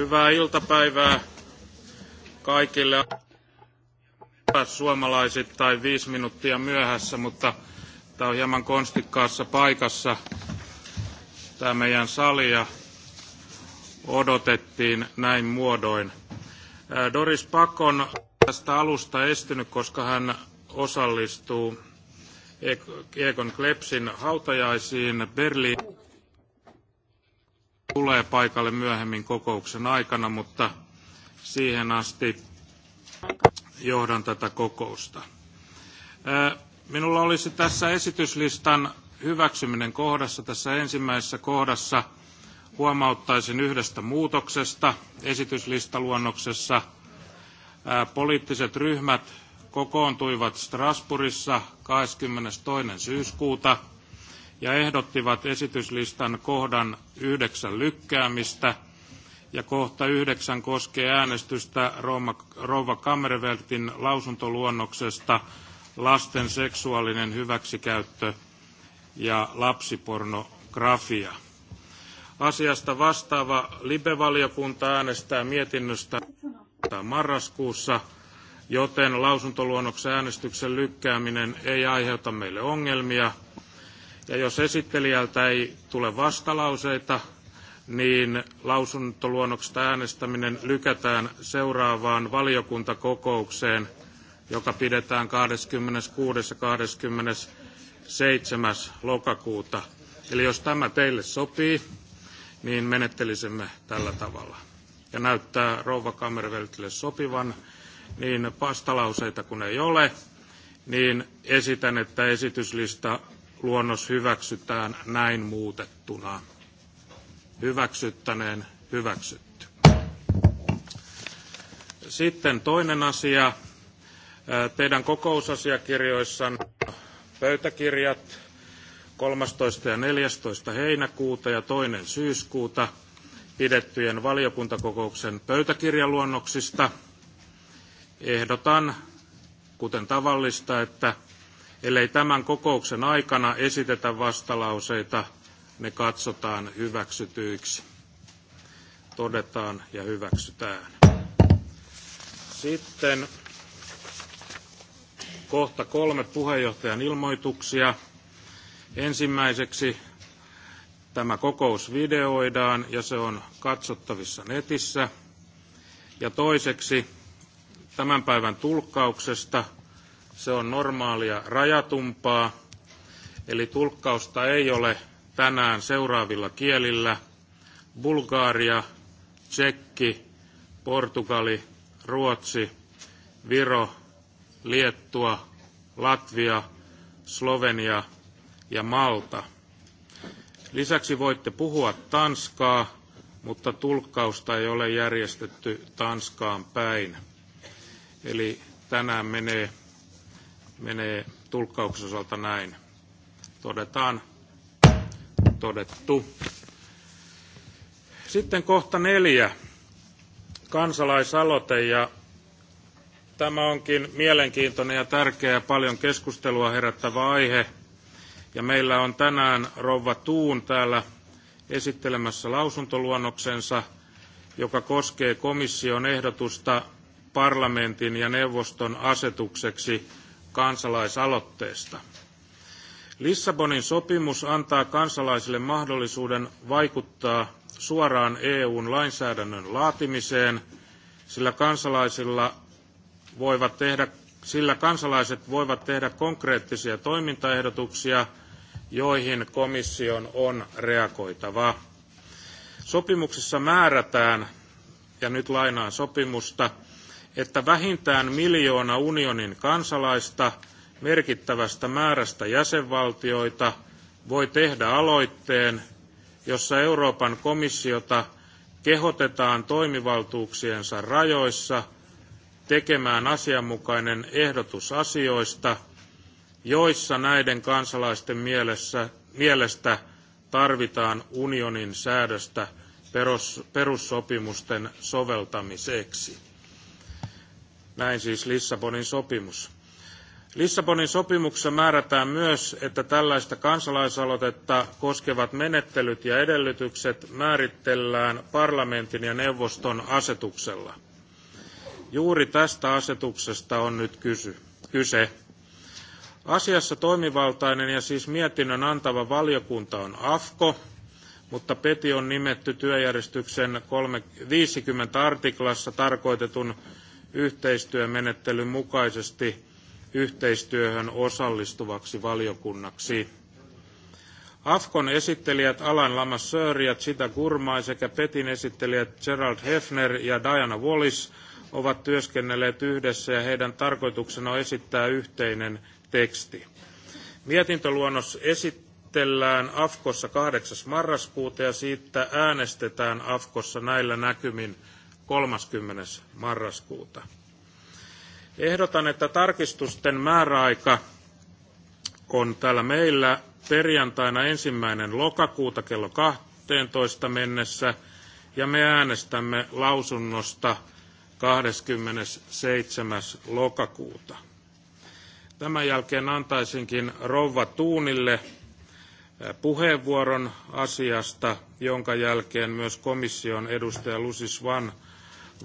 Hyvää iltapäivää kaikille. Suomalaiset tai viisi minuuttia myöhässä, mutta tämä on hieman konstikkaassa paikassa. Tämä meidän salia odotettiin näin muodoin. Doris Pakon tästä alusta estynyt, koska hän osallistuu Egon Klepsin hautajaisiin Berliin tulee paikalle myöhemmin kokouksen aikana, mutta siihen asti johdan tätä kokousta. Minulla olisi tässä esityslistan hyväksyminen kohdassa. Tässä ensimmäisessä kohdassa huomauttaisin yhdestä muutoksesta esityslistaluonnoksessa. Poliittiset ryhmät kokoontuivat Strasbourgissa 22. syyskuuta ja ehdottivat esityslistan kohdan yhdeksän lykkäämistä. Ja kohta yhdeksän koskee äänestystä Rouva, Rouva Kammerveltin lausuntoluonnoksesta lasten seksuaalinen hyväksikäyttö ja lapsipornografia. Asiasta vastaava Libe-valiokunta äänestää mietinnöstä marraskuussa, joten lausuntoluonnoksen äänestyksen lykkääminen ei aiheuta meille ongelmia – ja jos esittelijältä ei tule vastalauseita, niin lausuntoluonnoksesta äänestäminen lykätään seuraavaan valiokuntakokoukseen, joka pidetään 26. 27. lokakuuta. Eli jos tämä teille sopii, niin menettelisimme tällä tavalla. Ja näyttää rouva Kammerveltille sopivan, niin vastalauseita kun ei ole, niin esitän, että esityslista luonnos hyväksytään näin muutettuna. Hyväksyttäneen hyväksytty. Sitten toinen asia. Äh, teidän kokousasiakirjoissanne pöytäkirjat 13. ja 14. heinäkuuta ja toinen syyskuuta pidettyjen valiokuntakokouksen pöytäkirjaluonnoksista. Ehdotan, kuten tavallista, että ellei tämän kokouksen aikana esitetä vastalauseita, ne katsotaan hyväksytyiksi. Todetaan ja hyväksytään. Sitten kohta kolme puheenjohtajan ilmoituksia. Ensimmäiseksi tämä kokous videoidaan ja se on katsottavissa netissä. Ja toiseksi tämän päivän tulkkauksesta – se on normaalia rajatumpaa, eli tulkkausta ei ole tänään seuraavilla kielillä. Bulgaaria, Tsekki, Portugali, Ruotsi, Viro, Liettua, Latvia, Slovenia ja Malta. Lisäksi voitte puhua tanskaa, mutta tulkkausta ei ole järjestetty Tanskaan päin. Eli tänään menee menee tulkkauksen osalta näin. Todetaan todettu. Sitten kohta neljä, kansalaisaloite ja tämä onkin mielenkiintoinen ja tärkeä ja paljon keskustelua herättävä aihe. Ja meillä on tänään Rouva Tuun täällä esittelemässä lausuntoluonnoksensa, joka koskee komission ehdotusta parlamentin ja neuvoston asetukseksi kansalaisaloitteesta. Lissabonin sopimus antaa kansalaisille mahdollisuuden vaikuttaa suoraan EUn lainsäädännön laatimiseen, sillä kansalaisilla voivat tehdä, sillä kansalaiset voivat tehdä konkreettisia toimintaehdotuksia, joihin komission on reagoitava. Sopimuksessa määrätään, ja nyt lainaan sopimusta, että vähintään miljoona unionin kansalaista merkittävästä määrästä jäsenvaltioita voi tehdä aloitteen, jossa Euroopan komissiota kehotetaan toimivaltuuksiensa rajoissa tekemään asianmukainen ehdotus asioista, joissa näiden kansalaisten mielessä, mielestä tarvitaan unionin säädöstä perussopimusten soveltamiseksi näin siis Lissabonin sopimus. Lissabonin sopimuksessa määrätään myös, että tällaista kansalaisaloitetta koskevat menettelyt ja edellytykset määritellään parlamentin ja neuvoston asetuksella. Juuri tästä asetuksesta on nyt kysy, kyse. Asiassa toimivaltainen ja siis mietinnön antava valiokunta on AFKO, mutta PETI on nimetty työjärjestyksen 50 artiklassa tarkoitetun yhteistyömenettelyn mukaisesti yhteistyöhön osallistuvaksi valiokunnaksi. Afkon esittelijät Alan Lamasseur ja Chita Gurmai sekä Petin esittelijät Gerald Hefner ja Diana Wallis ovat työskennelleet yhdessä ja heidän tarkoituksena on esittää yhteinen teksti. Mietintöluonnos esitellään Afkossa 8. marraskuuta ja siitä äänestetään Afkossa näillä näkymin 30. marraskuuta. Ehdotan, että tarkistusten määräaika on täällä meillä perjantaina ensimmäinen lokakuuta kello 12 mennessä ja me äänestämme lausunnosta 27. lokakuuta. Tämän jälkeen antaisinkin Rouva Tuunille puheenvuoron asiasta, jonka jälkeen myös komission edustaja Lusis Van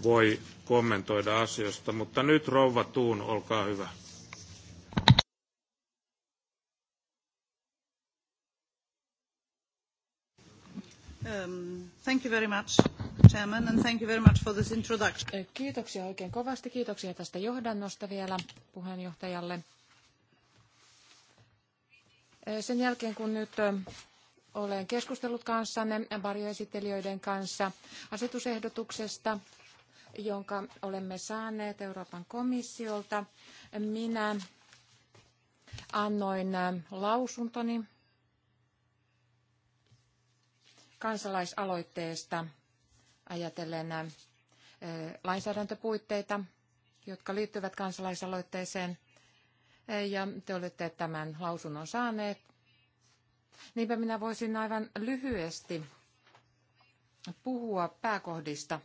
voi kommentoida asioista. Mutta nyt rouva Tuun, olkaa hyvä. Um, thank you very much, Chairman, and thank you very much for this introduction. Eh, kiitoksia oikein kovasti. Kiitoksia tästä johdannosta vielä puheenjohtajalle. Eh, sen jälkeen, kun nyt eh, olen keskustellut kanssanne varjoesittelijöiden kanssa asetusehdotuksesta, jonka olemme saaneet Euroopan komissiolta. Minä annoin äh, lausuntoni kansalaisaloitteesta ajatellen äh, lainsäädäntöpuitteita, jotka liittyvät kansalaisaloitteeseen. Äh, ja te olette tämän lausunnon saaneet. Niinpä minä voisin aivan lyhyesti puhua pääkohdista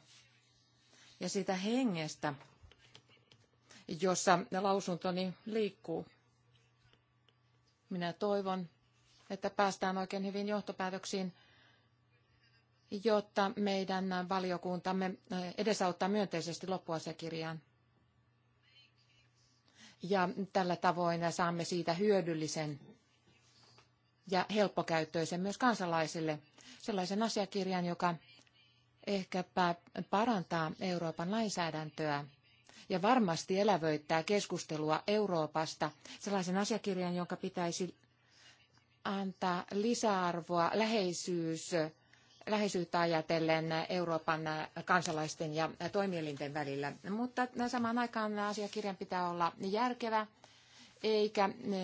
ja siitä hengestä, jossa lausuntoni liikkuu. Minä toivon, että päästään oikein hyvin johtopäätöksiin, jotta meidän valiokuntamme edesauttaa myönteisesti loppuasiakirjaan. Ja tällä tavoin saamme siitä hyödyllisen ja helppokäyttöisen myös kansalaisille sellaisen asiakirjan, joka ehkäpä parantaa Euroopan lainsäädäntöä ja varmasti elävöittää keskustelua Euroopasta sellaisen asiakirjan, jonka pitäisi antaa lisäarvoa, läheisyys, läheisyyttä ajatellen Euroopan kansalaisten ja toimielinten välillä. Mutta samaan aikaan asiakirjan pitää olla järkevä, eikä e,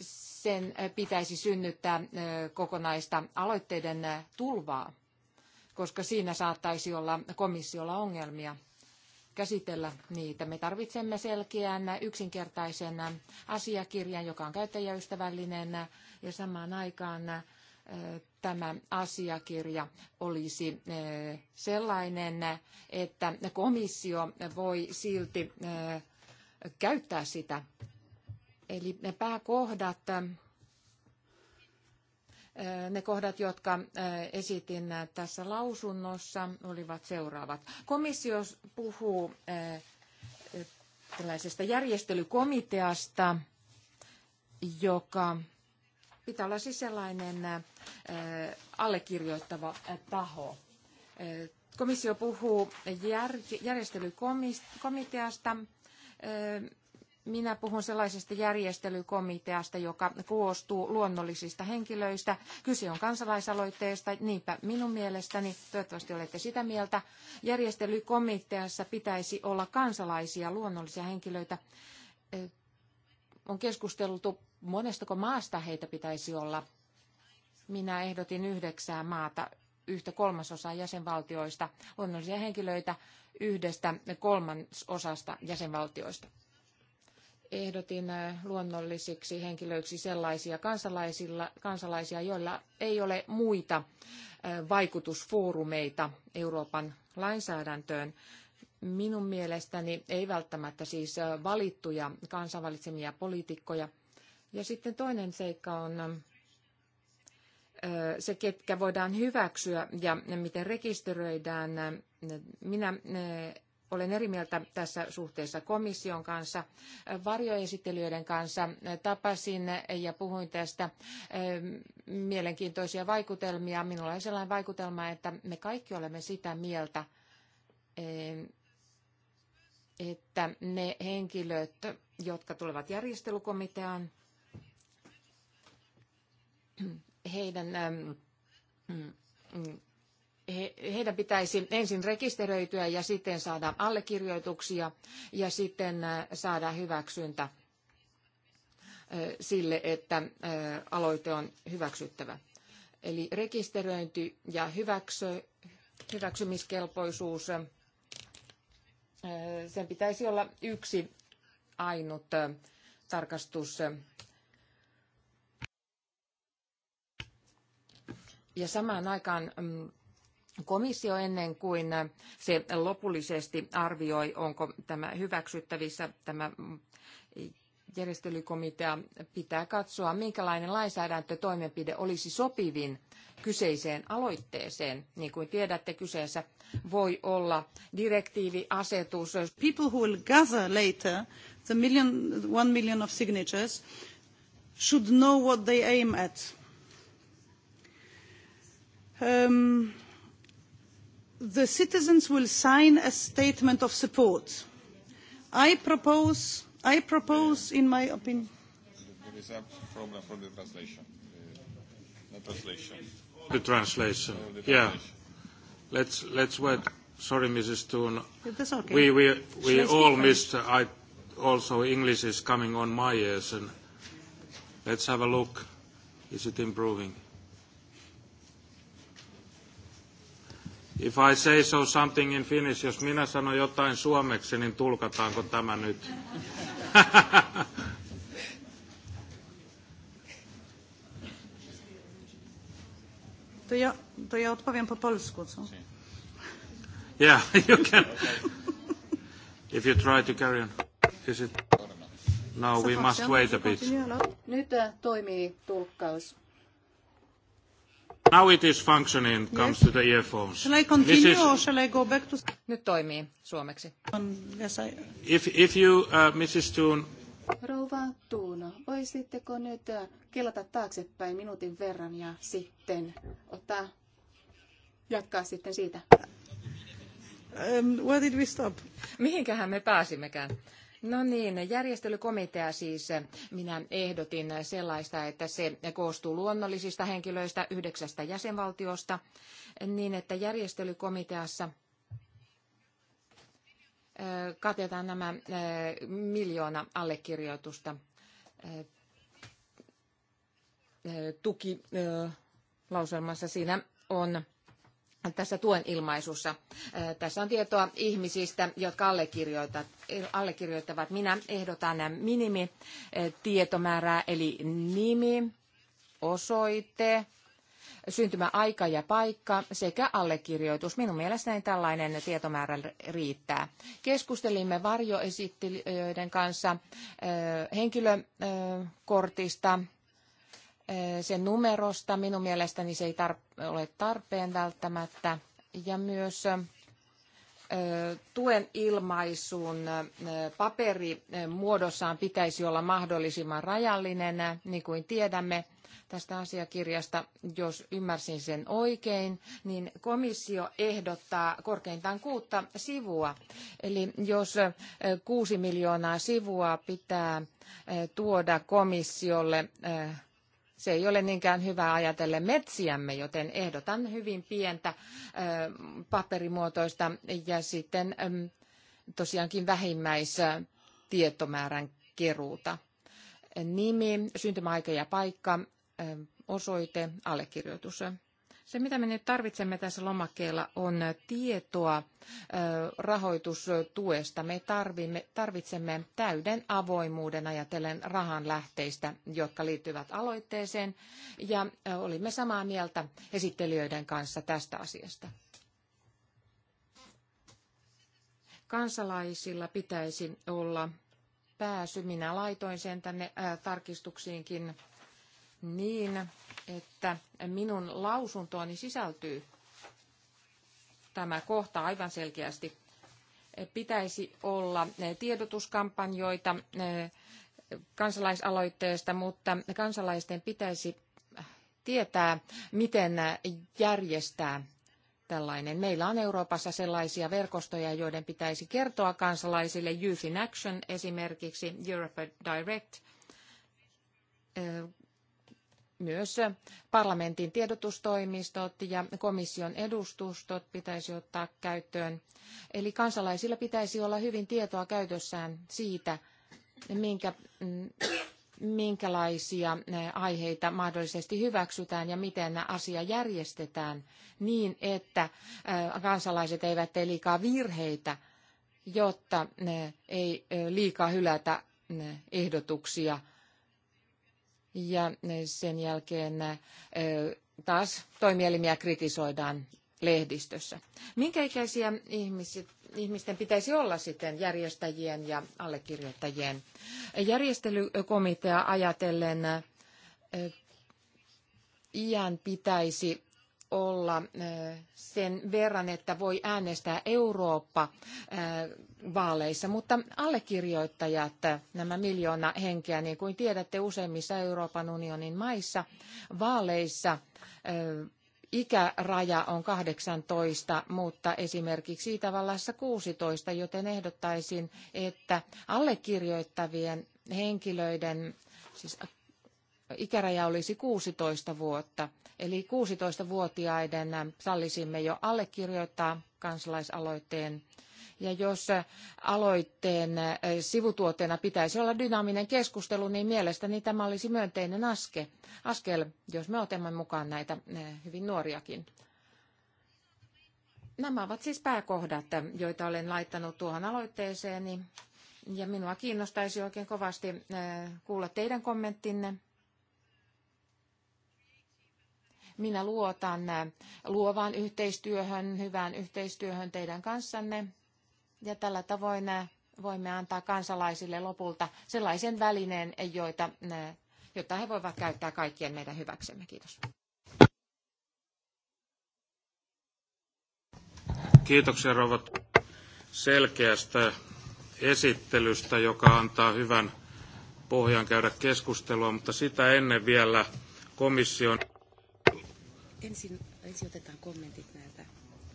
sen pitäisi synnyttää e, kokonaista aloitteiden tulvaa koska siinä saattaisi olla komissiolla ongelmia käsitellä niitä. Me tarvitsemme selkeän, yksinkertaisen asiakirjan, joka on käyttäjäystävällinen ja samaan aikaan tämä asiakirja olisi sellainen, että komissio voi silti käyttää sitä. Eli ne pääkohdat ne kohdat, jotka esitin tässä lausunnossa, olivat seuraavat. Komissio puhuu tällaisesta järjestelykomiteasta, joka pitää olla siis sellainen allekirjoittava taho. Komissio puhuu järjestelykomiteasta, minä puhun sellaisesta järjestelykomiteasta, joka koostuu luonnollisista henkilöistä. Kyse on kansalaisaloitteesta, niinpä minun mielestäni, toivottavasti olette sitä mieltä, järjestelykomiteassa pitäisi olla kansalaisia luonnollisia henkilöitä. On keskusteltu, monestako maasta heitä pitäisi olla. Minä ehdotin yhdeksää maata, yhtä kolmasosaa jäsenvaltioista, luonnollisia henkilöitä yhdestä kolmasosasta jäsenvaltioista ehdotin äh, luonnollisiksi henkilöiksi sellaisia kansalaisilla, kansalaisia, joilla ei ole muita äh, vaikutusfoorumeita Euroopan lainsäädäntöön. Minun mielestäni ei välttämättä siis äh, valittuja kansanvalitsemia poliitikkoja. Ja sitten toinen seikka on se, ketkä voidaan hyväksyä ja miten rekisteröidään. Minä olen eri mieltä tässä suhteessa komission kanssa, varjoesittelijöiden kanssa. Tapasin ja puhuin tästä mielenkiintoisia vaikutelmia. Minulla on sellainen vaikutelma, että me kaikki olemme sitä mieltä, että ne henkilöt, jotka tulevat järjestelykomiteaan, heidän heidän pitäisi ensin rekisteröityä ja sitten saada allekirjoituksia ja sitten äh, saada hyväksyntä äh, sille, että äh, aloite on hyväksyttävä. Eli rekisteröinti ja hyväksy, hyväksymiskelpoisuus, sen pitäisi olla yksi ainut tarkastus. Ja samaan aikaan mm, komissio ennen kuin se lopullisesti arvioi, onko tämä hyväksyttävissä, tämä järjestelykomitea pitää katsoa, minkälainen lainsäädäntötoimenpide olisi sopivin kyseiseen aloitteeseen. Niin kuin tiedätte, kyseessä voi olla direktiivi, asetus. People who will gather later the million, one million of signatures should know what they aim at. Um, the citizens will sign a statement of support. I propose, I propose in my opinion. There is a problem for the translation. Uh, the, translation. The translation. Yeah. Let's, let's wait. Sorry, Mrs. Thun. That's okay. We, we, we all missed. I, also English is coming on my ears, and let's have a look. Is it improving? If I say so something in Finnish, jos minä sanon jotain suomeksi, niin tulkataanko tämä nyt? To ja, to ja odpowiem po polsku, co? Yeah, you can. If you try to carry on. Is it? No, we must wait a bit. Nyt e, toimii tulkkaus. Now it is functioning, yes. comes to the earphones. Shall I continue Mrs. or shall I go back to... Nyt toimii suomeksi. On, yes, I... If, if you, uh, Mrs. Tuun. Rouva Tuuno, voisitteko nyt uh, kelata taaksepäin minuutin verran ja sitten ottaa, jatkaa sitten siitä? Um, where did we stop? Mihinkähän me pääsimmekään? No niin, järjestelykomitea siis. Minä ehdotin sellaista, että se koostuu luonnollisista henkilöistä yhdeksästä jäsenvaltiosta, niin että järjestelykomiteassa katetaan nämä miljoona allekirjoitusta tukilauselmassa. Siinä on tässä tuen ilmaisussa. Tässä on tietoa ihmisistä, jotka allekirjoittavat. Minä ehdotan minimitietomäärää, eli nimi, osoite, syntymäaika ja paikka sekä allekirjoitus. Minun mielestäni tällainen tietomäärä riittää. Keskustelimme varjoesittelijöiden kanssa henkilökortista sen numerosta. Minun mielestäni se ei ole tarpeen välttämättä. Ja myös tuen ilmaisun paperimuodossaan pitäisi olla mahdollisimman rajallinen, niin kuin tiedämme tästä asiakirjasta, jos ymmärsin sen oikein, niin komissio ehdottaa korkeintaan kuutta sivua. Eli jos kuusi miljoonaa sivua pitää tuoda komissiolle se ei ole niinkään hyvä ajatellen metsiämme, joten ehdotan hyvin pientä paperimuotoista ja sitten tosiaankin vähimmäistietomäärän keruuta. Nimi, syntymäaika ja paikka, osoite, allekirjoitus. Se, mitä me nyt tarvitsemme tässä lomakkeella, on tietoa rahoitustuesta. Me tarvitsemme täyden avoimuuden ajatellen rahan lähteistä, jotka liittyvät aloitteeseen, ja olimme samaa mieltä esittelijöiden kanssa tästä asiasta. Kansalaisilla pitäisi olla pääsy. Minä laitoin sen tänne tarkistuksiinkin niin, että minun lausuntooni sisältyy tämä kohta aivan selkeästi. Pitäisi olla tiedotuskampanjoita eh, kansalaisaloitteesta, mutta kansalaisten pitäisi tietää, miten järjestää tällainen. Meillä on Euroopassa sellaisia verkostoja, joiden pitäisi kertoa kansalaisille Youth in Action, esimerkiksi Europe Direct, eh, myös parlamentin tiedotustoimistot ja komission edustustot pitäisi ottaa käyttöön. Eli kansalaisilla pitäisi olla hyvin tietoa käytössään siitä, minkä, mm, minkälaisia eh, aiheita mahdollisesti hyväksytään ja miten asia järjestetään niin, että eh, kansalaiset eivät tee liikaa virheitä, jotta eh, ei liikaa hylätä ehdotuksia – ja sen jälkeen taas toimielimiä kritisoidaan lehdistössä. Minkä ikäisiä ihmiset, ihmisten pitäisi olla sitten järjestäjien ja allekirjoittajien? Järjestelykomitea ajatellen iän pitäisi olla sen verran, että voi äänestää Eurooppa-vaaleissa, mutta allekirjoittajat, nämä miljoona henkeä, niin kuin tiedätte useimmissa Euroopan unionin maissa, vaaleissa ikäraja on 18, mutta esimerkiksi Itävallassa 16, joten ehdottaisin, että allekirjoittavien henkilöiden, siis ikäraja olisi 16 vuotta. Eli 16-vuotiaiden sallisimme jo allekirjoittaa kansalaisaloitteen. Ja jos aloitteen äh, sivutuotteena pitäisi olla dynaaminen keskustelu, niin mielestäni tämä olisi myönteinen aske, askel, jos me otamme mukaan näitä äh, hyvin nuoriakin. Nämä ovat siis pääkohdat, joita olen laittanut tuohon aloitteeseeni. Ja minua kiinnostaisi oikein kovasti äh, kuulla teidän kommenttinne. Minä luotan äh, luovaan yhteistyöhön, hyvään yhteistyöhön teidän kanssanne. Ja tällä tavoin äh, voimme antaa kansalaisille lopulta sellaisen välineen, joita, äh, jota he voivat käyttää kaikkien meidän hyväksemme. Kiitos. Kiitoksia rouva selkeästä esittelystä, joka antaa hyvän pohjan käydä keskustelua, mutta sitä ennen vielä komission ensin, ensin otetaan kommentit näiltä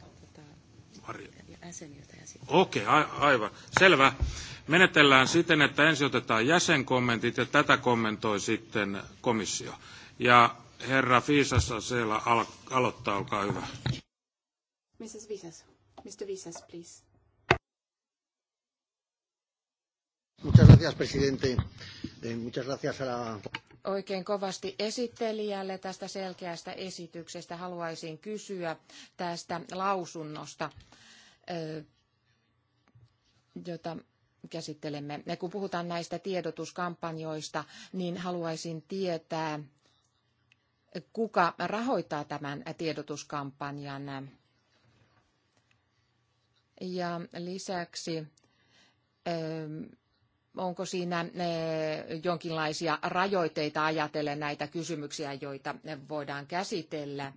tota, jäseniltä. Okei, okay, a- aivan. Selvä. Menetellään siten, että ensin otetaan jäsenkommentit ja tätä kommentoi sitten komissio. Ja herra Fiisas siellä al- aloittaa, olkaa hyvä. Mrs. Fiisas, Mr. Fiisas, please. Muchas gracias, presidente. Eh, muchas gracias a la oikein kovasti esittelijälle tästä selkeästä esityksestä. Haluaisin kysyä tästä lausunnosta, jota käsittelemme. Ja kun puhutaan näistä tiedotuskampanjoista, niin haluaisin tietää, kuka rahoittaa tämän tiedotuskampanjan. Ja lisäksi onko siinä eh, jonkinlaisia rajoitteita ajatellen näitä kysymyksiä, joita voidaan käsitellä.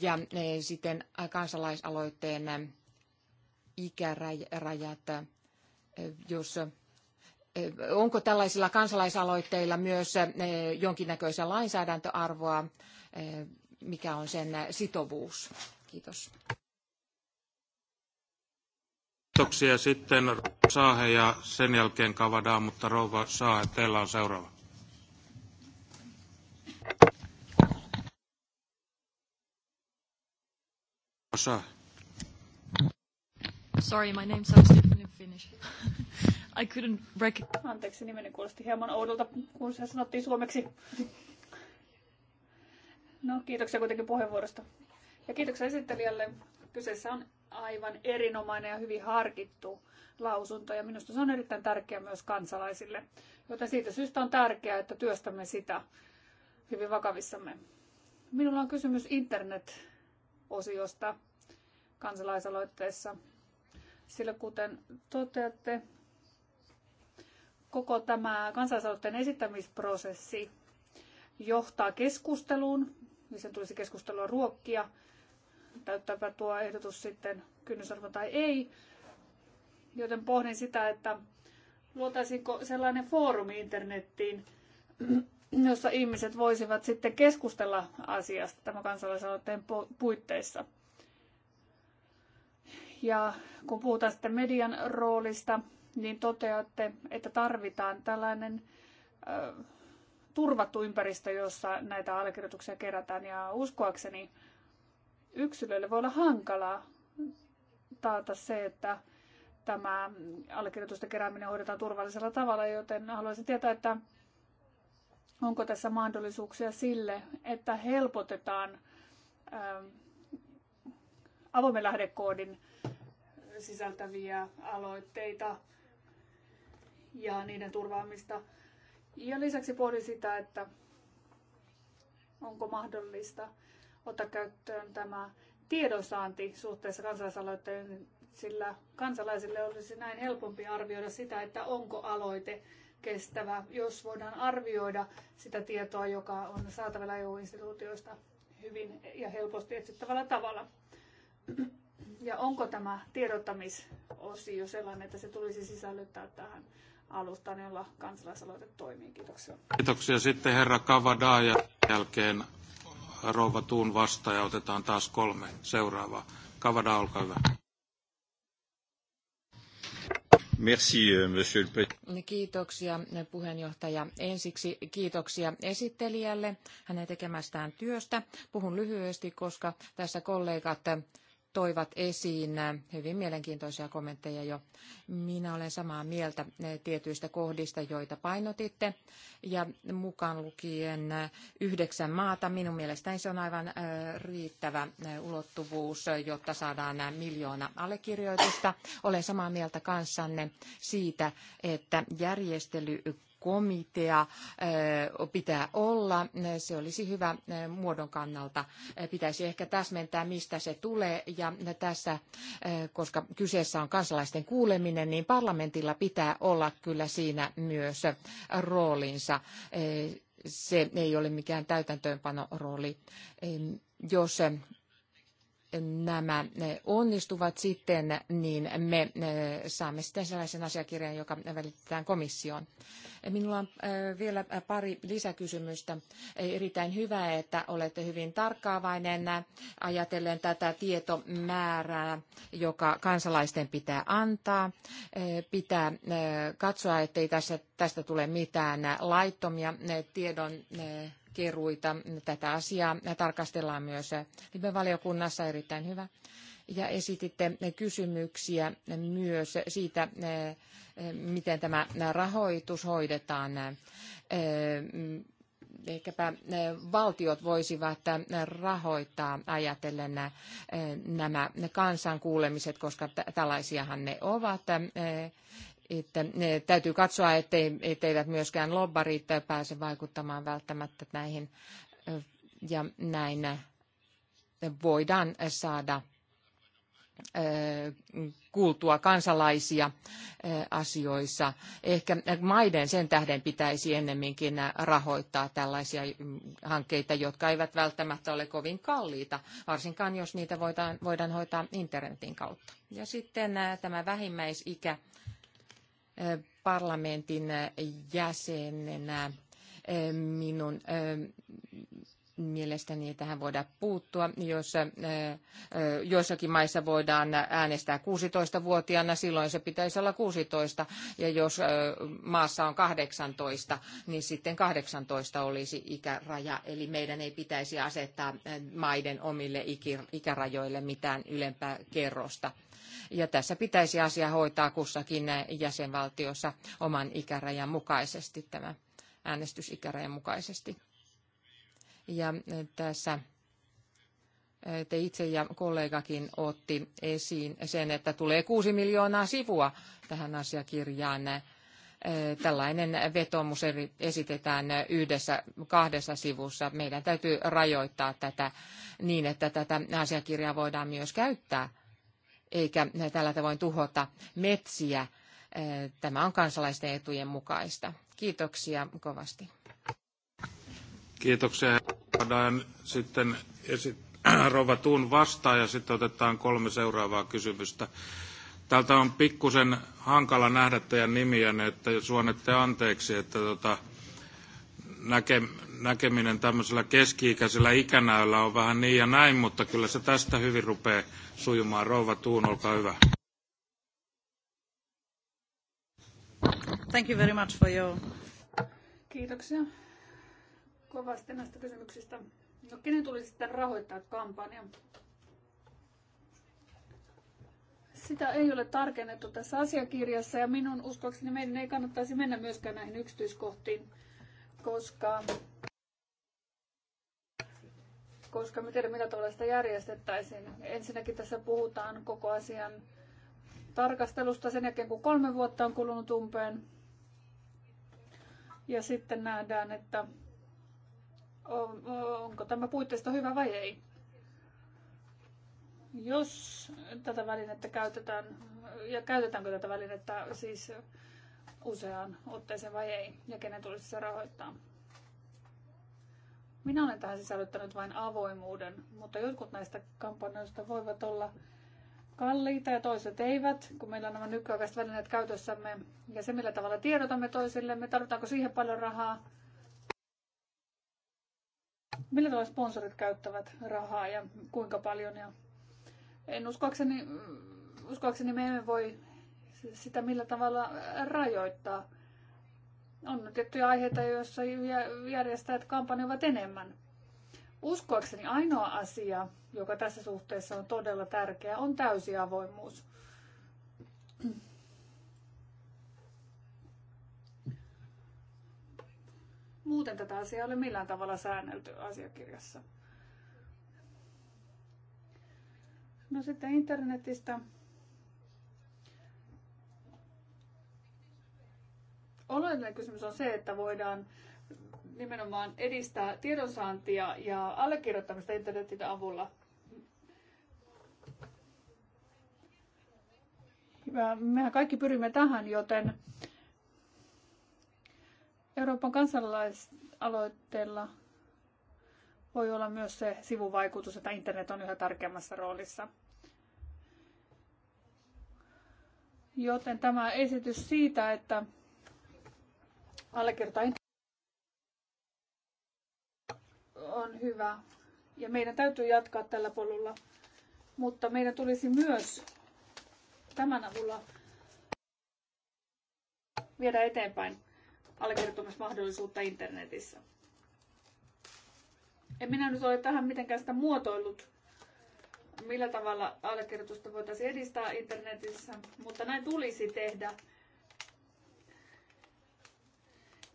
Ja eh, sitten kansalaisaloitteen eh, ikärajat, jos onko tällaisilla kansalaisaloitteilla myös jonkinnäköistä lainsäädäntöarvoa, mikä on sen sitovuus? Kiitos. Kiitoksia sitten Saahe ja sen jälkeen Kavadaa, mutta rouva Saahe, teillä on seuraava. Saahe. Sorry, my name sounds different in Finnish. I couldn't recognize... Anteeksi, nimeni kuulosti hieman oudolta, kun se sanottiin suomeksi. No, kiitoksia kuitenkin puheenvuorosta. Ja kiitoksia esittelijälle. Kyseessä on aivan erinomainen ja hyvin harkittu lausunto ja minusta se on erittäin tärkeä myös kansalaisille. Joten siitä syystä on tärkeää, että työstämme sitä hyvin vakavissamme. Minulla on kysymys internet-osiosta kansalaisaloitteessa, sillä kuten toteatte, koko tämä kansalaisaloitteen esittämisprosessi johtaa keskusteluun, sen tulisi keskustelua ruokkia, täyttävä tuo ehdotus sitten kynnysarvo tai ei. Joten pohdin sitä, että luotaisinko sellainen foorumi internettiin, jossa ihmiset voisivat sitten keskustella asiasta tämän kansalaisaloitteen puitteissa. Ja kun puhutaan sitten median roolista, niin toteatte, että tarvitaan tällainen turvattu ympäristö, jossa näitä allekirjoituksia kerätään. Ja uskoakseni yksilölle voi olla hankalaa taata se, että tämä allekirjoitusten kerääminen hoidetaan turvallisella tavalla, joten haluaisin tietää, että onko tässä mahdollisuuksia sille, että helpotetaan ähm, avoimen lähdekoodin sisältäviä aloitteita ja niiden turvaamista. Ja lisäksi pohdin sitä, että onko mahdollista ottaa käyttöön tämä tiedonsaanti suhteessa kansalaisaloitteen, sillä kansalaisille olisi näin helpompi arvioida sitä, että onko aloite kestävä, jos voidaan arvioida sitä tietoa, joka on saatavilla EU-instituutioista hyvin ja helposti etsittävällä tavalla. Ja onko tämä tiedottamisosio sellainen, että se tulisi sisällyttää tähän alustaan, jolla kansalaisaloite toimii? Kiitoksia. Kiitoksia sitten herra Kavadaa ja jälkeen rouva Tuun vastaan ja otetaan taas kolme seuraavaa. Kavada, olkaa hyvä. Merci, euh, monsieur le niin, Kiitoksia puheenjohtaja. Ensiksi kiitoksia esittelijälle hänen tekemästään työstä. Puhun lyhyesti, koska tässä kollegat toivat esiin hyvin mielenkiintoisia kommentteja jo. Minä olen samaa mieltä eh, tietyistä kohdista, joita painotitte, ja mukaan lukien eh, yhdeksän maata. Minun mielestäni se on aivan eh, riittävä ulottuvuus, jotta saadaan miljoona allekirjoitusta. Olen samaa mieltä kanssanne siitä, että järjestely komitea pitää olla. Se olisi hyvä muodon kannalta. Pitäisi ehkä täsmentää, mistä se tulee. Ja tässä, koska kyseessä on kansalaisten kuuleminen, niin parlamentilla pitää olla kyllä siinä myös roolinsa. Se ei ole mikään täytäntöönpanorooli. Jos nämä onnistuvat sitten, niin me eh, saamme sitten sellaisen asiakirjan, joka välitetään komissioon. Minulla on eh, vielä pari lisäkysymystä. Erittäin hyvä, että olette hyvin tarkkaavainen ajatellen tätä tietomäärää, joka kansalaisten pitää antaa. Eh, pitää katsoa, ettei tästä tule mitään laittomia tiedon keruita. Tätä asiaa tarkastellaan myös Libe-valiokunnassa, erittäin hyvä. Ja esititte kysymyksiä myös siitä, miten tämä rahoitus hoidetaan ehkäpä valtiot voisivat rahoittaa ajatellen nämä kansankuulemiset, koska tällaisiahan ne ovat että täytyy katsoa, ettei, etteivät myöskään lobbarit pääse vaikuttamaan välttämättä näihin. Ja näin voidaan saada kuultua kansalaisia asioissa. Ehkä maiden sen tähden pitäisi ennemminkin rahoittaa tällaisia mm, hankkeita, jotka eivät välttämättä ole kovin kalliita, varsinkaan jos niitä voidaan, voidaan hoitaa internetin kautta. Ja sitten tämä vähimmäisikä parlamentin jäsenenä minun mielestäni tähän voidaan puuttua. Jos joissakin maissa voidaan äänestää 16-vuotiaana, silloin se pitäisi olla 16. Ja jos maassa on 18, niin sitten 18 olisi ikäraja. Eli meidän ei pitäisi asettaa maiden omille ikärajoille mitään ylempää kerrosta. Ja tässä pitäisi asia hoitaa kussakin jäsenvaltiossa oman ikärajan mukaisesti, tämä äänestysikärajan mukaisesti. Ja eh, tässä eh, te itse ja kollegakin otti esiin sen, että tulee kuusi miljoonaa sivua tähän asiakirjaan. Eh, tällainen vetomus esitetään yhdessä kahdessa sivussa. Meidän täytyy rajoittaa tätä niin, että tätä asiakirjaa voidaan myös käyttää eikä tällä tavoin tuhota metsiä. Äh, tämä on kansalaisten etujen mukaista. Kiitoksia kovasti. Kiitoksia. Saadaan sitten esit- Rova Tuun vastaan ja sitten otetaan kolme seuraavaa kysymystä. Täältä on pikkusen hankala nähdä teidän nimiänne, että suonette anteeksi, että tota, näke, näkeminen tämmöisellä keski-ikäisellä ikänäöllä on vähän niin ja näin, mutta kyllä se tästä hyvin rupeaa sujumaan. Rouva Tuun, olkaa hyvä. Thank you very much for your... Kiitoksia kovasti näistä kysymyksistä. No kenen tulisi sitten rahoittaa kampanja? Sitä ei ole tarkennettu tässä asiakirjassa ja minun uskoakseni meidän ei kannattaisi mennä myöskään näihin yksityiskohtiin koska, koska me tiedämme, millä tavalla sitä järjestettäisiin. Ensinnäkin tässä puhutaan koko asian tarkastelusta sen jälkeen, kun kolme vuotta on kulunut umpeen. Ja sitten nähdään, että on, onko tämä puitteisto hyvä vai ei. Jos tätä välinettä käytetään, ja käytetäänkö tätä välinettä siis useaan otteeseen vai ei, ja kenen tulisi se rahoittaa. Minä olen tähän sisällyttänyt vain avoimuuden, mutta jotkut näistä kampanjoista voivat olla kalliita ja toiset eivät, kun meillä on nämä nykyaikaiset välineet käytössämme ja se, millä tavalla tiedotamme toisille, me tarvitaanko siihen paljon rahaa, millä tavalla sponsorit käyttävät rahaa ja kuinka paljon. Ja en uskoakseni, uskoakseni me emme voi sitä, millä tavalla rajoittaa. On tiettyjä aiheita, joissa järjestäjät kampanjoivat enemmän. Uskoakseni ainoa asia, joka tässä suhteessa on todella tärkeä, on täysi avoimuus. Muuten tätä asiaa ei ole millään tavalla säännelty asiakirjassa. No sitten internetistä. Oleellinen kysymys on se, että voidaan nimenomaan edistää tiedonsaantia ja allekirjoittamista internetin avulla. Mehän kaikki pyrimme tähän, joten Euroopan kansalaisaloitteella voi olla myös se sivuvaikutus, että internet on yhä tärkeämmässä roolissa. Joten tämä esitys siitä, että allekirjoittaa on hyvä. Ja meidän täytyy jatkaa tällä polulla. Mutta meidän tulisi myös tämän avulla viedä eteenpäin allekirjoittamismahdollisuutta internetissä. En minä nyt ole tähän mitenkään sitä muotoillut, millä tavalla allekirjoitusta voitaisiin edistää internetissä, mutta näin tulisi tehdä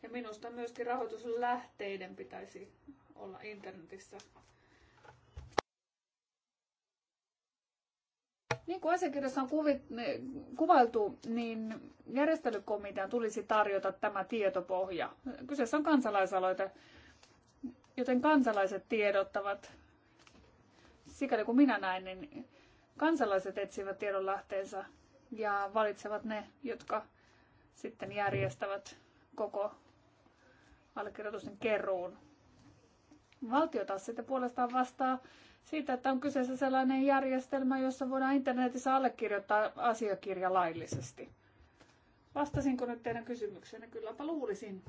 ja minusta myöskin rahoituslähteiden pitäisi olla internetissä. Niin kuin asiakirjassa on kuvit, kuvailtu, niin järjestelykomitean tulisi tarjota tämä tietopohja. Kyseessä on kansalaisaloite, joten kansalaiset tiedottavat. Sikäli kuin minä näin, niin kansalaiset etsivät tiedonlähteensä ja valitsevat ne, jotka sitten järjestävät koko allekirjoitusten keruun. Valtio taas sitten puolestaan vastaa siitä, että on kyseessä sellainen järjestelmä, jossa voidaan internetissä allekirjoittaa asiakirja laillisesti. Vastasinko nyt teidän kysymykseenne? Kylläpä luulisin.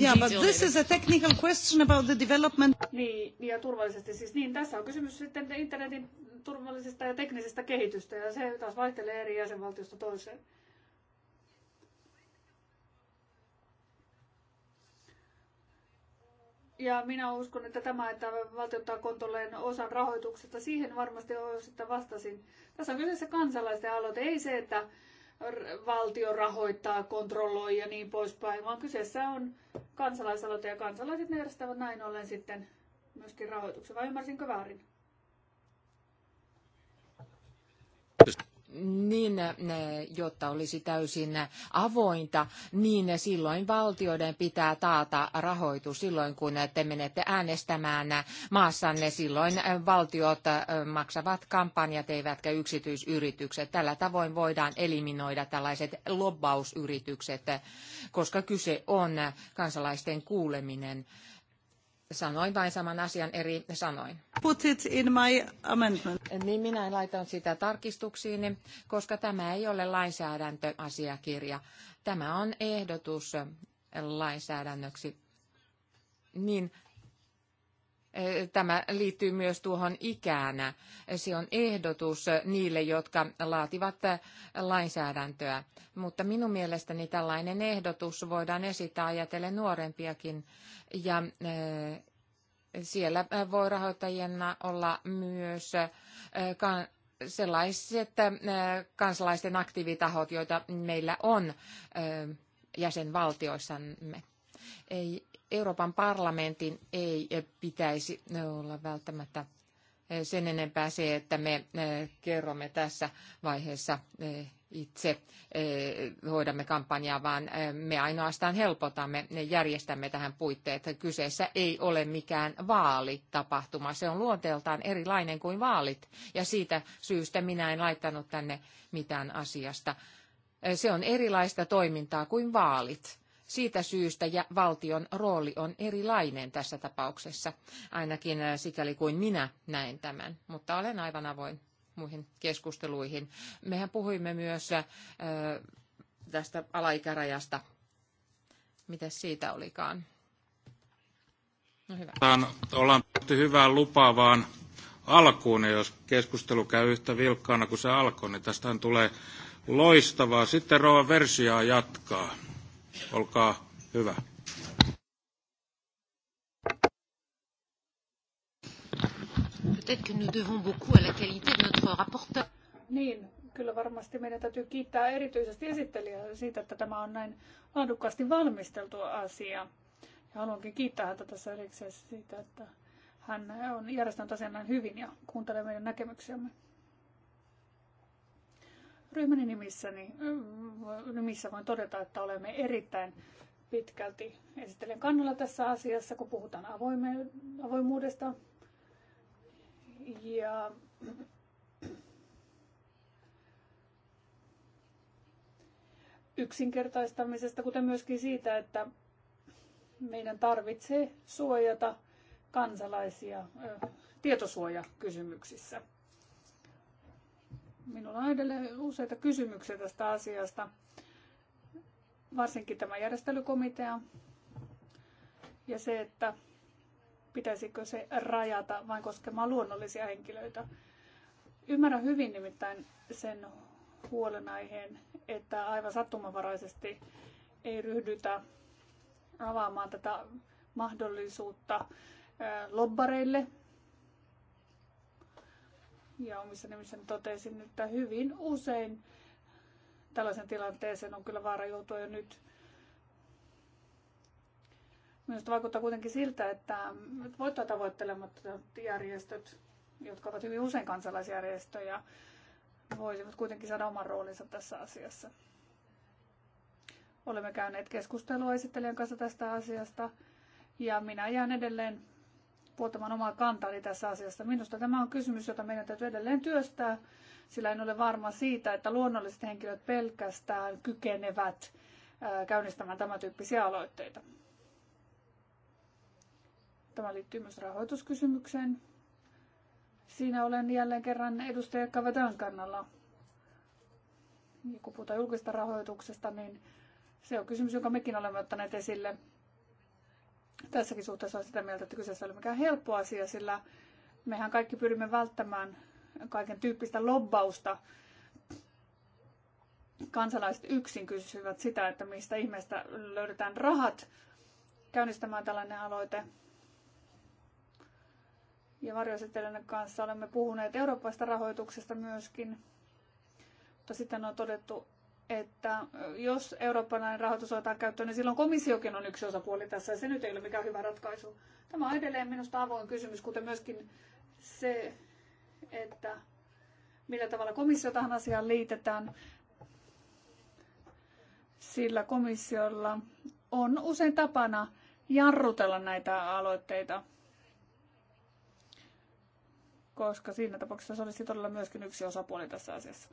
Yeah, but this is a technical question about the development. Niin, ja turvallisesti siis. Niin, tässä on kysymys sitten internetin turvallisesta ja teknisestä kehitystä, ja se taas vaihtelee eri jäsenvaltiosta toiseen. Ja minä uskon, että tämä, että valtio ottaa kontolleen osan rahoituksesta, siihen varmasti osittain vastasin. Tässä on kyseessä kansalaisten aloite, ei se, että valtio rahoittaa, kontrolloi ja niin poispäin, vaan kyseessä on kansalaisaloite ja kansalaiset järjestävät näin ollen sitten myöskin rahoituksen. Vai ymmärsinkö väärin? niin eh, jotta olisi täysin avointa, niin silloin valtioiden pitää taata rahoitus silloin, kun te menette äänestämään maassanne. Silloin valtiot eh, maksavat kampanjat eivätkä yksityisyritykset. Tällä tavoin voidaan eliminoida tällaiset lobbausyritykset, koska kyse on kansalaisten kuuleminen Sanoin vain saman asian eri sanoin. Put it in my amendment. Niin minä laitan sitä tarkistuksiin, koska tämä ei ole lainsäädäntöasiakirja. Tämä on ehdotus lainsäädännöksi. Niin Eh, tämä liittyy myös tuohon ikään. Se on ehdotus niille, jotka laativat eh, lainsäädäntöä. Mutta minun mielestäni tällainen ehdotus voidaan esittää ajatellen nuorempiakin. Ja eh, siellä voi rahoittajina olla myös sellaiset kansalaisten aktiivitahot, joita meillä on jäsenvaltioissamme. Ei Euroopan parlamentin ei eh, pitäisi eh, olla välttämättä eh, sen enempää se, että me kerromme tässä vaiheessa itse hoidamme kampanjaa, vaan me ainoastaan helpotamme, järjestämme tähän puitteet. Kyseessä ei ole mikään vaalitapahtuma. Se on luonteeltaan erilainen kuin vaalit, ja siitä syystä minä en laittanut tänne mitään asiasta. Se on erilaista toimintaa kuin vaalit siitä syystä ja valtion rooli on erilainen tässä tapauksessa, ainakin äh, sikäli kuin minä näen tämän, mutta olen aivan avoin muihin keskusteluihin. Mehän puhuimme myös äh, tästä alaikärajasta. miten siitä olikaan? No hyvä. Ollaan päästy hyvään lupaavaan alkuun, ja jos keskustelu käy yhtä vilkkaana kuin se alkoi, niin tästähän tulee loistavaa. Sitten roa Versia jatkaa. Olkaa hyvä. Niin, kyllä varmasti meidän täytyy kiittää erityisesti esittelijää siitä, että tämä on näin laadukkaasti valmisteltu asia. Ja haluankin kiittää häntä tässä erikseen siitä, että hän on järjestänyt asian näin hyvin ja kuuntelee meidän näkemyksiämme. Ryhmäni nimissäni, niin, nimissä voin todeta, että olemme erittäin pitkälti esittelen kannalla tässä asiassa, kun puhutaan avoimuudesta. Ja yksinkertaistamisesta, kuten myöskin siitä, että meidän tarvitsee suojata kansalaisia tietosuojakysymyksissä. Minulla on edelleen useita kysymyksiä tästä asiasta, varsinkin tämä järjestelykomitea ja se, että pitäisikö se rajata vain koskemaan luonnollisia henkilöitä. Ymmärrän hyvin nimittäin sen huolenaiheen, että aivan sattumavaraisesti ei ryhdytä avaamaan tätä mahdollisuutta lobbareille, ja omissa nimissäni totesin, että hyvin usein tällaisen tilanteeseen on kyllä vaara joutua jo nyt. Minusta vaikuttaa kuitenkin siltä, että voittoa tavoittelemat järjestöt, jotka ovat hyvin usein kansalaisjärjestöjä, voisivat kuitenkin saada oman roolinsa tässä asiassa. Olemme käyneet keskustelua esittelijän kanssa tästä asiasta ja minä jään edelleen puhuttamaan omaa kantaani tässä asiassa. Minusta tämä on kysymys, jota meidän täytyy edelleen työstää, sillä en ole varma siitä, että luonnolliset henkilöt pelkästään kykenevät käynnistämään tämän tyyppisiä aloitteita. Tämä liittyy myös rahoituskysymykseen. Siinä olen jälleen kerran edustaja Kavetan kannalla. Ja kun puhutaan julkista rahoituksesta, niin se on kysymys, jonka mekin olemme ottaneet esille. Tässäkin suhteessa on sitä mieltä, että kyseessä ei mikään helppo asia, sillä mehän kaikki pyrimme välttämään kaiken tyyppistä lobbausta. Kansalaiset yksin kysyvät sitä, että mistä ihmeestä löydetään rahat käynnistämään tällainen aloite. Ja varjoesittelijän kanssa olemme puhuneet Euroopasta rahoituksesta myöskin. Mutta sitten on todettu, että jos eurooppalainen rahoitus otetaan käyttöön, niin silloin komissiokin on yksi osapuoli tässä, ja se nyt ei ole mikään hyvä ratkaisu. Tämä on edelleen minusta avoin kysymys, kuten myöskin se, että millä tavalla komissio tähän asiaan liitetään, sillä komissiolla on usein tapana jarrutella näitä aloitteita, koska siinä tapauksessa se olisi todella myöskin yksi osapuoli tässä asiassa.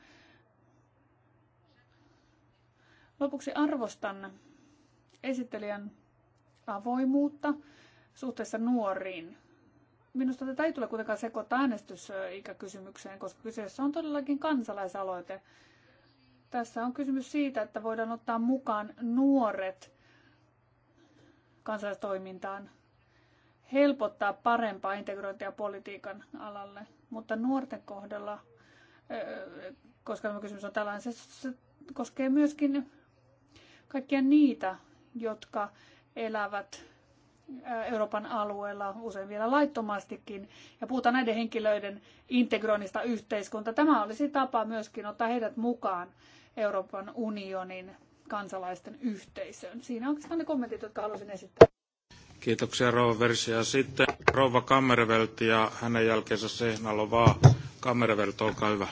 Lopuksi arvostan esittelijän avoimuutta suhteessa nuoriin. Minusta tätä ei tule kuitenkaan sekoittaa äänestysikäkysymykseen, koska kyseessä on todellakin kansalaisaloite. Tässä on kysymys siitä, että voidaan ottaa mukaan nuoret kansalaistoimintaan, helpottaa parempaa integrointia politiikan alalle, mutta nuorten kohdalla, koska tämä kysymys on tällainen, se koskee myöskin kaikkia niitä, jotka elävät Euroopan alueella, usein vielä laittomastikin, ja puhutaan näiden henkilöiden integroinnista yhteiskunta. Tämä olisi tapa myöskin ottaa heidät mukaan Euroopan unionin kansalaisten yhteisöön. Siinä oikeastaan ne kommentit, jotka haluaisin esittää. Kiitoksia Rouva Versia. Sitten Rouva Kammervelt ja hänen jälkeensä Sehnalo Lovaa. Kammervelt, olkaa hyvä.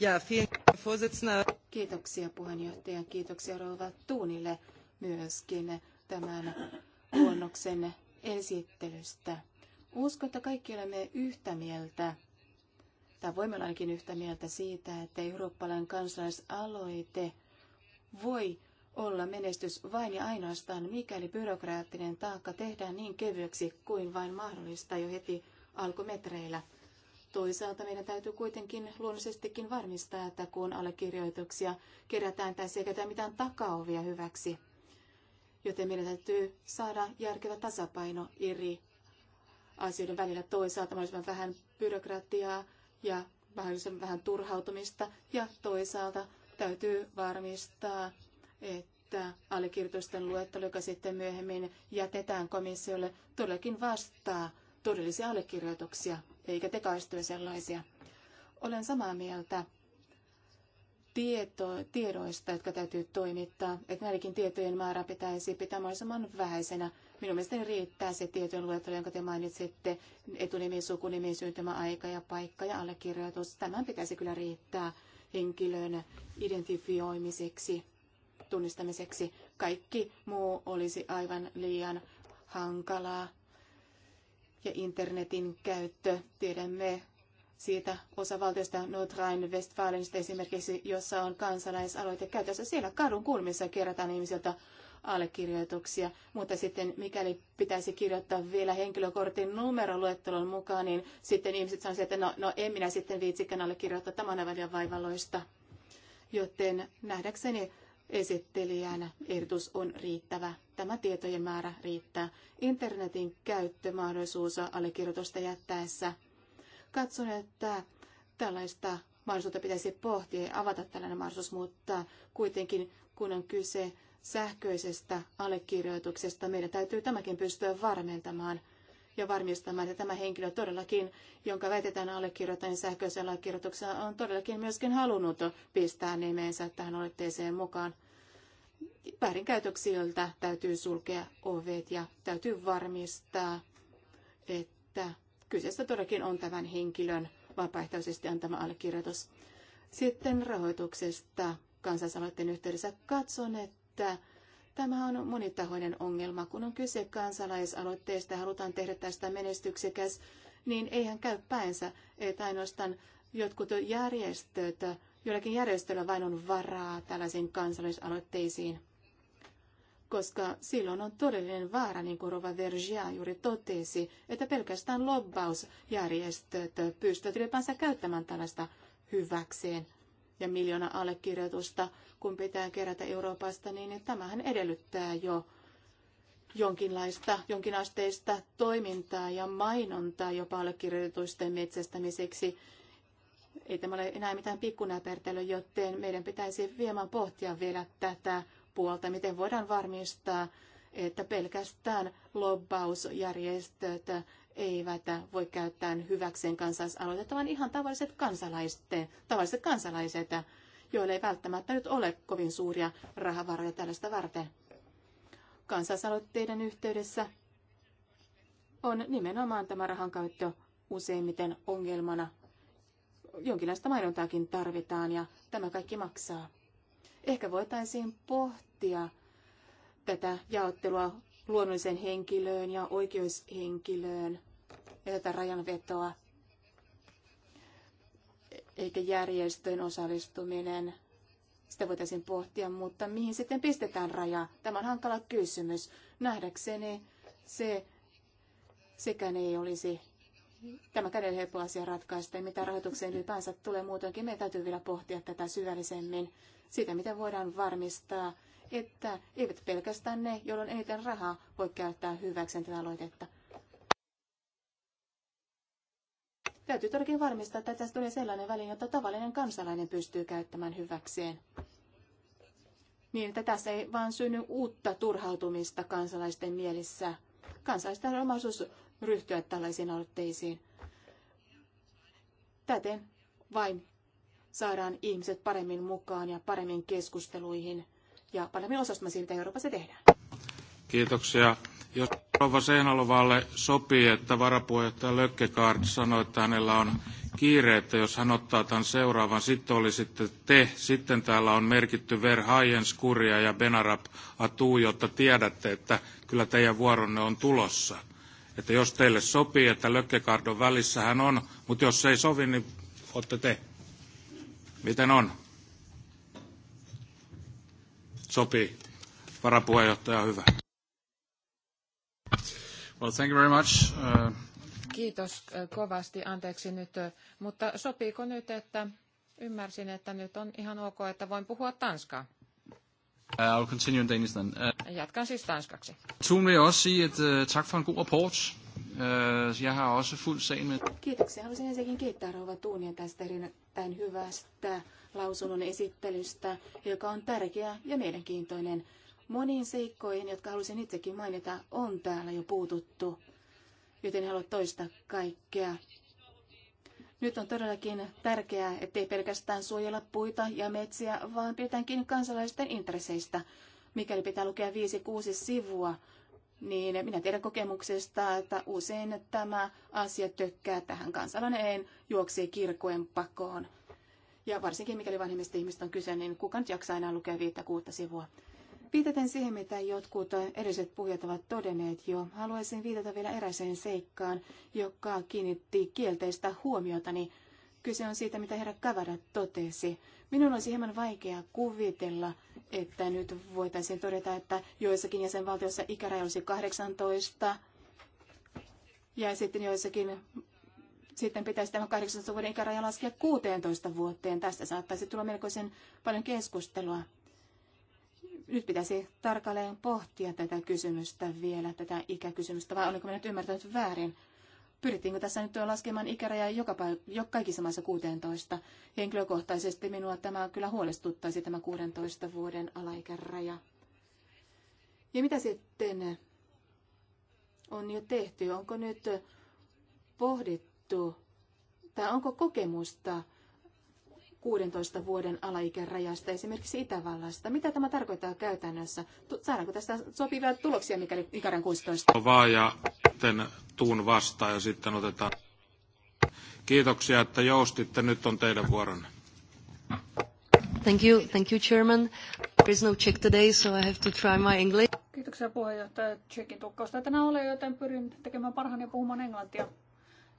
Ja, fiin. Kiitoksia puheenjohtaja, kiitoksia rouva Tuunille myöskin tämän luonnoksen esittelystä. Uskon, että kaikki olemme yhtä mieltä, tai voimme olla ainakin yhtä mieltä siitä, että eurooppalainen kansalaisaloite voi olla menestys vain ja ainoastaan, mikäli byrokraattinen taakka tehdään niin kevyeksi kuin vain mahdollista jo heti alkumetreillä – Toisaalta meidän täytyy kuitenkin luonnollisestikin varmistaa, että kun allekirjoituksia kerätään tai ei mitään takaovia hyväksi. Joten meidän täytyy saada järkevä tasapaino eri asioiden välillä. Toisaalta mahdollisimman vähän byrokratiaa ja mahdollisimman vähän turhautumista. Ja toisaalta täytyy varmistaa, että allekirjoitusten luettelo, joka sitten myöhemmin jätetään komissiolle, todellakin vastaa todellisia allekirjoituksia eikä tekaistuja sellaisia. Olen samaa mieltä tieto, tiedoista, jotka täytyy toimittaa, että näidenkin tietojen määrä pitäisi pitää mahdollisimman vähäisenä. Minun mielestäni riittää se tietojen luettelo, jonka te mainitsitte, etunimi, sukunimi, syntymäaika ja paikka ja allekirjoitus. Tämän pitäisi kyllä riittää henkilön identifioimiseksi, tunnistamiseksi. Kaikki muu olisi aivan liian hankalaa ja internetin käyttö. Tiedämme siitä osavaltiosta Nordrhein-Westfalenista esimerkiksi, jossa on kansalaisaloite käytössä. Siellä kadun kulmissa kerätään ihmisiltä allekirjoituksia, mutta sitten mikäli pitäisi kirjoittaa vielä henkilökortin numeroluettelon mukaan, niin sitten ihmiset sanoisivat, että no, no en minä sitten viitsikään allekirjoittaa, tämän aivan vaivalloista. Joten nähdäkseni esittelijänä ehdotus on riittävä. Tämä tietojen määrä riittää. Internetin käyttömahdollisuus allekirjoitusta jättäessä. Katson, että tällaista mahdollisuutta pitäisi pohtia ja avata tällainen mahdollisuus, mutta kuitenkin kun on kyse sähköisestä allekirjoituksesta, meidän täytyy tämäkin pystyä varmentamaan ja varmistamaan, että tämä henkilö todellakin, jonka väitetään allekirjoittaneen sähköisellä allekirjoituksella, on todellakin myöskin halunnut pistää nimensä tähän aloitteeseen mukaan. Väärinkäytöksiltä täytyy sulkea ovet ja täytyy varmistaa, että kyseessä todellakin on tämän henkilön vapaaehtoisesti antama allekirjoitus. Sitten rahoituksesta kansalaisaloitteen yhteydessä katson, että Tämä on monitahoinen ongelma. Kun on kyse kansalaisaloitteesta ja halutaan tehdä tästä menestyksekäs, niin eihän käy päänsä että ainoastaan jotkut järjestöt, joillakin järjestöllä vain on varaa tällaisiin kansalaisaloitteisiin. Koska silloin on todellinen vaara, niin kuin Rova Vergia juuri totesi, että pelkästään lobbausjärjestöt pystyvät ylipäänsä käyttämään tällaista hyväkseen. Ja miljoona allekirjoitusta kun pitää kerätä Euroopasta, niin tämähän edellyttää jo jonkinlaista, jonkinasteista toimintaa ja mainontaa jopa allekirjoitusten metsästämiseksi. Ei tämä ole enää mitään pikkunäpertelyä, joten meidän pitäisi vielä pohtia vielä tätä puolta, miten voidaan varmistaa, että pelkästään lobbausjärjestöt eivät voi käyttää hyväkseen kansalaisaloitetta, vaan ihan tavalliset, kansalaiset, tavalliset kansalaiset joille ei välttämättä nyt ole kovin suuria rahavaroja tällaista varten. Kansansaloitteiden yhteydessä on nimenomaan tämä rahan käyttö useimmiten ongelmana. Jonkinlaista mainontaakin tarvitaan ja tämä kaikki maksaa. Ehkä voitaisiin pohtia tätä jaottelua luonnolliseen henkilöön ja oikeushenkilöön ja tätä rajanvetoa eikä järjestöjen osallistuminen. Sitä voitaisiin pohtia, mutta mihin sitten pistetään raja? Tämä on hankala kysymys. Nähdäkseni se sekään ei olisi tämä kädellä helppo asia ratkaista ja mitä rahoitukseen ylipäänsä tulee muutenkin, Meidän täytyy vielä pohtia tätä syvällisemmin siitä, miten voidaan varmistaa, että eivät pelkästään ne, joilla on eniten rahaa, voi käyttää hyväksi tätä aloitetta. Täytyy todellakin varmistaa, että tästä tulee sellainen väline, jota tavallinen kansalainen pystyy käyttämään hyväkseen. Niin, että tässä ei vaan synny uutta turhautumista kansalaisten mielissä. Kansalaisten on omaisuus ryhtyä tällaisiin aloitteisiin. Täten vain saadaan ihmiset paremmin mukaan ja paremmin keskusteluihin ja paremmin osastumaan siitä, mitä Euroopassa tehdään. Kiitoksia. Jos rouva Seinalovalle sopii, että varapuheenjohtaja Lökkekaard sanoi, että hänellä on kiire, että jos hän ottaa tämän seuraavan, sitten oli sitten te. Sitten täällä on merkitty Verhaien, Skuria ja Benarab Atuu, jotta tiedätte, että kyllä teidän vuoronne on tulossa. Että jos teille sopii, että Lökkekaard on välissä, hän on, mutta jos ei sovi, niin otte te. Miten on? Sopii. Varapuheenjohtaja, hyvä. Well, thank you very much. Uh, Kiitos äh, kovasti, anteeksi nyt, äh, mutta sopiiko nyt, että ymmärsin, että nyt on ihan ok, että voin puhua tanskaa? Uh, I'll continue in Danish then. Uh, Jatkan siis tanskaksi. Tun vil også sige, at uh, tak for en god rapport. Uh, jeg har også fuldt sagen med. Kiitoksia. Haluaisin ensinnäkin kiittää Rouva Tuunia tästä erittäin hyvästä lausunnon esittelystä, joka on tärkeä ja mielenkiintoinen Moniin seikkoihin, jotka halusin itsekin mainita, on täällä jo puututtu, joten en halua kaikkea. Nyt on todellakin tärkeää, ettei pelkästään suojella puita ja metsiä, vaan pidetään kansalaisten intresseistä. Mikäli pitää lukea 5-6 sivua, niin minä tiedän kokemuksesta, että usein tämä asia tökkää tähän kansalainen juoksee kirkoen pakoon. Ja varsinkin mikäli vanhemmista ihmistä on kyse, niin kukaan jaksaa enää lukea viittä kuutta sivua. Viitaten siihen, mitä jotkut edelliset puhujat ovat todenneet jo, haluaisin viitata vielä eräiseen seikkaan, joka kiinnitti kielteistä huomiotani. Kyse on siitä, mitä herra Kavara totesi. Minun olisi hieman vaikea kuvitella, että nyt voitaisiin todeta, että joissakin jäsenvaltioissa ikäraja olisi 18 ja sitten joissakin sitten pitäisi tämä 18 vuoden ikäraja laskea 16 vuoteen. Tästä saattaisi tulla melkoisen paljon keskustelua nyt pitäisi tarkalleen pohtia tätä kysymystä vielä, tätä ikäkysymystä, vai oliko me nyt ymmärtänyt väärin? Pyrittiinkö tässä nyt laskemaan ikäraja joka jo kaikissa maissa 16? Henkilökohtaisesti minua tämä kyllä huolestuttaisi, tämä 16 vuoden alaikäraja. Ja mitä sitten on jo tehty? Onko nyt pohdittu, tai onko kokemusta 16 vuoden alaikärajasta esimerkiksi Itävallasta. Mitä tämä tarkoittaa käytännössä? Saadaanko tästä sopivia tuloksia, mikäli ikäraja 16? Vaan ja sitten tuun vastaan ja sitten otetaan. Kiitoksia, että joustitte. Nyt on teidän vuoronne. Thank you, thank you, Chairman. There is no check today, so I have to try my English. Kiitoksia puheenjohtaja. Tsekin tukkausta tänään ole, joten pyrin tekemään parhaani ja puhumaan englantia.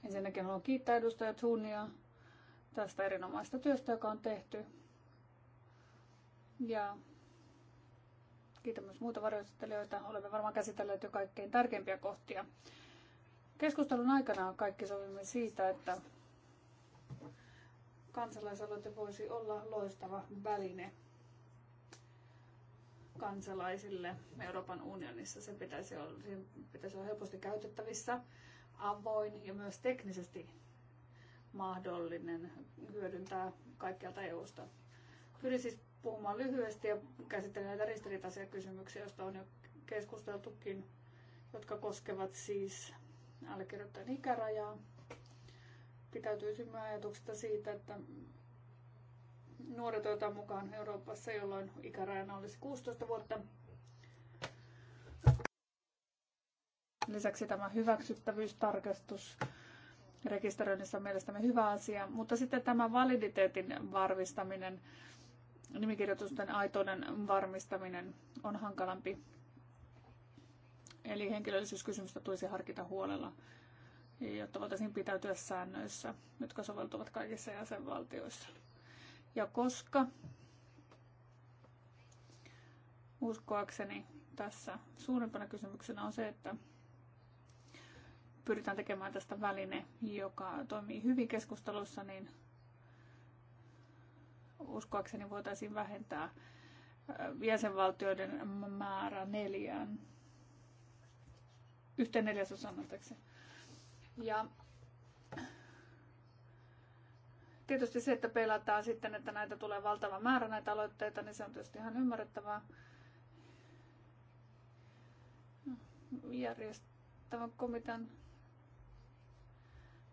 Ensinnäkin haluan kiittää edustaja Thunia tästä erinomaista työstä, joka on tehty. Ja kiitän myös muita varjoistelijoita. Olemme varmaan käsitelleet jo kaikkein tärkeimpiä kohtia. Keskustelun aikana kaikki sovimme siitä, että kansalaisaloite voisi olla loistava väline kansalaisille Euroopan unionissa. Se pitäisi olla, pitäisi olla helposti käytettävissä, avoin ja myös teknisesti mahdollinen hyödyntää kaikkialta EUsta. Pyrin siis puhumaan lyhyesti ja käsittelen näitä ristiriitaisia kysymyksiä, joista on jo keskusteltukin, jotka koskevat siis allekirjoittajan ikärajaa. Pitäytyisin myös ajatuksesta siitä, että nuoret otetaan mukaan Euroopassa, jolloin ikärajana olisi 16 vuotta. Lisäksi tämä hyväksyttävyystarkastus rekisteröinnistä on mielestämme hyvä asia, mutta sitten tämä validiteetin varmistaminen, nimikirjoitusten aitoinen varmistaminen on hankalampi. Eli henkilöllisyyskysymystä tulisi harkita huolella, jotta voitaisiin pitäytyä säännöissä, jotka soveltuvat kaikissa jäsenvaltioissa. Ja koska uskoakseni tässä suurimpana kysymyksenä on se, että pyritään tekemään tästä väline, joka toimii hyvin keskustelussa, niin uskoakseni voitaisiin vähentää jäsenvaltioiden määrä neljään. Yhteen neljäsosan, anteeksi. Ja tietysti se, että pelataan sitten, että näitä tulee valtava määrä näitä aloitteita, niin se on tietysti ihan ymmärrettävää. Järjestävän komitean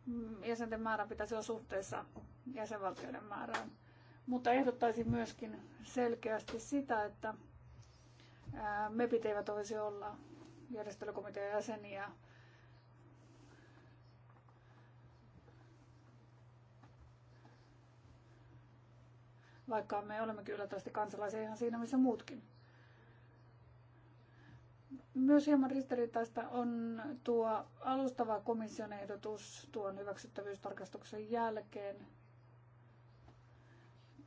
Mm, jäsenten määrä pitäisi olla suhteessa jäsenvaltioiden määrään. Mutta ehdottaisin myöskin selkeästi sitä, että MEPit eivät olisi olla järjestelykomitean jäseniä. Vaikka me olemme kyllä tästä kansalaisia ihan siinä, missä muutkin. Myös hieman ristiriitaista on tuo alustava komission ehdotus tuon hyväksyttävyystarkastuksen jälkeen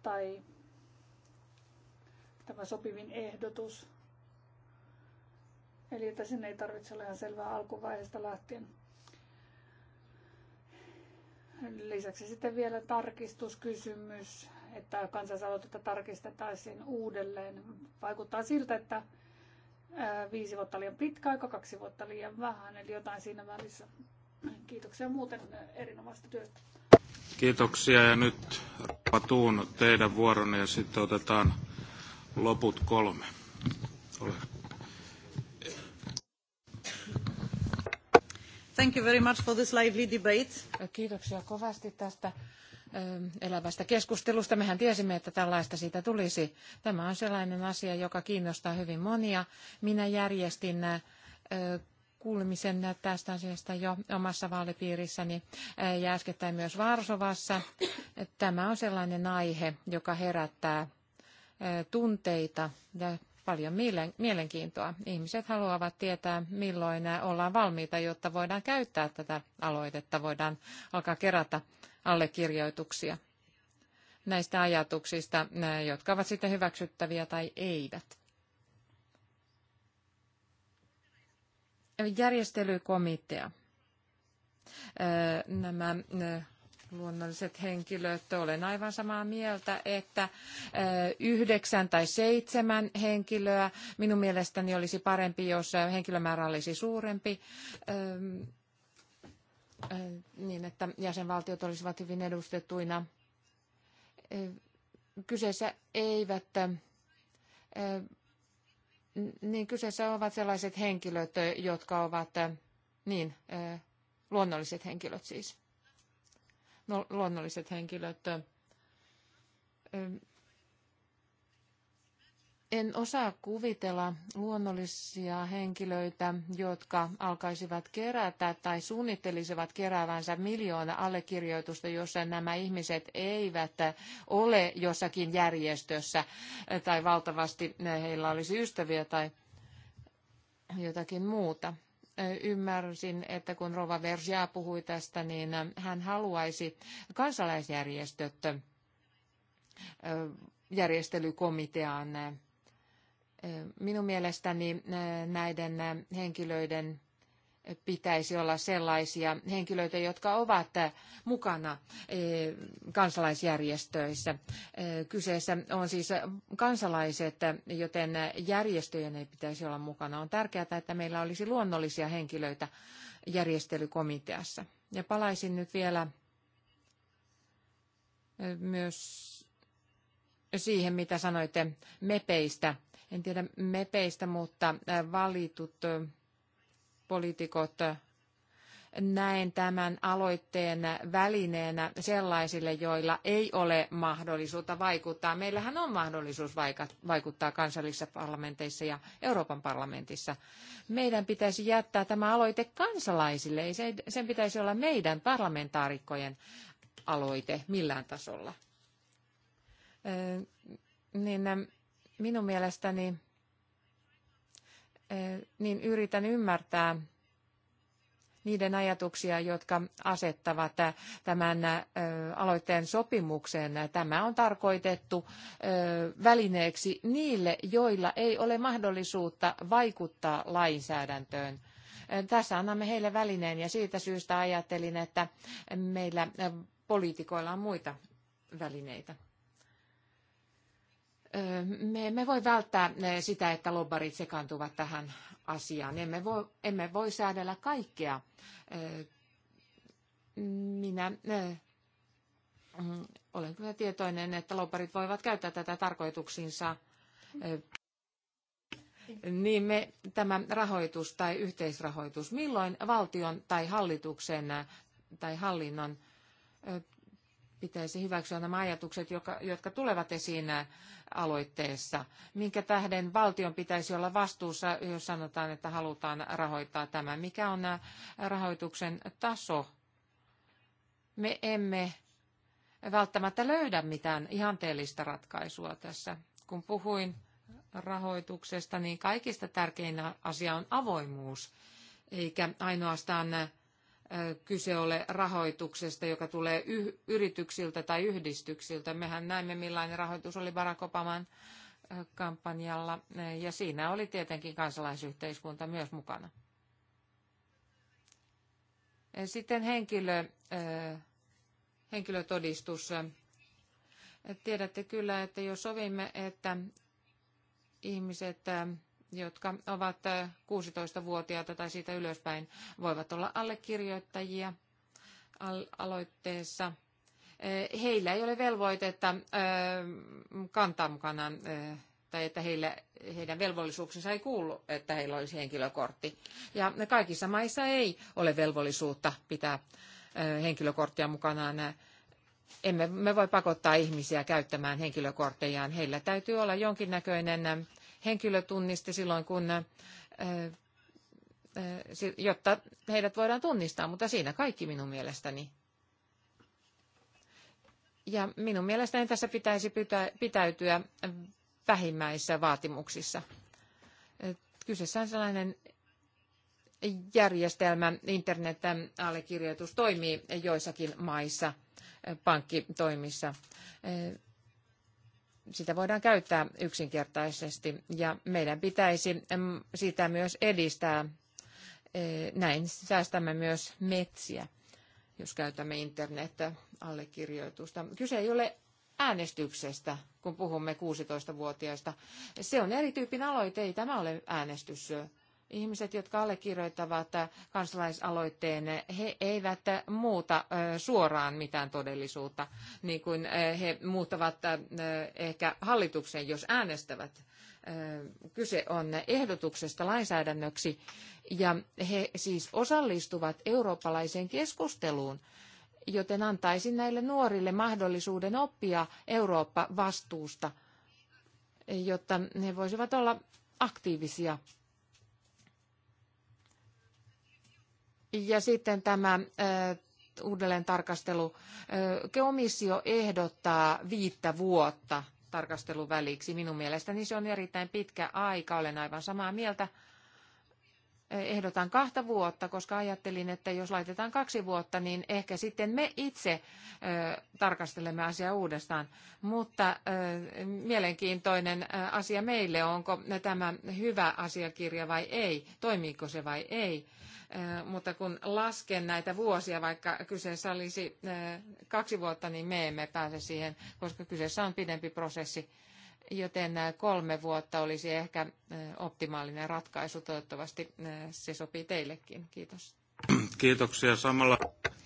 tai tämä sopivin ehdotus. Eli että sinne ei tarvitse olla ihan selvää alkuvaiheesta lähtien. Lisäksi sitten vielä tarkistuskysymys, että kansalaisaloitetta tarkistettaisiin uudelleen. Vaikuttaa siltä, että viisi vuotta liian pitkä aika, kaksi vuotta liian vähän, eli jotain siinä välissä. Kiitoksia muuten erinomaista työstä. Kiitoksia ja nyt Patuun teidän vuoronne ja sitten otetaan loput kolme. Ole. Thank you very much for this lively debate. Kiitoksia kovasti tästä elävästä keskustelusta. Mehän tiesimme, että tällaista siitä tulisi. Tämä on sellainen asia, joka kiinnostaa hyvin monia. Minä järjestin kuulemisen tästä asiasta jo omassa vaalipiirissäni ja äskettäin myös Varsovassa. Tämä on sellainen aihe, joka herättää tunteita ja paljon mielenkiintoa. Ihmiset haluavat tietää, milloin ollaan valmiita, jotta voidaan käyttää tätä aloitetta, voidaan alkaa kerätä allekirjoituksia näistä ajatuksista, jotka ovat sitten hyväksyttäviä tai eivät. Järjestelykomitea. Nämä luonnolliset henkilöt, olen aivan samaa mieltä, että yhdeksän tai seitsemän henkilöä minun mielestäni olisi parempi, jos henkilömäärä olisi suurempi niin, että jäsenvaltiot olisivat hyvin edustettuina. Kyseessä eivät, niin kyseessä ovat sellaiset henkilöt, jotka ovat niin, luonnolliset henkilöt siis. No, luonnolliset henkilöt en osaa kuvitella luonnollisia henkilöitä, jotka alkaisivat kerätä tai suunnittelisivat keräävänsä miljoona allekirjoitusta, jossa nämä ihmiset eivät ole jossakin järjestössä tai valtavasti heillä olisi ystäviä tai jotakin muuta. Ymmärsin, että kun Rova Vergia puhui tästä, niin hän haluaisi kansalaisjärjestöt järjestelykomitean Minun mielestäni näiden henkilöiden pitäisi olla sellaisia henkilöitä, jotka ovat mukana kansalaisjärjestöissä. Kyseessä on siis kansalaiset, joten järjestöjen ei pitäisi olla mukana. On tärkeää, että meillä olisi luonnollisia henkilöitä järjestelykomiteassa. Ja palaisin nyt vielä myös siihen, mitä sanoitte mepeistä en tiedä mepeistä, mutta valitut poliitikot näen tämän aloitteen välineenä sellaisille, joilla ei ole mahdollisuutta vaikuttaa. Meillähän on mahdollisuus vaikuttaa kansallisissa parlamenteissa ja Euroopan parlamentissa. Meidän pitäisi jättää tämä aloite kansalaisille. Ei sen pitäisi olla meidän parlamentaarikkojen aloite millään tasolla. Niin minun mielestäni eh, niin yritän ymmärtää niiden ajatuksia, jotka asettavat tämän eh, aloitteen sopimukseen. Tämä on tarkoitettu eh, välineeksi niille, joilla ei ole mahdollisuutta vaikuttaa lainsäädäntöön. Tässä annamme heille välineen ja siitä syystä ajattelin, että meillä poliitikoilla on muita välineitä. Me voi välttää sitä, että lobbarit sekaantuvat tähän asiaan. Emme voi, emme voi säädellä kaikkea. Minä olen kyllä tietoinen, että lobbarit voivat käyttää tätä tarkoituksiinsa. Niin me, tämä rahoitus tai yhteisrahoitus, milloin valtion tai hallituksen tai hallinnon pitäisi hyväksyä nämä ajatukset, jotka tulevat esiin aloitteessa. Minkä tähden valtion pitäisi olla vastuussa, jos sanotaan, että halutaan rahoittaa tämä? Mikä on rahoituksen taso? Me emme välttämättä löydä mitään ihanteellista ratkaisua tässä. Kun puhuin rahoituksesta, niin kaikista tärkein asia on avoimuus, eikä ainoastaan kyse ole rahoituksesta, joka tulee yrityksiltä tai yhdistyksiltä. Mehän näimme, millainen rahoitus oli Barack Obaman kampanjalla, ja siinä oli tietenkin kansalaisyhteiskunta myös mukana. Sitten henkilö, henkilötodistus. Tiedätte kyllä, että jos sovimme, että ihmiset jotka ovat 16-vuotiaita tai siitä ylöspäin, voivat olla allekirjoittajia aloitteessa. Heillä ei ole velvoitetta kantaa mukana tai että heillä, heidän velvollisuuksensa ei kuulu, että heillä olisi henkilökortti. Ja kaikissa maissa ei ole velvollisuutta pitää henkilökorttia mukanaan. Emme me voi pakottaa ihmisiä käyttämään henkilökorttejaan. Heillä täytyy olla jonkinnäköinen henkilötunniste silloin, kun äh, äh, jotta heidät voidaan tunnistaa, mutta siinä kaikki minun mielestäni. Ja minun mielestäni tässä pitäisi pitäytyä vähimmäisissä vaatimuksissa. Äh, kyseessä on sellainen järjestelmä, internet-allekirjoitus toimii joissakin maissa, pankkitoimissa sitä voidaan käyttää yksinkertaisesti ja meidän pitäisi sitä myös edistää. E, näin säästämme myös metsiä, jos käytämme internet-allekirjoitusta. Kyse ei ole äänestyksestä, kun puhumme 16-vuotiaista. Se on erityyppinen aloite, ei tämä ole äänestys ihmiset, jotka allekirjoittavat kansalaisaloitteen, he eivät muuta suoraan mitään todellisuutta, niin kuin he muuttavat ehkä hallituksen, jos äänestävät. Kyse on ehdotuksesta lainsäädännöksi, ja he siis osallistuvat eurooppalaiseen keskusteluun, joten antaisin näille nuorille mahdollisuuden oppia Eurooppa-vastuusta, jotta he voisivat olla aktiivisia Ja sitten tämä uudelleen tarkastelu. Komissio ehdottaa viittä vuotta tarkasteluväliksi. Minun mielestäni se on erittäin pitkä aika, olen aivan samaa mieltä ehdotan kahta vuotta, koska ajattelin, että jos laitetaan kaksi vuotta, niin ehkä sitten me itse tarkastelemme asiaa uudestaan. Mutta mielenkiintoinen asia meille, onko tämä hyvä asiakirja vai ei, toimiiko se vai ei. Mutta kun lasken näitä vuosia, vaikka kyseessä olisi kaksi vuotta, niin me emme pääse siihen, koska kyseessä on pidempi prosessi joten kolme vuotta olisi ehkä optimaalinen ratkaisu. Toivottavasti se sopii teillekin. Kiitos. Kiitoksia. Samalla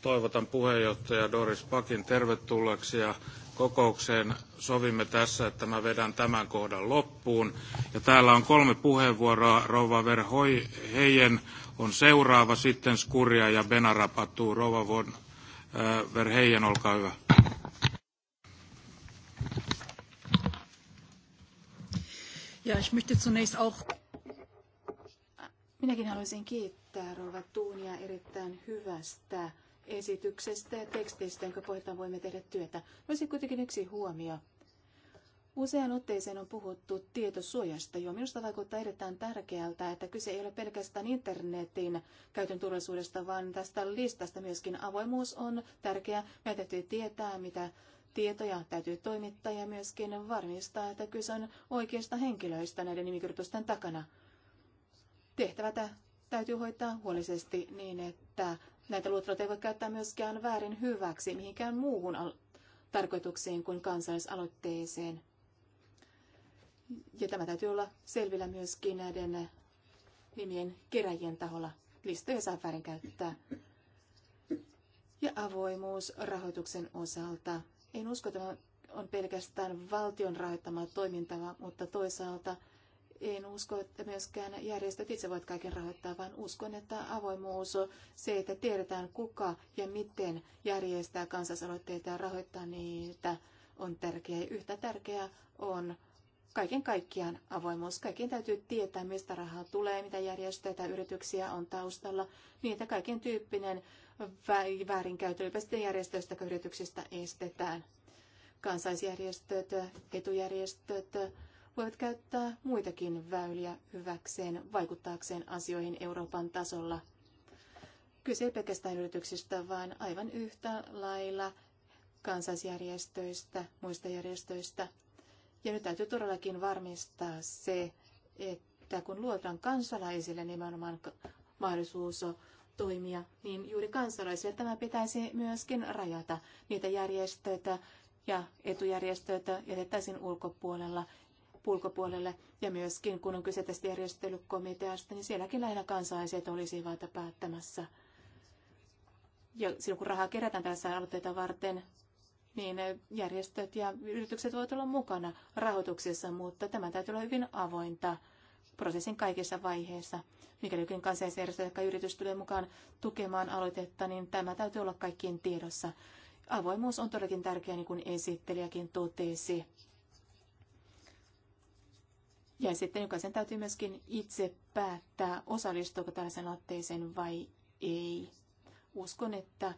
toivotan puheenjohtaja Doris Pakin tervetulleeksi ja kokoukseen sovimme tässä, että mä vedän tämän kohdan loppuun. Ja täällä on kolme puheenvuoroa. Rova Verhoi Heijen on seuraava, sitten Skuria ja Benarapatuu. Rova von Verheijen, olkaa hyvä. Ja, ich möchte zunächst auch Minäkin haluaisin kiittää Rova Tuunia erittäin hyvästä esityksestä ja teksteistä, jonka pohjalta voimme tehdä työtä. Olisin kuitenkin yksi huomio. Usean otteeseen on puhuttu tietosuojasta jo. Minusta vaikuttaa erittäin tärkeältä, että kyse ei ole pelkästään internetin käytön turvallisuudesta, vaan tästä listasta myöskin avoimuus on tärkeä. Meidän täytyy tietää, mitä tietoja täytyy toimittaa ja myöskin varmistaa, että kyse on oikeista henkilöistä näiden nimikirjoitusten takana. Tehtävätä täytyy hoitaa huolisesti niin, että näitä luetteloita ei voi käyttää myöskään väärin hyväksi mihinkään muuhun tarkoituksiin kuin kansalaisaloitteeseen. Ja tämä täytyy olla selvillä myöskin näiden nimien keräjien taholla. Listoja saa väärinkäyttää. Ja avoimuus rahoituksen osalta. En usko, että on pelkästään valtion rahoittamaa toimintaa, mutta toisaalta en usko, että myöskään järjestöt itse voivat kaiken rahoittaa, vaan uskon, että avoimuus, se, että tiedetään kuka ja miten järjestää kansalaisaloitteita ja rahoittaa niitä, on tärkeää. Yhtä tärkeää on kaiken kaikkiaan avoimuus. Kaikkien täytyy tietää, mistä rahaa tulee, mitä järjestöitä, yrityksiä on taustalla. Niitä kaiken tyyppinen väärinkäytö järjestöistä tai yrityksistä estetään. Kansaisjärjestöt, etujärjestöt voivat käyttää muitakin väyliä hyväkseen vaikuttaakseen asioihin Euroopan tasolla. Kyse ei pelkästään yrityksistä, vaan aivan yhtä lailla kansaisjärjestöistä, muista järjestöistä. Ja nyt täytyy todellakin varmistaa se, että kun luotan kansalaisille nimenomaan mahdollisuus toimia, niin juuri kansalaisille tämä pitäisi myöskin rajata. Niitä järjestöitä ja etujärjestöitä jätettäisiin ulkopuolella, ulkopuolelle. Ja myöskin kun on kyse tästä järjestelykomiteasta, niin sielläkin lähinnä kansalaiset olisivat päättämässä. Ja silloin kun rahaa kerätään tässä aloitteita varten, niin järjestöt ja yritykset voivat olla mukana rahoituksessa, mutta tämä täytyy olla hyvin avointa prosessin kaikissa vaiheissa. Mikäli jokin kansalaisjärjestö tai yritys tulee mukaan tukemaan aloitetta, niin tämä täytyy olla kaikkien tiedossa. Avoimuus on todellakin tärkeää, niin kuin esittelijäkin totesi. Ja sitten jokaisen täytyy myöskin itse päättää, osallistuuko tällaisen otteeseen vai ei. Uskon, että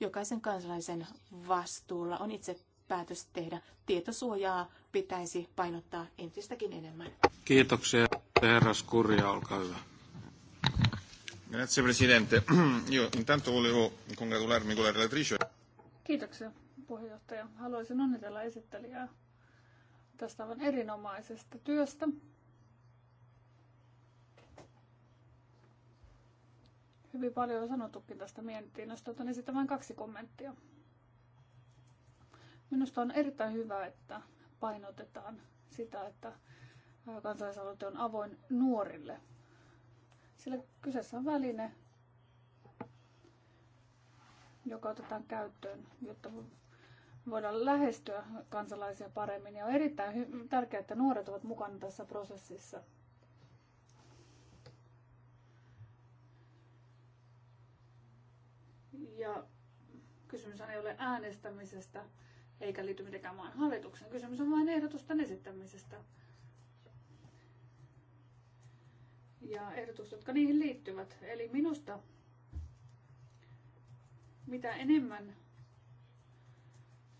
jokaisen kansalaisen vastuulla on itse päätös tehdä. Tietosuojaa pitäisi painottaa entistäkin enemmän. Kiitoksia. Herra Scurria, olkaa hyvä. Grazie Presidente. Io intanto volevo congratularmi con la relatrice. Kiitoksia puheenjohtaja. Haluaisin onnitella esittelijää tästä aivan erinomaisesta työstä. Hyvin paljon on sanottukin tästä mietinnöstä, joten esitän vain kaksi kommenttia. Minusta on erittäin hyvä, että painotetaan sitä, että kansalaisaloite on avoin nuorille. Sillä kyseessä on väline, joka otetaan käyttöön, jotta voidaan lähestyä kansalaisia paremmin. Ja on erittäin tärkeää, että nuoret ovat mukana tässä prosessissa. Ja kysymys ei ole äänestämisestä eikä liity mitenkään maan hallitukseen. Kysymys on vain ehdotusten esittämisestä. ja ehdotus, jotka niihin liittyvät. Eli minusta mitä enemmän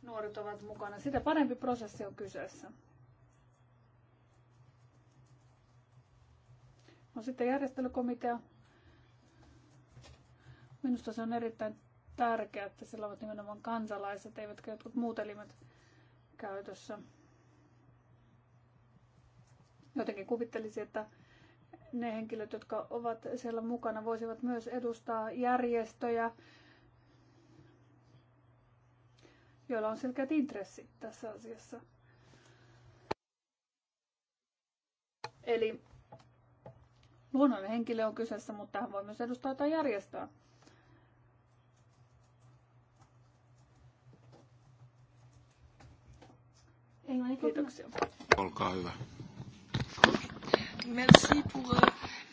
nuoret ovat mukana, sitä parempi prosessi on kyseessä. No sitten järjestelykomitea. Minusta se on erittäin tärkeää, että sillä ovat nimenomaan kansalaiset, eivätkä jotkut muut elimet käytössä. Jotenkin kuvittelisin, että ne henkilöt, jotka ovat siellä mukana, voisivat myös edustaa järjestöjä, joilla on selkeät intressit tässä asiassa. Eli luonnollinen henkilö on kyseessä, mutta hän voi myös edustaa jotain järjestöä. Kiitoksia. Olkaa hyvä. Merci pour euh,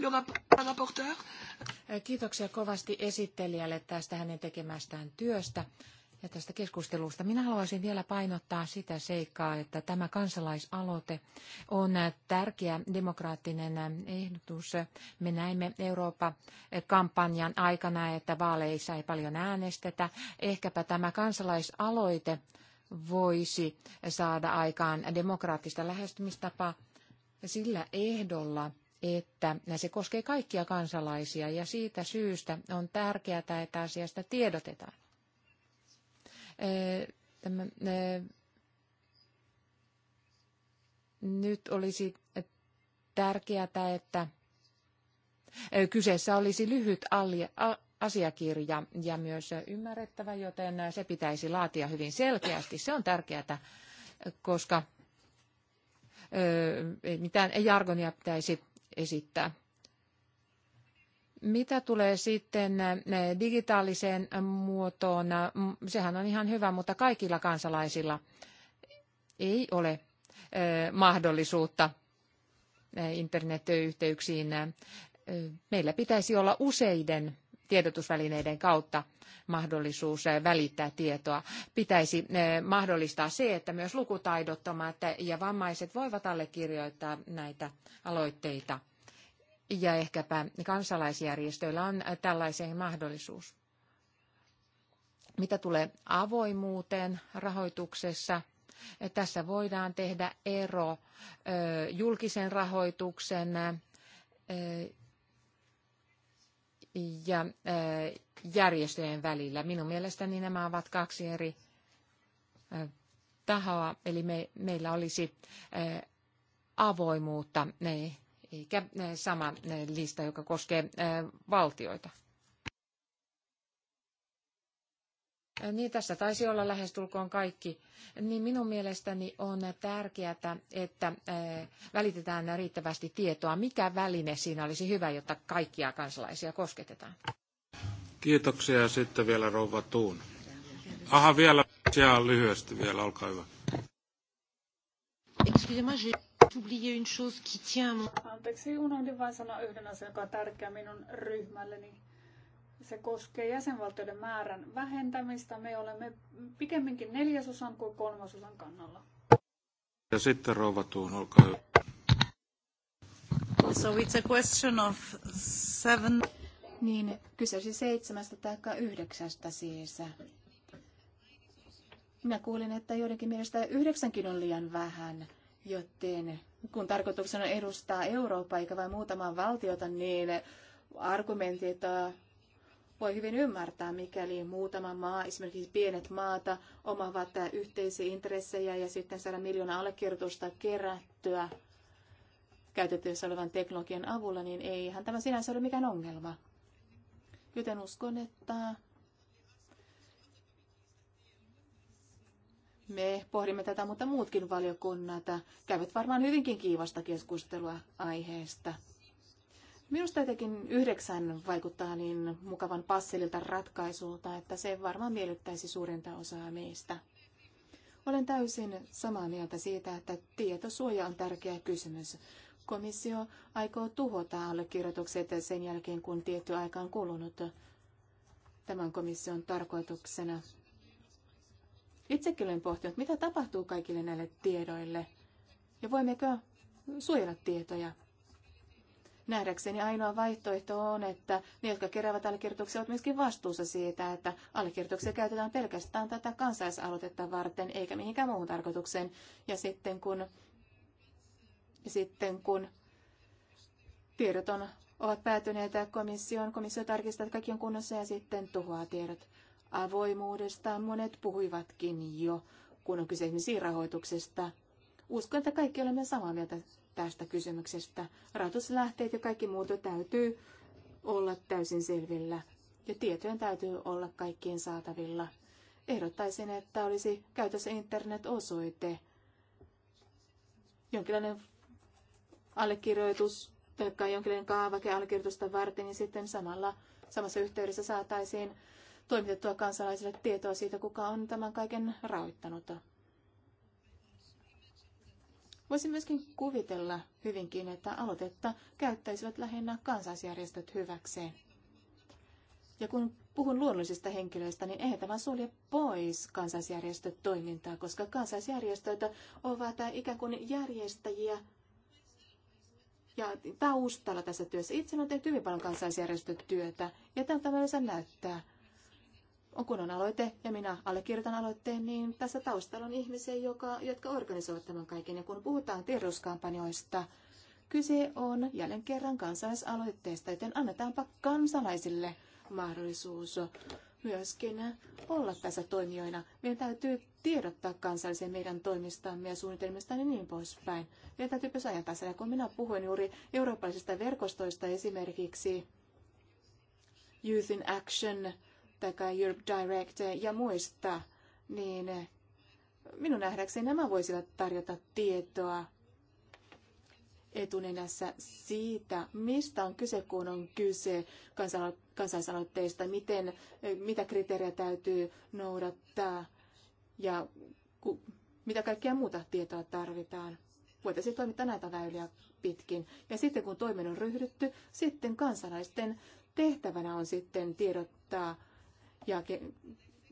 le rapporteur. Äh, kiitoksia kovasti esittelijälle tästä hänen tekemästään työstä ja tästä keskustelusta. Minä haluaisin vielä painottaa sitä seikkaa, että tämä kansalaisaloite on äh, tärkeä demokraattinen äh, ehdotus. Me näimme Eurooppa-kampanjan aikana, että vaaleissa ei paljon äänestetä. Ehkäpä tämä kansalaisaloite voisi saada aikaan demokraattista lähestymistapaa sillä ehdolla, että se koskee kaikkia kansalaisia ja siitä syystä on tärkeää, että asiasta tiedotetaan. Tämä, nyt olisi tärkeää, että kyseessä olisi lyhyt asiakirja ja myös ymmärrettävä, joten se pitäisi laatia hyvin selkeästi. Se on tärkeää, koska ei mitään jargonia pitäisi esittää. Mitä tulee sitten digitaaliseen muotoon, sehän on ihan hyvä, mutta kaikilla kansalaisilla ei ole mahdollisuutta internetyhteyksiin. Meillä pitäisi olla useiden tiedotusvälineiden kautta mahdollisuus eh, välittää tietoa. Pitäisi eh, mahdollistaa se, että myös lukutaidottomat ja vammaiset voivat allekirjoittaa näitä aloitteita. Ja ehkäpä kansalaisjärjestöillä on eh, tällaiseen mahdollisuus. Mitä tulee avoimuuteen rahoituksessa, tässä voidaan tehdä ero julkisen rahoituksen ja järjestöjen välillä. Minun mielestäni nämä ovat kaksi eri tahoa, eli me, meillä olisi avoimuutta, eikä sama lista, joka koskee valtioita. Niin tässä taisi olla lähestulkoon kaikki. Niin minun mielestäni on tärkeää, että välitetään riittävästi tietoa. Mikä väline siinä olisi hyvä, jotta kaikkia kansalaisia kosketetaan? Kiitoksia ja sitten vielä rouva Tuun. Aha, vielä siellä lyhyesti vielä, olkaa hyvä. Anteeksi, unohdin vain sanoa yhden asian, joka on tärkeä minun ryhmälleni se koskee jäsenvaltioiden määrän vähentämistä. Me olemme pikemminkin neljäsosan kuin kolmasosan kannalla. Ja sitten rouva Tuun, olkaa hyvä. So it's a question of seven... Niin, kysäsi siis seitsemästä tai yhdeksästä siis. Minä kuulin, että joidenkin mielestä yhdeksänkin on liian vähän, joten kun tarkoituksena on edustaa Eurooppaa eikä vain muutamaa valtiota, niin argumentit voi hyvin ymmärtää, mikäli muutama maa, esimerkiksi pienet maata, omavat yhteisiä intressejä ja sitten saada miljoona allekirjoitusta kerättyä käytettävissä olevan teknologian avulla, niin eihän tämä sinänsä ole mikään ongelma. Joten uskon, että me pohdimme tätä, mutta muutkin valiokunnat käyvät varmaan hyvinkin kiivasta keskustelua aiheesta. Minusta jotenkin yhdeksän vaikuttaa niin mukavan passelilta ratkaisulta, että se varmaan miellyttäisi suurinta osaa meistä. Olen täysin samaa mieltä siitä, että tietosuoja on tärkeä kysymys. Komissio aikoo tuhota allekirjoitukset sen jälkeen, kun tietty aika on kulunut. Tämän komission tarkoituksena. Itsekin olen pohtinut, mitä tapahtuu kaikille näille tiedoille ja voimmeko suojella tietoja Nähdäkseni ainoa vaihtoehto on, että ne, jotka keräävät allekirjoituksia, ovat myöskin vastuussa siitä, että allekirjoituksia käytetään pelkästään tätä kansalaisaloitetta varten eikä mihinkään muuhun tarkoitukseen. Ja sitten kun, sitten kun tiedot on, ovat päätyneet komissioon, komissio tarkistaa, että kaikki on kunnossa ja sitten tuhoaa tiedot. Avoimuudesta monet puhuivatkin jo, kun on kyse esimerkiksi rahoituksesta. Uskon, että kaikki olemme samaa mieltä tästä kysymyksestä. Rahoituslähteet ja kaikki muut täytyy olla täysin selvillä ja tietojen täytyy olla kaikkien saatavilla. Ehdottaisin, että olisi käytössä internet-osoite, jonkinlainen allekirjoitus tai jonkinlainen kaavake allekirjoitusta varten, niin sitten samalla, samassa yhteydessä saataisiin toimitettua kansalaisille tietoa siitä, kuka on tämän kaiken rahoittanut. Voisin myöskin kuvitella hyvinkin, että aloitetta käyttäisivät lähinnä kansaisjärjestöt hyväkseen. Ja kun puhun luonnollisista henkilöistä, niin eihän tämä sulje pois kansaisjärjestöt toimintaa, koska kansaisjärjestöt ovat ikään kuin järjestäjiä ja taustalla tässä työssä. Itse olen tehnyt hyvin paljon kansaisjärjestötyötä ja tältä myös näyttää kun on aloite ja minä allekirjoitan aloitteen, niin tässä taustalla on ihmisiä, joka, jotka organisoivat tämän kaiken. Ja kun puhutaan tiedotuskampanjoista, kyse on jälleen kerran kansalaisaloitteesta, joten annetaanpa kansalaisille mahdollisuus myöskin olla tässä toimijoina. Meidän täytyy tiedottaa kansallisen meidän toimistamme ja suunnitelmistamme ja niin poispäin. Meidän täytyy myös ajan tässä. Ja kun minä puhuin juuri eurooppalaisista verkostoista esimerkiksi Youth in Action – tai Europe Direct ja muista, niin minun nähdäkseni nämä voisivat tarjota tietoa etunenässä siitä, mistä on kyse, kun on kyse kansalaisaloitteista, miten, mitä kriteerejä täytyy noudattaa ja ku, mitä kaikkea muuta tietoa tarvitaan. Voitaisiin toimittaa näitä väyliä pitkin. Ja sitten kun toimen on ryhdytty, sitten kansalaisten tehtävänä on sitten tiedottaa ja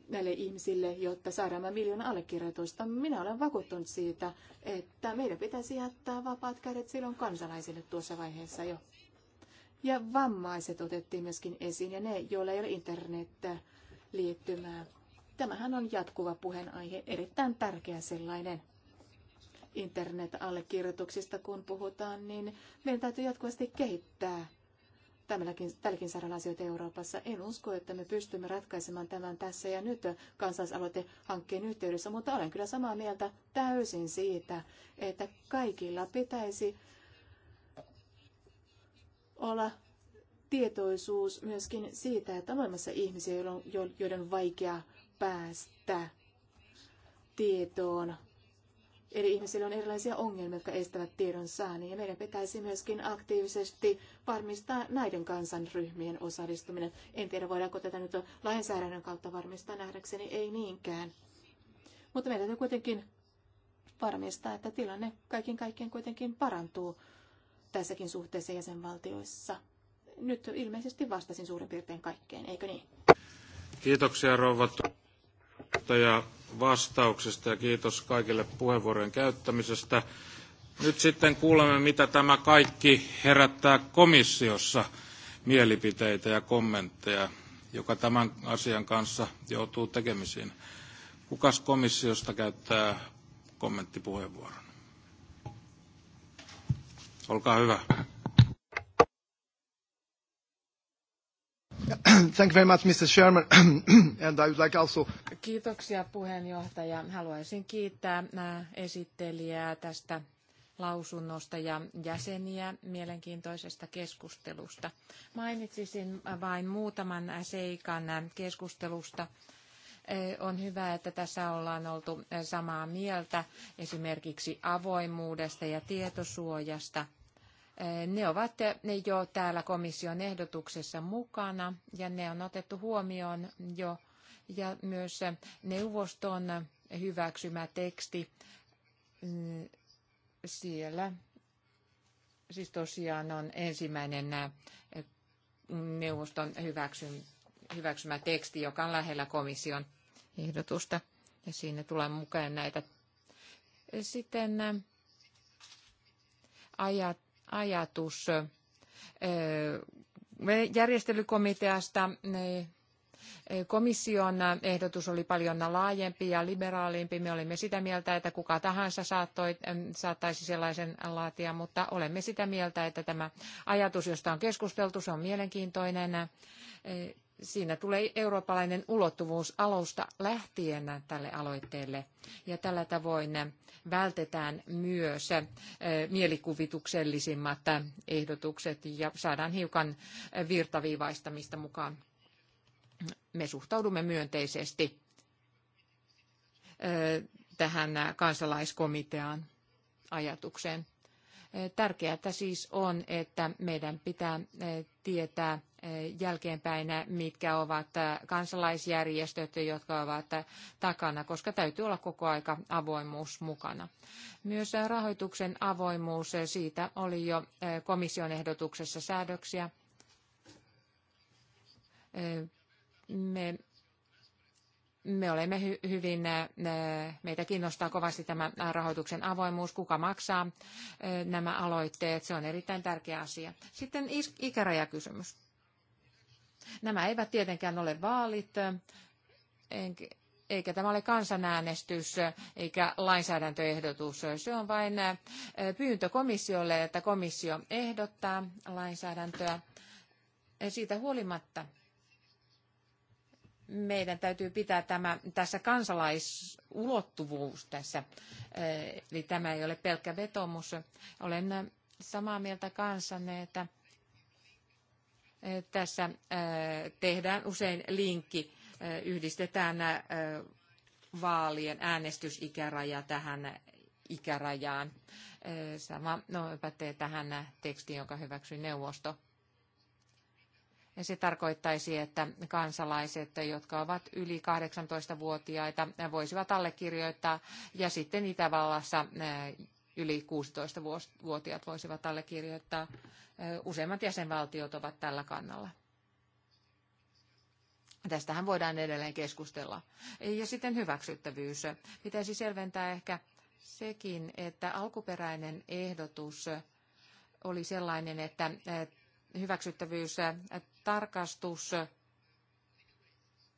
näille ihmisille, jotta saadaan miljoona allekirjoitusta. Minä olen vakuuttunut siitä, että meidän pitäisi jättää vapaat kädet silloin kansalaisille tuossa vaiheessa jo. Ja vammaiset otettiin myöskin esiin ja ne, joilla ei ole internettä liittymää. Tämähän on jatkuva puheenaihe, erittäin tärkeä sellainen. Internet-allekirjoituksista kun puhutaan, niin meidän täytyy jatkuvasti kehittää Tälläkin, tälläkin saralla asioita Euroopassa. En usko, että me pystymme ratkaisemaan tämän tässä ja nyt kansalaisaloitehankkeen yhteydessä, mutta olen kyllä samaa mieltä täysin siitä, että kaikilla pitäisi olla tietoisuus myöskin siitä, että on olemassa ihmisiä, joiden on vaikea päästä tietoon Eli ihmisillä on erilaisia ongelmia, jotka estävät tiedon saannin, ja meidän pitäisi myöskin aktiivisesti varmistaa näiden kansanryhmien osallistuminen. En tiedä, voidaanko tätä nyt lainsäädännön kautta varmistaa nähdäkseni, ei niinkään. Mutta meidän täytyy kuitenkin varmistaa, että tilanne kaiken kaikkien kuitenkin parantuu tässäkin suhteessa jäsenvaltioissa. Nyt ilmeisesti vastasin suurin piirtein kaikkeen, eikö niin? Kiitoksia rouva puheenjohtaja vastauksesta ja kiitos kaikille puheenvuorojen käyttämisestä. Nyt sitten kuulemme, mitä tämä kaikki herättää komissiossa mielipiteitä ja kommentteja, joka tämän asian kanssa joutuu tekemisiin. Kukas komissiosta käyttää kommenttipuheenvuoron? Olkaa hyvä. Thank you very much, Mr. Chairman. And I would like also... Kiitoksia puheenjohtaja. Haluaisin kiittää äh, esittelijää tästä lausunnosta ja jäseniä mielenkiintoisesta keskustelusta. Mainitsisin äh, vain muutaman äh, seikan keskustelusta. On hyvä, että tässä ollaan oltu samaa mieltä esimerkiksi avoimuudesta ja tietosuojasta – Eh, ne ovat jo täällä komission ehdotuksessa mukana ja ne on otettu huomioon jo ja myös neuvoston hyväksymä teksti mm, siellä. Siis tosiaan on ensimmäinen eh, neuvoston hyväksymä teksti, joka on lähellä komission ehdotusta. Ja siinä tulee mukaan näitä sitten eh, ajat, ajatus järjestelykomiteasta. Komission ehdotus oli paljon laajempi ja liberaalimpi. Me olimme sitä mieltä, että kuka tahansa saattoi, saattaisi sellaisen laatia, mutta olemme sitä mieltä, että tämä ajatus, josta on keskusteltu, se on mielenkiintoinen siinä tulee eurooppalainen ulottuvuus alusta lähtien tälle aloitteelle. Ja tällä tavoin vältetään myös eh, mielikuvituksellisimmat ehdotukset ja saadaan hiukan virtaviivaistamista mukaan. Me suhtaudumme myönteisesti eh, tähän kansalaiskomitean ajatukseen. Tärkeää siis on, että meidän pitää tietää jälkeenpäin, mitkä ovat kansalaisjärjestöt, jotka ovat takana, koska täytyy olla koko aika avoimuus mukana. Myös rahoituksen avoimuus, siitä oli jo komission ehdotuksessa säädöksiä. Me me olemme hy- hyvin, äh, meitä kiinnostaa kovasti tämä rahoituksen avoimuus, kuka maksaa äh, nämä aloitteet, se on erittäin tärkeä asia. Sitten ikärajakysymys. Nämä eivät tietenkään ole vaalit, äh, eikä tämä ole kansanäänestys eikä lainsäädäntöehdotus. Se on vain pyyntö komissiolle, että komissio ehdottaa lainsäädäntöä. Siitä huolimatta meidän täytyy pitää tämä tässä kansalaisulottuvuus tässä, eli tämä ei ole pelkkä vetomus. Olen samaa mieltä kanssanne, että tässä tehdään usein linkki, yhdistetään vaalien äänestysikäraja tähän ikärajaan. Sama no, pätee tähän tekstiin, jonka hyväksyi neuvosto se tarkoittaisi, että kansalaiset, jotka ovat yli 18-vuotiaita, voisivat allekirjoittaa ja sitten Itävallassa eh, yli 16-vuotiaat voisivat allekirjoittaa. Eh, useimmat jäsenvaltiot ovat tällä kannalla. Tästähän voidaan edelleen keskustella. Ja sitten hyväksyttävyys. Pitäisi selventää ehkä sekin, että alkuperäinen ehdotus oli sellainen, että eh, hyväksyttävyys tarkastus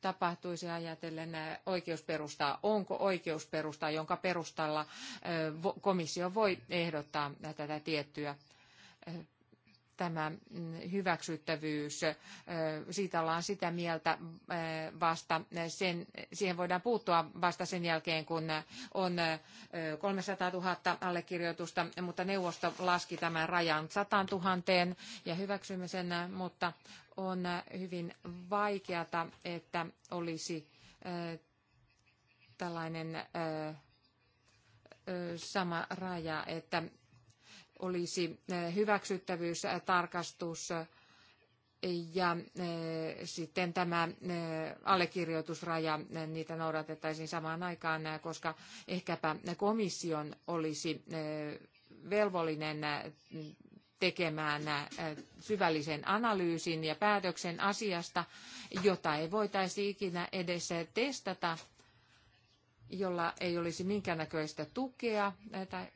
tapahtuisi ajatellen eh, oikeusperustaa. Onko oikeusperusta, jonka perustalla eh, komissio voi ehdottaa tätä tiettyä eh, tämä mm, hyväksyttävyys, siitä ollaan sitä mieltä vasta, sen, siihen voidaan puuttua vasta sen jälkeen, kun on 300 000 allekirjoitusta, mutta neuvosto laski tämän rajan 100 000 ja hyväksymme sen, mutta on hyvin vaikeata, että olisi tällainen sama raja, että olisi eh, hyväksyttävyystarkastus eh, eh, ja sitten tämä allekirjoitusraja, niitä noudatettaisiin samaan aikaan, koska ehkäpä komission olisi velvollinen tekemään syvällisen analyysin ja päätöksen asiasta, jota ei voitaisi ikinä edes testata, jolla ei olisi minkäännäköistä tukea tai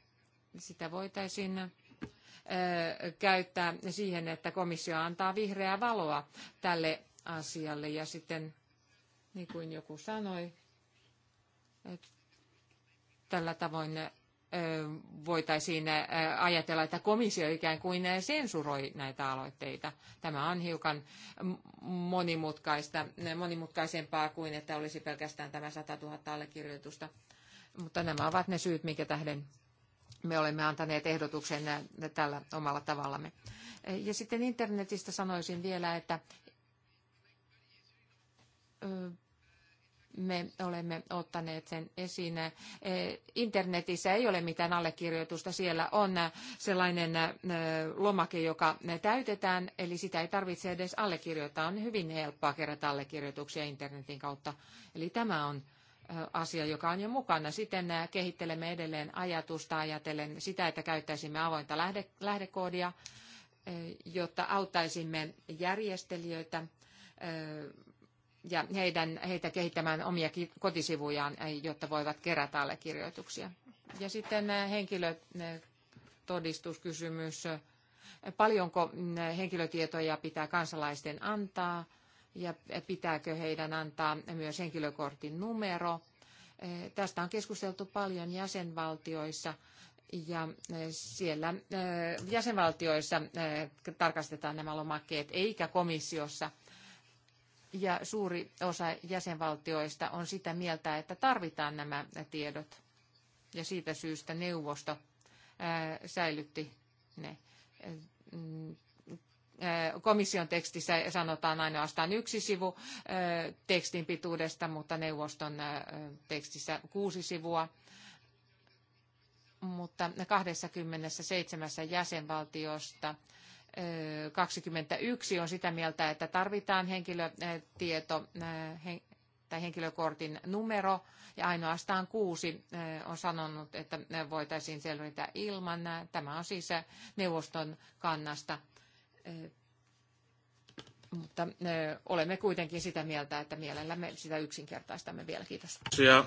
sitä voitaisiin käyttää siihen, että komissio antaa vihreää valoa tälle asialle. Ja sitten, niin kuin joku sanoi, että tällä tavoin voitaisiin ajatella, että komissio ikään kuin sensuroi näitä aloitteita. Tämä on hiukan monimutkaista, monimutkaisempaa kuin että olisi pelkästään tämä 100 000 allekirjoitusta. Mutta nämä ovat ne syyt, minkä tähden me olemme antaneet ehdotuksen tällä omalla tavallamme. Ja sitten internetistä sanoisin vielä, että me olemme ottaneet sen esiin. Internetissä ei ole mitään allekirjoitusta. Siellä on sellainen lomake, joka täytetään, eli sitä ei tarvitse edes allekirjoittaa. On hyvin helppoa kerätä allekirjoituksia internetin kautta. Eli tämä on asia, joka on jo mukana. Sitten kehittelemme edelleen ajatusta ajatellen sitä, että käyttäisimme avointa lähde, lähdekoodia, jotta auttaisimme järjestelijöitä ja heidän, heitä kehittämään omia kotisivujaan, jotta voivat kerätä allekirjoituksia. Ja sitten henkilötodistuskysymys. Paljonko mm, henkilötietoja pitää kansalaisten antaa? ja pitääkö heidän antaa myös henkilökortin numero. Tästä on keskusteltu paljon jäsenvaltioissa ja e, siellä e, jäsenvaltioissa e, tarkastetaan nämä lomakkeet eikä komissiossa. Ja suuri osa jäsenvaltioista on sitä mieltä, että tarvitaan nämä tiedot. Ja siitä syystä neuvosto säilytti ne Komission tekstissä sanotaan ainoastaan yksi sivu tekstin pituudesta, mutta neuvoston tekstissä kuusi sivua. Mutta 27 jäsenvaltiosta 21 on sitä mieltä, että tarvitaan henkilötieto tai henkilökortin numero ja ainoastaan kuusi on sanonut, että voitaisiin selvitä ilman. Tämä on siis neuvoston kannasta mutta olemme kuitenkin sitä mieltä, että mielellämme sitä yksinkertaistamme vielä. Kiitos. Ja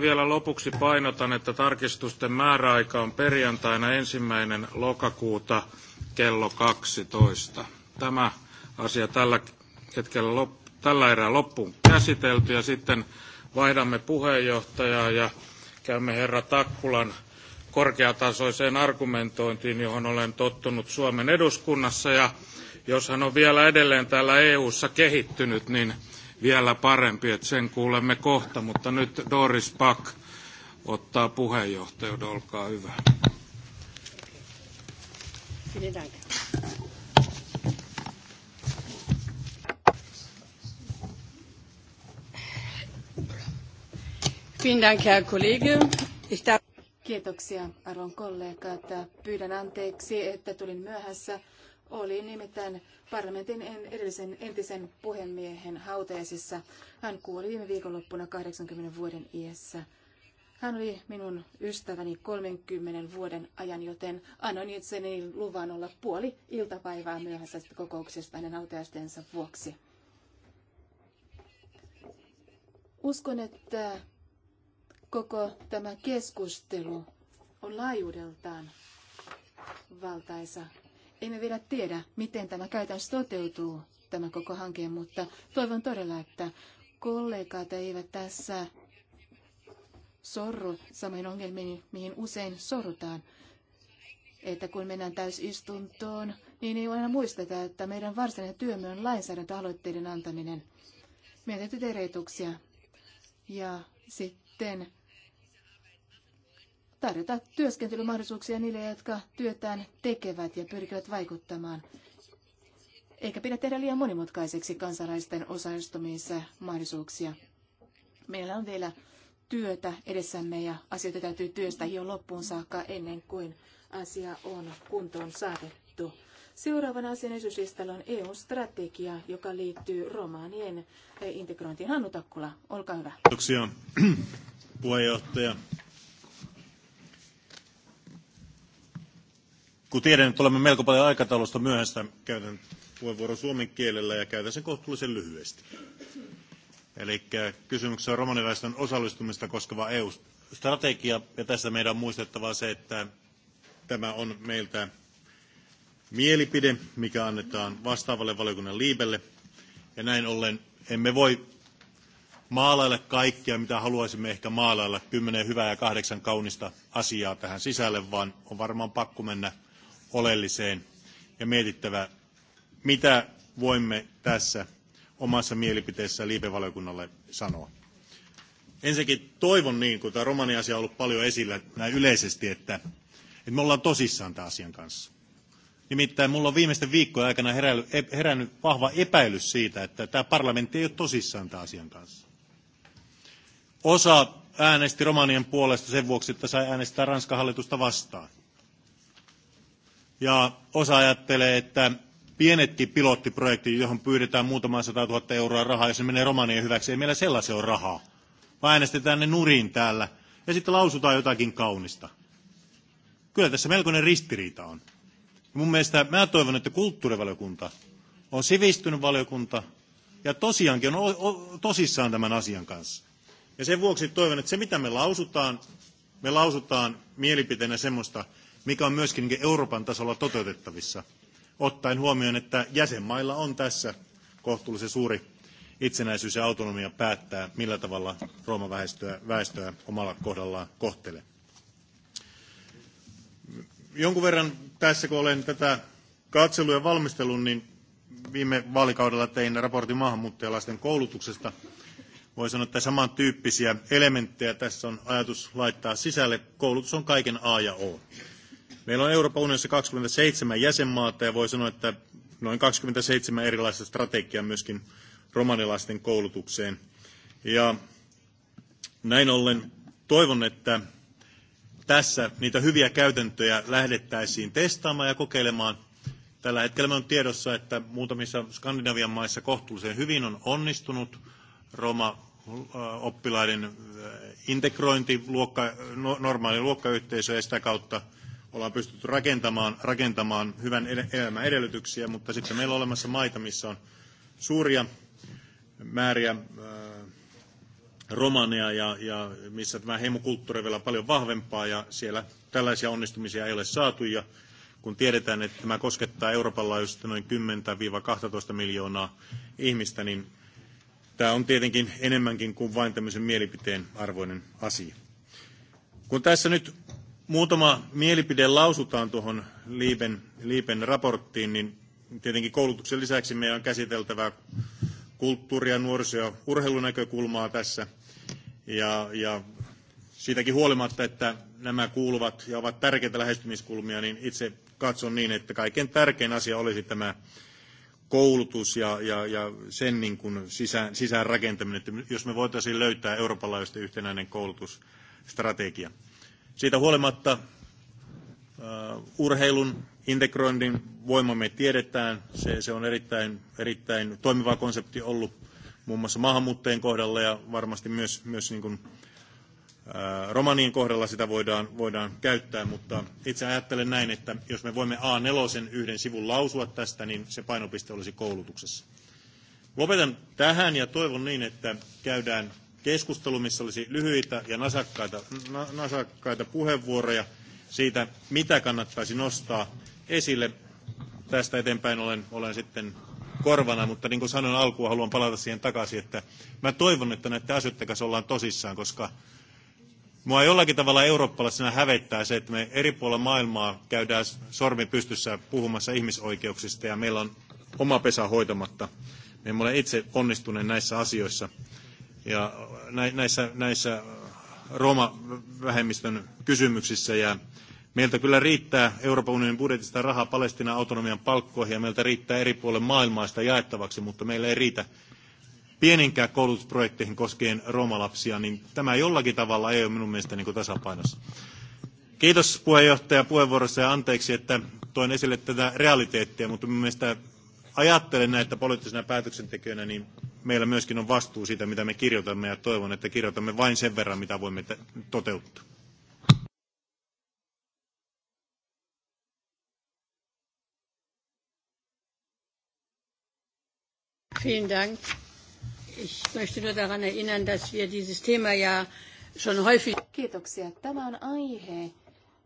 vielä lopuksi painotan, että tarkistusten määräaika on perjantaina ensimmäinen lokakuuta kello 12. Tämä asia tällä hetkellä loppu tällä erää loppuun käsitelty ja sitten vaihdamme puheenjohtajaa ja käymme herra Takkulan korkeatasoiseen argumentointiin, johon olen tottunut Suomen eduskunnassa. Ja jos hän on vielä edelleen täällä EU-ssa kehittynyt, niin vielä parempi, että sen kuulemme kohta. Mutta nyt Doris Pack ottaa puheenjohtajuuden, olkaa hyvä. Vielen Dank, Herr Kollege. Ich darf Kiitoksia arvon kollegat. Pyydän anteeksi, että tulin myöhässä. Olin nimittäin parlamentin edellisen entisen puhemiehen hautajaisissa. Hän kuoli viime viikonloppuna 80 vuoden iässä. Hän oli minun ystäväni 30 vuoden ajan, joten annoin itseni luvan olla puoli iltapäivää myöhässä kokouksesta hänen hautaistensa vuoksi. Uskon, että Koko tämä keskustelu on laajuudeltaan valtaisa. Emme vielä tiedä, miten tämä käytännössä toteutuu, tämä koko hanke, mutta toivon todella, että kollegat eivät tässä sorru samoin ongelmiin, mihin usein sorrutaan. Että kun mennään täysistuntoon, niin ei aina muisteta, että meidän varsinainen työmme on lainsäädäntöaloitteiden antaminen. Meidän täytyy ja sitten tarjota työskentelymahdollisuuksia niille, jotka työtään tekevät ja pyrkivät vaikuttamaan. Eikä pidä tehdä liian monimutkaiseksi kansalaisten mahdollisuuksia. Meillä on vielä työtä edessämme ja asioita täytyy työstä jo loppuun saakka ennen kuin asia on kuntoon saatettu. Seuraavana asian esityslistalla on EU-strategia, joka liittyy romaanien integrointiin. Hannu Takkula, olkaa hyvä. Kiitoksia puheenjohtaja. Kun tiedän, että olemme melko paljon aikataulusta myöhässä, käytän puheenvuoron suomen kielellä ja käytän sen kohtuullisen lyhyesti. Eli kysymyksessä on romaniväestön osallistumista koskeva EU-strategia, ja tässä meidän on muistettava se, että tämä on meiltä mielipide, mikä annetaan vastaavalle valiokunnan liibelle, ja näin ollen emme voi maalailla kaikkea, mitä haluaisimme ehkä maalailla, kymmenen hyvää ja kahdeksan kaunista asiaa tähän sisälle, vaan on varmaan pakko mennä oleelliseen ja mietittävä, mitä voimme tässä omassa mielipiteessä liipevaliokunnalle sanoa. Ensinnäkin toivon, niin kuin tämä romaniasia on ollut paljon esillä näin yleisesti, että, että me ollaan tosissaan tämän asian kanssa. Nimittäin minulla on viimeisten viikkojen aikana herännyt, e, herännyt vahva epäilys siitä, että tämä parlamentti ei ole tosissaan tämän asian kanssa. Osa äänesti Romanian puolesta sen vuoksi, että sai äänestää Ranskan hallitusta vastaan. Ja osa ajattelee, että pienetkin pilottiprojekti, johon pyydetään muutama sata tuhatta euroa rahaa, jos se menee romanien hyväksi, ei meillä sellaisen ole rahaa. Vaan äänestetään ne nurin täällä ja sitten lausutaan jotakin kaunista. Kyllä tässä melkoinen ristiriita on. Ja mun mielestä mä toivon, että kulttuurivaliokunta on sivistynyt valiokunta ja tosiaankin on tosissaan tämän asian kanssa. Ja sen vuoksi toivon, että se mitä me lausutaan, me lausutaan mielipiteenä semmoista, mikä on myöskin Euroopan tasolla toteutettavissa, ottaen huomioon, että jäsenmailla on tässä kohtuullisen suuri itsenäisyys ja autonomia päättää, millä tavalla Rooman väestöä, väestöä omalla kohdallaan kohtelee. Jonkun verran tässä, kun olen tätä ja valmistellut, niin viime vaalikaudella tein raportin maahanmuuttajalaisten koulutuksesta. Voi sanoa, että samantyyppisiä elementtejä tässä on ajatus laittaa sisälle. Koulutus on kaiken A ja O. Meillä on Euroopan unionissa 27 jäsenmaata ja voi sanoa, että noin 27 erilaista strategiaa myöskin romanilaisten koulutukseen. Ja näin ollen toivon, että tässä niitä hyviä käytäntöjä lähdettäisiin testaamaan ja kokeilemaan. Tällä hetkellä me on tiedossa, että muutamissa Skandinavian maissa kohtuullisen hyvin on onnistunut Roma-oppilaiden äh, äh, integrointi luokka, no, normaali luokkayhteisö ja sitä kautta – ollaan pystytty rakentamaan, rakentamaan hyvän elämän edellytyksiä, mutta sitten meillä on olemassa maita, missä on suuria määriä äh, romaneja ja, ja missä tämä heimokulttuuri on vielä paljon vahvempaa ja siellä tällaisia onnistumisia ei ole saatu ja kun tiedetään, että tämä koskettaa Euroopan laajuisesti noin 10-12 miljoonaa ihmistä, niin tämä on tietenkin enemmänkin kuin vain tämmöisen mielipiteen arvoinen asia. Kun tässä nyt muutama mielipide lausutaan tuohon Liipen, Liipen raporttiin, niin tietenkin koulutuksen lisäksi meidän on käsiteltävä kulttuuria, nuoriso- ja urheilunäkökulmaa tässä. Ja, ja siitäkin huolimatta, että nämä kuuluvat ja ovat tärkeitä lähestymiskulmia, niin itse katson niin, että kaiken tärkein asia olisi tämä koulutus ja, ja, ja sen niin kuin sisään, sisään rakentaminen, että jos me voitaisiin löytää Euroopan laajuisesti yhtenäinen koulutusstrategia. Siitä huolimatta äh, urheilun integroinnin me tiedetään. Se, se on erittäin, erittäin toimiva konsepti ollut muun muassa maahanmuuttajien kohdalla ja varmasti myös, myös niin kuin, uh, romanien kohdalla sitä voidaan, voidaan käyttää, mutta itse ajattelen näin, että jos me voimme A4 yhden sivun lausua tästä, niin se painopiste olisi koulutuksessa. Lopetan tähän ja toivon niin, että käydään keskustelu, missä olisi lyhyitä ja nasakkaita, nasakkaita puheenvuoroja siitä, mitä kannattaisi nostaa esille. Tästä eteenpäin olen, olen sitten korvana, mutta niin kuin sanoin alkuun, haluan palata siihen takaisin, että mä toivon, että näiden asioiden kanssa ollaan tosissaan, koska Mua jollakin tavalla eurooppalaisena hävettää se, että me eri puolilla maailmaa käydään sormi pystyssä puhumassa ihmisoikeuksista ja meillä on oma pesä hoitamatta. Me emme ole itse onnistuneet näissä asioissa. Ja näissä, näissä äh, roma vähemmistön kysymyksissä ja meiltä kyllä riittää Euroopan unionin budjetista rahaa Palestinan autonomian palkkoihin ja meiltä riittää eri puolille maailmaa sitä jaettavaksi, mutta meillä ei riitä pieninkään koulutusprojekteihin koskien roomalapsia, niin tämä jollakin tavalla ei ole minun mielestäni niin tasapainossa. Kiitos puheenjohtaja puheenvuorossa ja anteeksi, että toin esille tätä realiteettia, mutta minun mielestä ajattelen näitä poliittisena päätöksentekijöinä, niin meillä myöskin on vastuu siitä, mitä me kirjoitamme, ja toivon, että kirjoitamme vain sen verran, mitä voimme toteuttaa. Vielen Dank. Ich möchte nur daran erinnern, dass wir dieses Thema ja schon häufig... Kiitoksia. Tämä on aihe,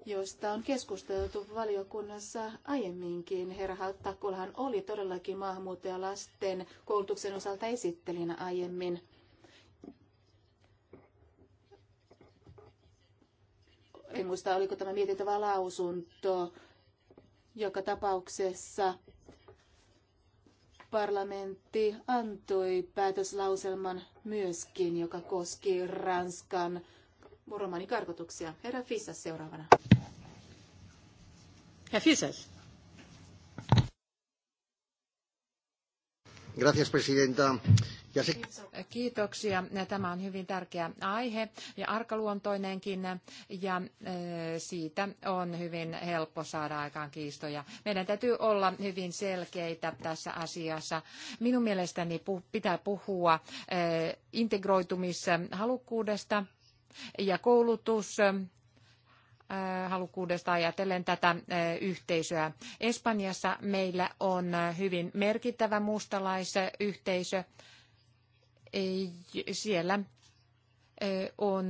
joista on keskusteltu valiokunnassa aiemminkin. Herra Hattakulhan oli todellakin maahanmuuttajalasten koulutuksen osalta esittelinä aiemmin. En muista, oliko tämä mietittävä lausunto. Joka tapauksessa parlamentti antoi päätöslauselman myöskin, joka koski Ranskan romanikarkotuksia. Herra Fissa seuraavana. Herr Fisas. Kiitoksia. Tämä on hyvin tärkeä aihe ja arkaluontoinenkin ja e, siitä on hyvin helppo saada aikaan kiistoja. Meidän täytyy olla hyvin selkeitä tässä asiassa. Minun mielestäni pitää puhua e, integroitumishalukkuudesta ja koulutus Äh, halukkuudesta ajatellen tätä äh, yhteisöä. Espanjassa meillä on äh, hyvin merkittävä mustalaisyhteisö. Siellä on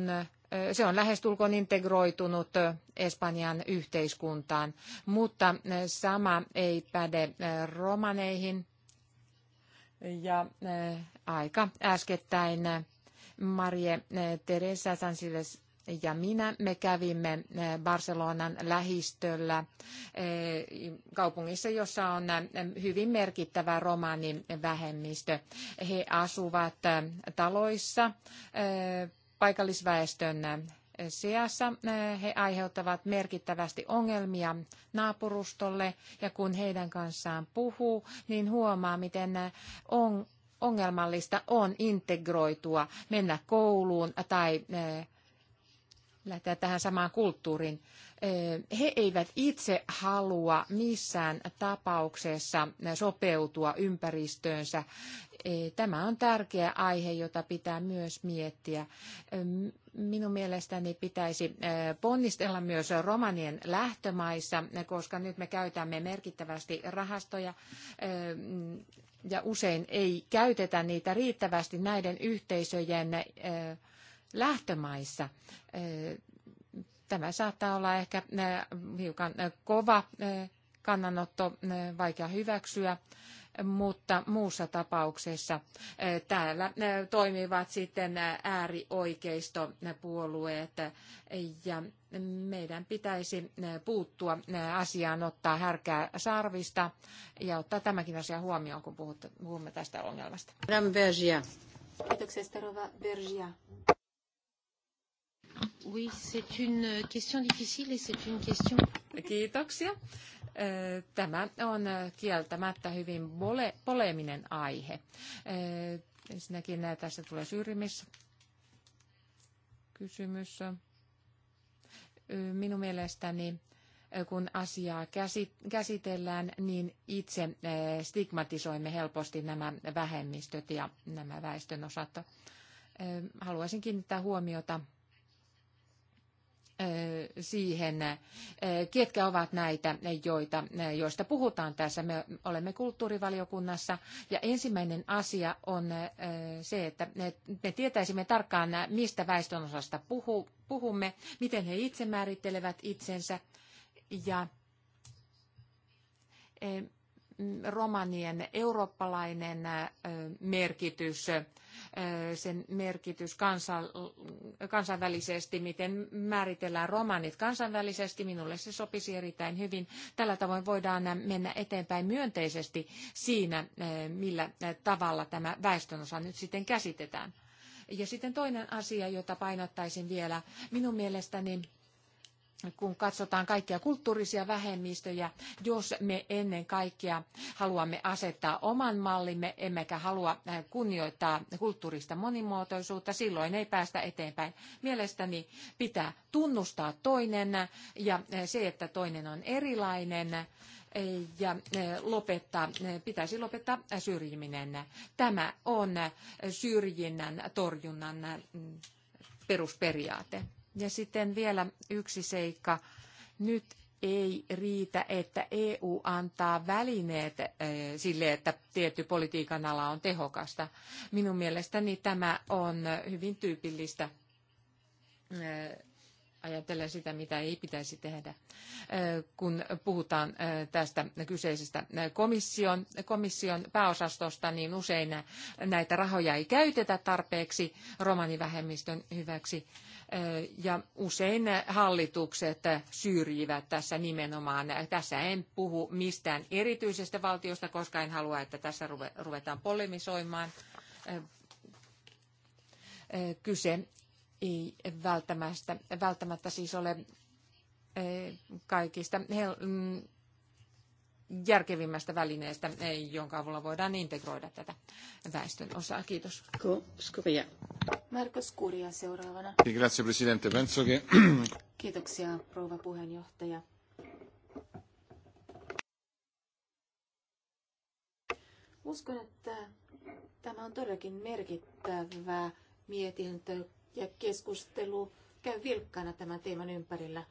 se on lähestulkoon integroitunut Espanjan yhteiskuntaan, mutta sama ei päde romaneihin. Ja aika äskettäin Marie Teresa Sanchez ja minä, me kävimme eh, Barcelonan lähistöllä eh, kaupungissa, jossa on eh, hyvin merkittävä romaanivähemmistö. He asuvat taloissa paikallisväestön seassa he aiheuttavat merkittävästi ongelmia naapurustolle ja kun heidän kanssaan puhuu, niin huomaa, miten on, ongelmallista on integroitua, mennä kouluun tai lähteä tähän samaan kulttuuriin. Eh, he eivät itse halua missään tapauksessa sopeutua ympäristöönsä. Eh, tämä on tärkeä aihe, jota pitää myös miettiä. Minun mielestäni pitäisi eh, ponnistella myös romanien lähtömaissa, koska nyt me käytämme merkittävästi rahastoja ja usein ei käytetä niitä riittävästi näiden yhteisöjen lähtömaissa. Tämä saattaa olla ehkä hiukan kova kannanotto, vaikea hyväksyä, mutta muussa tapauksessa täällä toimivat sitten äärioikeistopuolueet ja meidän pitäisi puuttua asiaan, ottaa härkää sarvista ja ottaa tämäkin asia huomioon, kun puhumme tästä ongelmasta. Kiitoksia, Bergia. Kiitoksia. Tämä on kieltämättä hyvin pole, poleminen aihe. Ensinnäkin tässä tulee syrjimissä kysymys. Minun mielestäni kun asiaa käsitellään, niin itse stigmatisoimme helposti nämä vähemmistöt ja nämä väestönosat. Haluaisin kiinnittää huomiota siihen, ketkä ovat näitä, joita, joista puhutaan tässä. Me olemme kulttuurivaliokunnassa ja ensimmäinen asia on se, että me tietäisimme tarkkaan, mistä väestönosasta puhumme, miten he itse määrittelevät itsensä ja romanien eurooppalainen merkitys – sen merkitys kansainvälisesti, miten määritellään romanit kansainvälisesti. Minulle se sopisi erittäin hyvin. Tällä tavoin voidaan mennä eteenpäin myönteisesti siinä, millä tavalla tämä väestönosa nyt sitten käsitetään. Ja sitten toinen asia, jota painottaisin vielä. Minun mielestäni kun katsotaan kaikkia kulttuurisia vähemmistöjä, jos me ennen kaikkea haluamme asettaa oman mallimme, emmekä halua eh, kunnioittaa kulttuurista monimuotoisuutta, silloin ei päästä eteenpäin. Mielestäni pitää tunnustaa toinen ja eh, se, että toinen on erilainen eh, ja lopettaa, pitäisi lopettaa syrjiminen. Tämä on syrjinnän torjunnan mm, perusperiaate. Ja sitten vielä yksi seikka. Nyt ei riitä, että EU antaa välineet eh, sille, että tietty politiikan ala on tehokasta. Minun mielestäni tämä on hyvin tyypillistä eh, ajatellen sitä, mitä ei pitäisi tehdä, eh, kun puhutaan tästä kyseisestä komission, komission pääosastosta, niin usein näitä rahoja ei käytetä tarpeeksi romanivähemmistön hyväksi. Ja usein hallitukset syrjivät tässä nimenomaan. Tässä en puhu mistään erityisestä valtiosta, koska en halua, että tässä ruvetaan polemisoimaan. Kyse ei välttämättä, välttämättä siis ole kaikista mm, järkevimmästä välineestä, eh, jonka avulla voidaan integroida tätä väestön osaa. Kiitos. Markus Marko seuraavana. Grazie, presidente. Penso Kiitoksia, rouva puheenjohtaja. Uskon, että tämä on todellakin merkittävä mietintö ja keskustelu käy vilkkana tämän teeman ympärillä.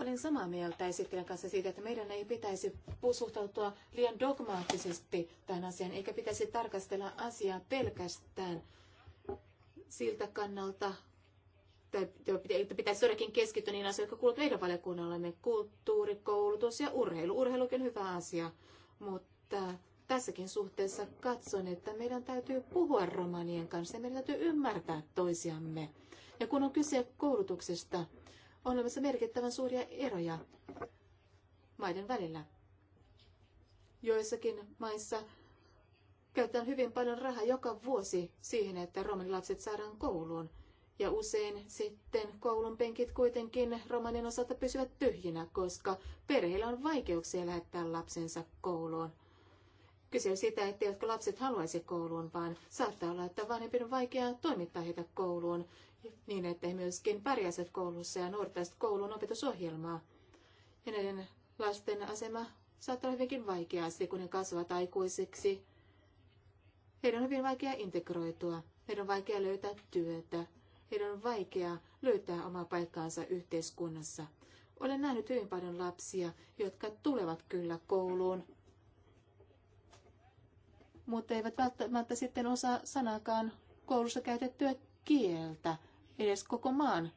Olen samaa mieltä esittelijän kanssa siitä, että meidän ei pitäisi suhtautua liian dogmaattisesti tähän asiaan, eikä pitäisi tarkastella asiaa pelkästään siltä kannalta, että pitäisi todellakin keskittyä niin asioihin, jotka kuuluvat meidän valiokunnallemme, kulttuuri, koulutus ja urheilu. Urheilu on hyvä asia, mutta tässäkin suhteessa katson, että meidän täytyy puhua romanien kanssa ja meidän täytyy ymmärtää toisiamme. Ja kun on kyse koulutuksesta, on olemassa merkittävän suuria eroja maiden välillä. Joissakin maissa käytetään hyvin paljon rahaa joka vuosi siihen, että romanilapset saadaan kouluun. Ja usein sitten koulun penkit kuitenkin romanin osalta pysyvät tyhjinä, koska perheillä on vaikeuksia lähettää lapsensa kouluun. Kyse on sitä, jotka lapset haluaisi kouluun, vaan saattaa olla, että vanhempien on vaikea toimittaa heitä kouluun, niin, että he myöskin pärjäsivät koulussa ja noudattaisivat koulun opetusohjelmaa. Ja näiden lasten asema saattaa olla hyvinkin vaikea, kun he kasvavat aikuisiksi. Heidän on hyvin vaikea integroitua, heidän on vaikea löytää työtä, heidän on vaikea löytää omaa paikkaansa yhteiskunnassa. Olen nähnyt hyvin paljon lapsia, jotka tulevat kyllä kouluun, mutta eivät välttämättä sitten osaa sanakaan koulussa käytettyä kieltä edes koko maan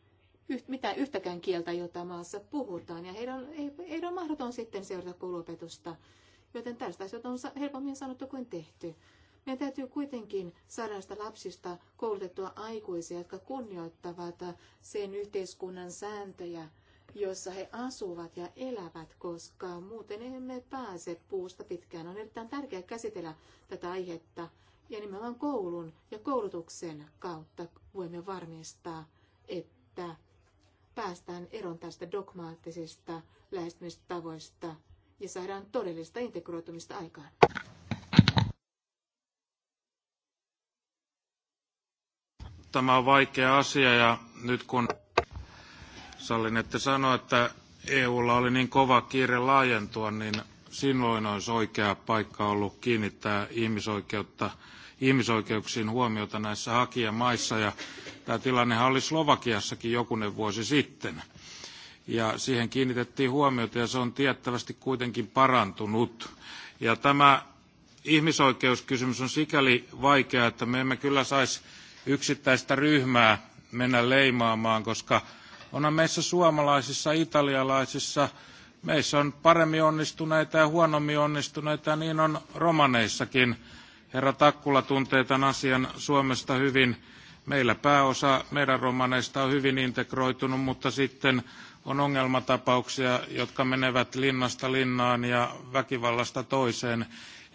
mitään yhtäkään kieltä, jota maassa puhutaan, ja heidän, heidän on mahdoton sitten seurata kouluopetusta. Joten tästä asioita on helpommin sanottu kuin tehty. Meidän täytyy kuitenkin saada näistä lapsista koulutettua aikuisia, jotka kunnioittavat sen yhteiskunnan sääntöjä, jossa he asuvat ja elävät, koska muuten emme pääse puusta pitkään. On erittäin tärkeää käsitellä tätä aihetta ja nimenomaan koulun ja koulutuksen kautta voimme varmistaa, että päästään eron tästä dogmaattisesta lähestymistavoista ja saadaan todellista integroitumista aikaan. Tämä on vaikea asia ja nyt kun sallin, että sanoa, että EUlla oli niin kova kiire laajentua, niin silloin olisi oikea paikka ollut kiinnittää ihmisoikeutta ihmisoikeuksiin huomiota näissä hakijamaissa. Ja tämä tilannehan oli Slovakiassakin jokunen vuosi sitten. Ja siihen kiinnitettiin huomiota ja se on tiettävästi kuitenkin parantunut. Ja tämä ihmisoikeuskysymys on sikäli vaikea, että me emme kyllä saisi yksittäistä ryhmää mennä leimaamaan, koska onhan meissä suomalaisissa, italialaisissa, meissä on paremmin onnistuneita ja huonommin onnistuneita, ja niin on romaneissakin. Herra Takkula tuntee tämän asian Suomesta hyvin. Meillä pääosa meidän romaneista on hyvin integroitunut, mutta sitten on ongelmatapauksia, jotka menevät linnasta linnaan ja väkivallasta toiseen,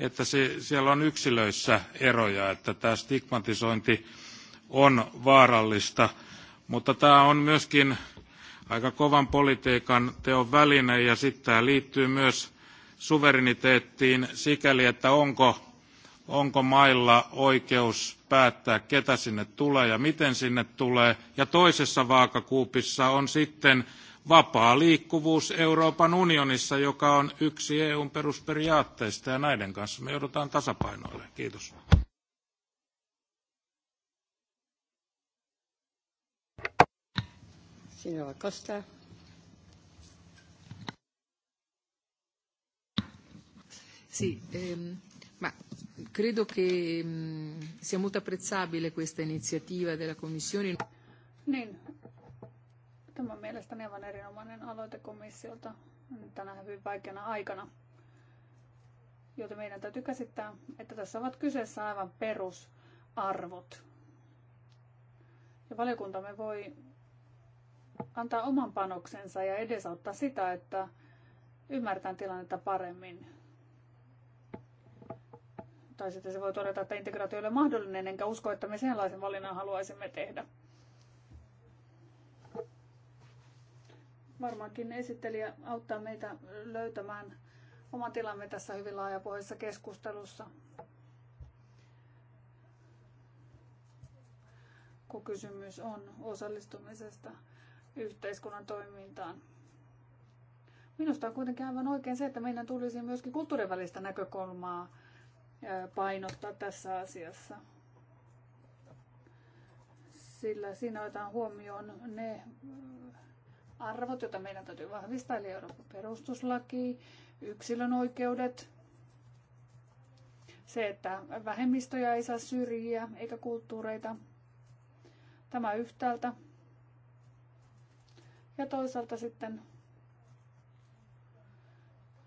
että se, siellä on yksilöissä eroja, että tämä stigmatisointi on vaarallista. Mutta tämä on myöskin aika kovan politiikan teon väline ja sitten tämä liittyy myös suvereniteettiin sikäli, että onko onko mailla oikeus päättää, ketä sinne tulee ja miten sinne tulee. Ja toisessa vaakakuupissa on sitten vapaa liikkuvuus Euroopan unionissa, joka on yksi EUn perusperiaatteista, ja näiden kanssa me joudutaan tasapainoille. Kiitos. Signora Costa. Sì, ehm, Ma credo che mh, mm, sia molto apprezzabile questa iniziativa della Commissione. Niin. Tämä on mielestäni aivan erinomainen aloite komissiolta tänä hyvin vaikeana aikana. Joten meidän täytyy käsittää, että tässä ovat kyseessä aivan perusarvot. Ja valiokuntamme voi antaa oman panoksensa ja edesauttaa sitä, että ymmärretään tilannetta paremmin tai sitten se voi todeta, että integraatio ei ole mahdollinen, enkä usko, että me sellaisen valinnan haluaisimme tehdä. Varmaankin esittelijä auttaa meitä löytämään oman tilamme tässä hyvin laajapohjaisessa keskustelussa. Kun kysymys on osallistumisesta yhteiskunnan toimintaan. Minusta on kuitenkin aivan oikein se, että meidän tulisi myöskin kulttuurivälistä näkökulmaa painottaa tässä asiassa. Sillä siinä otetaan huomioon ne mm, arvot, joita meidän täytyy vahvistaa, eli Euroopan perustuslaki, yksilön oikeudet, se, että vähemmistöjä ei saa syrjiä eikä kulttuureita, tämä yhtäältä. Ja toisaalta sitten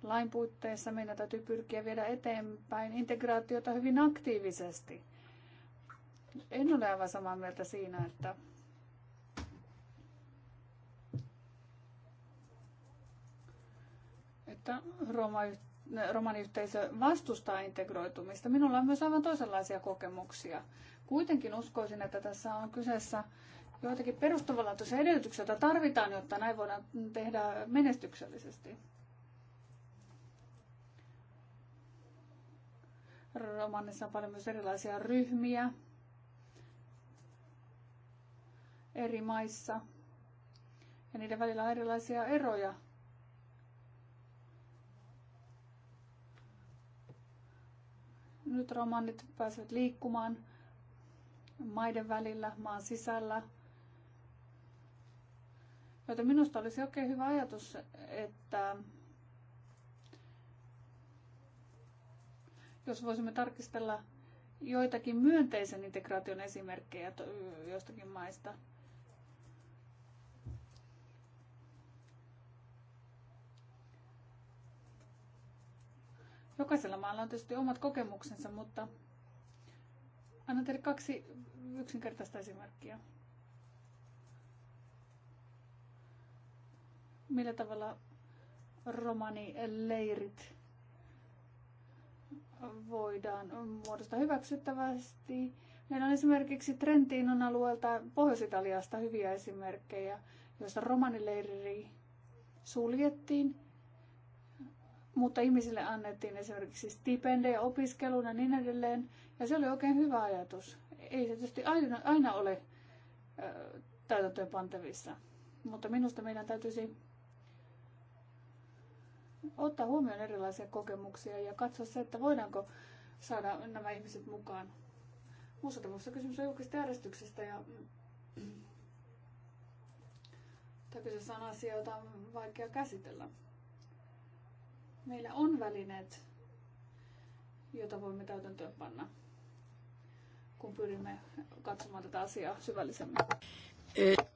lain puitteissa meidän täytyy pyrkiä viedä eteenpäin integraatiota hyvin aktiivisesti. En ole aivan samaa mieltä siinä, että että Roma, romaniyhteisö vastustaa integroitumista. Minulla on myös aivan toisenlaisia kokemuksia. Kuitenkin uskoisin, että tässä on kyseessä joitakin perustavanlaatuisia edellytyksiä, joita tarvitaan, jotta näin voidaan tehdä menestyksellisesti. romanissa on paljon myös erilaisia ryhmiä eri maissa ja niiden välillä on erilaisia eroja. Nyt romanit pääsevät liikkumaan maiden välillä, maan sisällä. Joten minusta olisi oikein hyvä ajatus, että jos voisimme tarkistella joitakin myönteisen integraation esimerkkejä joistakin maista. Jokaisella maalla on tietysti omat kokemuksensa, mutta annan teille kaksi yksinkertaista esimerkkiä. Millä tavalla romani leirit voidaan muodostaa hyväksyttävästi. Meillä on esimerkiksi Trentinon alueelta Pohjois-Italiasta hyviä esimerkkejä, joissa romanileiri suljettiin, mutta ihmisille annettiin esimerkiksi stipendejä opiskeluun ja niin edelleen. Ja se oli oikein hyvä ajatus. Ei se tietysti aina, aina ole täytäntöön pantavissa, mutta minusta meidän täytyisi ottaa huomioon erilaisia kokemuksia ja katsoa se, että voidaanko saada nämä ihmiset mukaan. Muussa tapauksessa kysymys on julkisesta järjestyksestä ja tai kyseessä on asia, jota on vaikea käsitellä. Meillä on välineet, joita voimme täytäntöön panna, kun pyrimme katsomaan tätä asiaa syvällisemmin.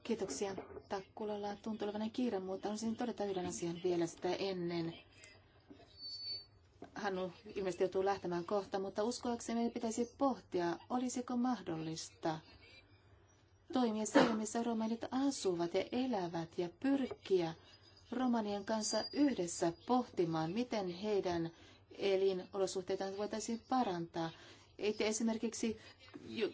Kiitoksia. Takkulalla tuntuu olevan kiire, mutta haluaisin todeta yhden asian vielä sitä ennen. Hannu ilmeisesti joutuu lähtemään kohta, mutta uskoakseni meidän pitäisi pohtia, olisiko mahdollista toimia siellä, missä romanit asuvat ja elävät ja pyrkiä romanien kanssa yhdessä pohtimaan, miten heidän elinolosuhteitaan voitaisiin parantaa että esimerkiksi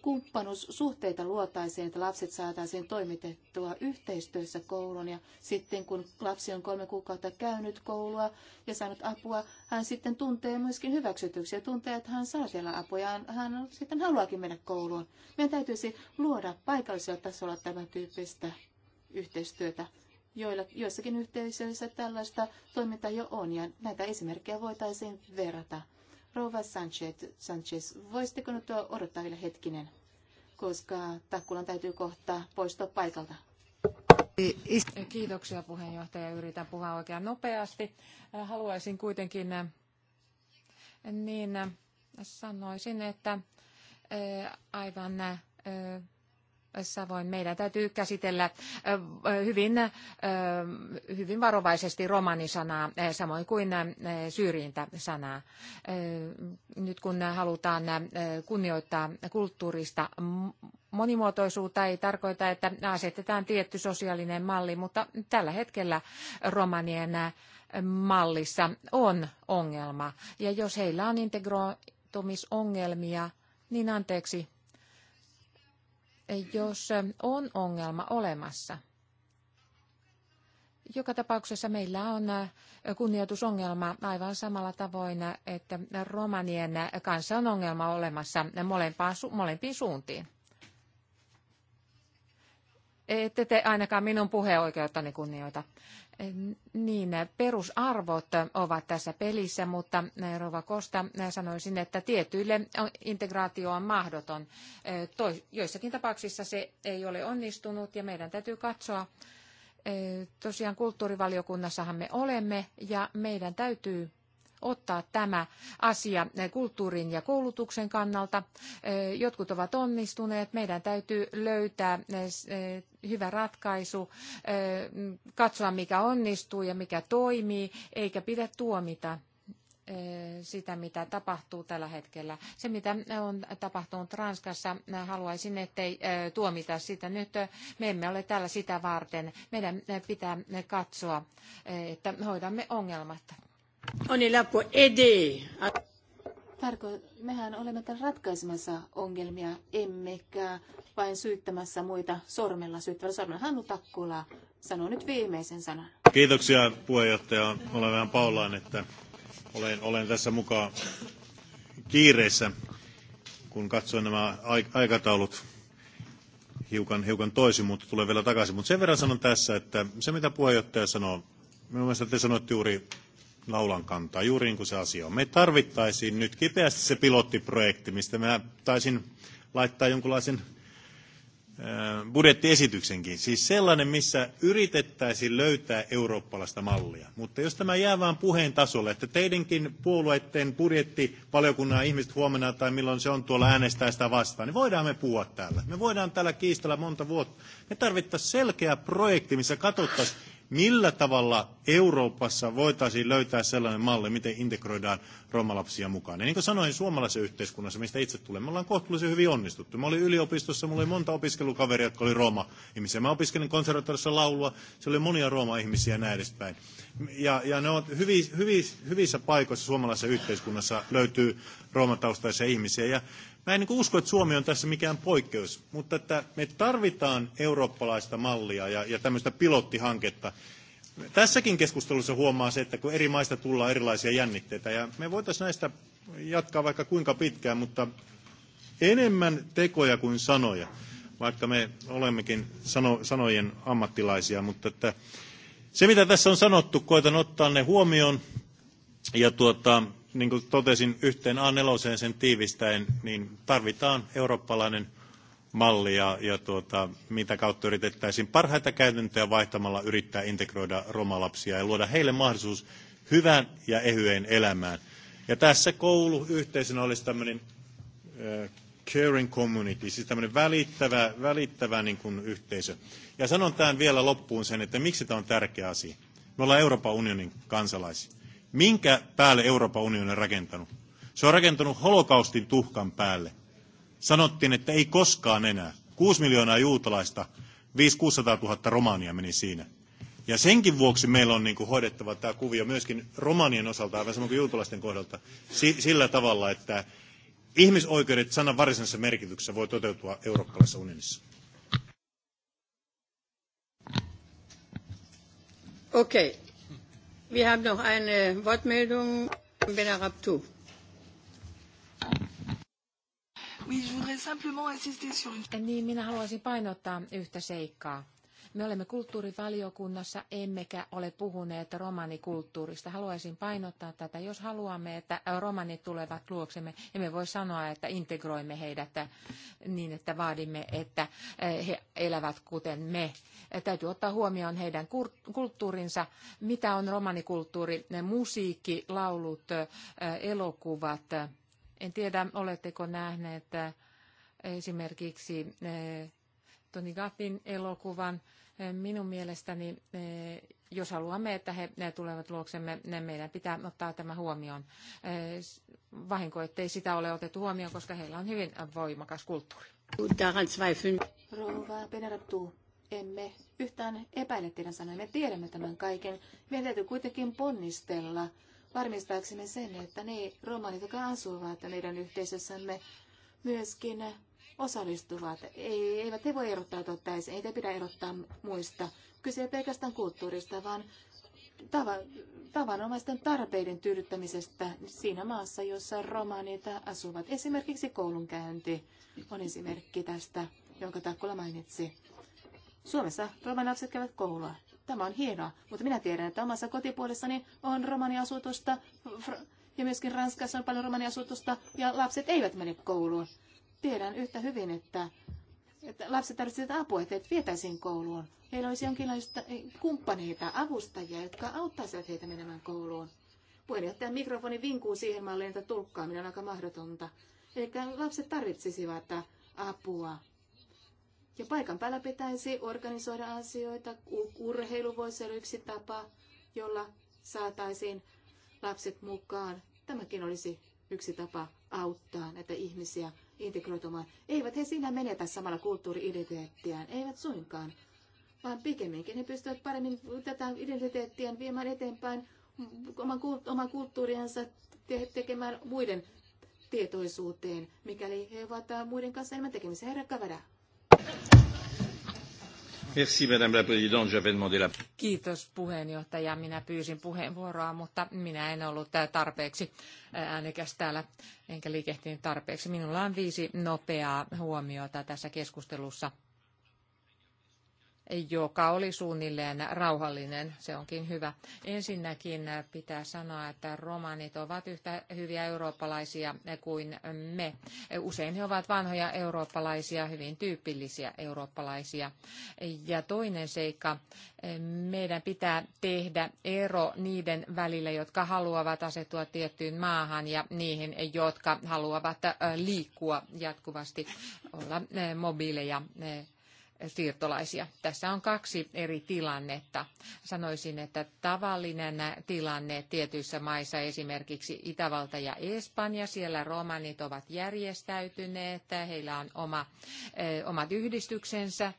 kumppanuussuhteita luotaisiin, että lapset saataisiin toimitettua yhteistyössä koulun ja sitten kun lapsi on kolme kuukautta käynyt koulua ja saanut apua, hän sitten tuntee myöskin hyväksytyksiä ja tuntee, että hän saa siellä apua ja hän sitten haluakin mennä kouluun. Meidän täytyisi luoda paikallisella tasolla tämän tyyppistä yhteistyötä. Joilla, joissakin yhteisöissä tällaista toimintaa jo on ja näitä esimerkkejä voitaisiin verrata. Rova Sanchez, Sanchez, voisitteko nyt odottaa vielä hetkinen, koska Takkulan täytyy kohta poistua paikalta. Kiitoksia puheenjohtaja. Yritän puhua oikein nopeasti. Äh, haluaisin kuitenkin äh, niin äh, sanoisin, että aivan Savoin meidän täytyy käsitellä hyvin, hyvin varovaisesti romanisanaa, samoin kuin syrjintäsanaa. Nyt kun halutaan kunnioittaa kulttuurista monimuotoisuutta, ei tarkoita, että asetetaan tietty sosiaalinen malli, mutta tällä hetkellä romanien mallissa on ongelma. Ja jos heillä on integroitumisongelmia, niin anteeksi, jos on ongelma olemassa. Joka tapauksessa meillä on kunnioitusongelma aivan samalla tavoin, että romanien kanssa on ongelma olemassa molempiin suuntiin ette te ainakaan minun puheoikeuttani kunnioita. Niin, perusarvot ovat tässä pelissä, mutta Rova Kosta sanoisin, että tietyille integraatio on mahdoton. Joissakin tapauksissa se ei ole onnistunut ja meidän täytyy katsoa. Tosiaan kulttuurivaliokunnassahan me olemme ja meidän täytyy ottaa tämä asia eh, kulttuurin ja koulutuksen kannalta. Eh, jotkut ovat onnistuneet. Meidän täytyy löytää eh, hyvä ratkaisu, katsoa mikä onnistuu ja mikä toimii, eikä pidä tuomita sitä, mitä tapahtuu tällä hetkellä. Se, mitä on tapahtunut Ranskassa, haluaisin, ettei tuomita sitä nyt. Me emme ole täällä sitä varten. Meidän pitää katsoa, että hoidamme ongelmat. On là pour aider. Tarko, mehän olemme täällä ratkaisemassa ongelmia, emmekä vain syyttämässä muita sormella, syyttävällä sormella. Hannu Takkula sanoo nyt viimeisen sanan. Kiitoksia puheenjohtaja. Olen vähän paulaan, että olen, olen tässä mukaan kiireessä, kun katsoin nämä aikataulut hiukan, hiukan toisin, mutta tulee vielä takaisin. Mutta sen verran sanon tässä, että se mitä puheenjohtaja sanoo, minun mielestä te sanoitte juuri naulan kantaa, juuri niin kuin se asia on. Me tarvittaisiin nyt kipeästi se pilottiprojekti, mistä mä taisin laittaa jonkunlaisen budjettiesityksenkin. Siis sellainen, missä yritettäisiin löytää eurooppalaista mallia. Mutta jos tämä jää vain puheen tasolle, että teidänkin puolueiden budjettivaliokunnan ihmiset huomenna tai milloin se on tuolla äänestää sitä vastaan, niin voidaan me puhua täällä. Me voidaan täällä kiistellä monta vuotta. Me tarvittaisiin selkeä projekti, missä katsottaisiin, millä tavalla Euroopassa voitaisiin löytää sellainen malli, miten integroidaan romalapsia mukaan. Ja niin kuin sanoin, suomalaisessa yhteiskunnassa, mistä itse tulen, me ollaan kohtuullisen hyvin onnistuttu. Mä olin yliopistossa, mulla oli monta opiskelukaveria, jotka oli rooma-ihmisiä. Mä opiskelin konservatorissa laulua, siellä oli monia rooma-ihmisiä ja näin edespäin. Ja, ja ne on hyvi, hyvi, hyvissä paikoissa suomalaisessa yhteiskunnassa löytyy roomataustaisia ihmisiä. Ja Mä en niin usko, että Suomi on tässä mikään poikkeus, mutta että me tarvitaan eurooppalaista mallia ja, ja tämmöistä pilottihanketta. Tässäkin keskustelussa huomaa se, että kun eri maista tullaan erilaisia jännitteitä, ja me voitaisiin näistä jatkaa vaikka kuinka pitkään, mutta enemmän tekoja kuin sanoja, vaikka me olemmekin sano, sanojen ammattilaisia, mutta että se mitä tässä on sanottu, koitan ottaa ne huomioon, ja tuota, niin kuin totesin, yhteen a 4 sen tiivistäen, niin tarvitaan eurooppalainen malli ja, ja tuota, mitä kautta yritettäisiin parhaita käytäntöjä vaihtamalla yrittää integroida romalapsia ja luoda heille mahdollisuus hyvään ja ehyeen elämään. Ja tässä koulu yhteisenä olisi tämmöinen äh, caring community, siis tämmöinen välittävä, välittävä niin kuin yhteisö. Ja sanon tämän vielä loppuun sen, että miksi tämä on tärkeä asia. Me ollaan Euroopan unionin kansalaisia. Minkä päälle Euroopan unioni on rakentanut? Se on rakentanut holokaustin tuhkan päälle. Sanottiin, että ei koskaan enää. 6 miljoonaa juutalaista, 500 000 romaania meni siinä. Ja senkin vuoksi meillä on niin kuin hoidettava tämä kuvio myöskin romanien osalta, aivan samoin kuin juutalaisten kohdalta, sillä tavalla, että ihmisoikeudet sanan varsinaisessa merkityksessä voi toteutua eurooppalaisessa unionissa. Okei, okay, Wir haben noch eine Wortmeldung von Bernard Abtou. Niin, minä haluaisin painottaa yhtä seikkaa. Me olemme kulttuurivaliokunnassa, emmekä ole puhuneet romanikulttuurista. Haluaisin painottaa tätä. Jos haluamme, että romanit tulevat luoksemme, emme voi sanoa, että integroimme heidät äh, niin, että vaadimme, että äh, he elävät kuten me. Äh, täytyy ottaa huomioon heidän kulttuurinsa, mitä on romanikulttuuri, musiikki, laulut, elokuvat. En tiedä, oletteko nähneet esimerkiksi Toni Gaffin elokuvan Minun mielestäni, eh, jos haluamme, että he tulevat luoksemme, meidän pitää ottaa tämä huomioon. Eh, vahinko, ettei sitä ole otettu huomioon, koska heillä on hyvin voimakas kulttuuri. Rouva Penerattu, emme yhtään epäile teidän sanoja. Me tiedämme tämän kaiken. Meidän täytyy kuitenkin ponnistella varmistaaksemme sen, että ne romanit, jotka asuvat meidän yhteisössämme, myöskin osallistuvat. Ei, eivät he voi erottaa totta, ei te pidä erottaa muista. Kyse ei pelkästään kulttuurista, vaan tava, tavanomaisten tarpeiden tyydyttämisestä siinä maassa, jossa romaanita asuvat. Esimerkiksi koulunkäynti on esimerkki tästä, jonka Takkula mainitsi. Suomessa romanilapset käyvät koulua. Tämä on hienoa, mutta minä tiedän, että omassa kotipuolessani on romaniasutusta ja myöskin Ranskassa on paljon romaniasutusta ja lapset eivät mene kouluun. Tiedän yhtä hyvin, että, että lapset tarvitsevat apua, että vietäisiin kouluun. Heillä olisi jonkinlaista eh, kumppaneita, avustajia, jotka auttaisivat heitä menemään kouluun. jättää mikrofoni vinkuu siihen malliin, että tulkkaaminen on aika mahdotonta. Eli lapset tarvitsisivat apua. Ja paikan päällä pitäisi organisoida asioita. Urheilu voisi olla yksi tapa, jolla saataisiin lapset mukaan. Tämäkin olisi yksi tapa auttaa näitä ihmisiä integroitumaan. Eivät he siinä menetä samalla kulttuuriidentiteettiään, eivät suinkaan, vaan pikemminkin he pystyvät paremmin tätä identiteettiään viemään eteenpäin oman, oman kulttuuriansa te- tekemään muiden tietoisuuteen, mikäli he ovat muiden kanssa enemmän tekemisissä. Herra Kavada. Merci, Madame la Présidente. J'avais demandé la... Kiitos puheenjohtaja. Minä pyysin puheenvuoroa, mutta minä en ollut äh, tarpeeksi äh, äänekäs täällä, enkä liikehtinyt tarpeeksi. Minulla on viisi nopeaa huomiota tässä keskustelussa joka oli suunnilleen rauhallinen. Se onkin hyvä. Ensinnäkin pitää sanoa, että romanit ovat yhtä hyviä eurooppalaisia kuin me. Usein he ovat vanhoja eurooppalaisia, hyvin tyypillisiä eurooppalaisia. Ja toinen seikka, meidän pitää tehdä ero niiden välillä, jotka haluavat asettua tiettyyn maahan ja niihin, jotka haluavat liikkua jatkuvasti, olla mobiileja siirtolaisia. Tässä on kaksi eri tilannetta. Sanoisin, että tavallinen tilanne tietyissä maissa, esimerkiksi Itävalta ja Espanja, siellä romanit ovat järjestäytyneet, heillä on oma, omat yhdistyksensä,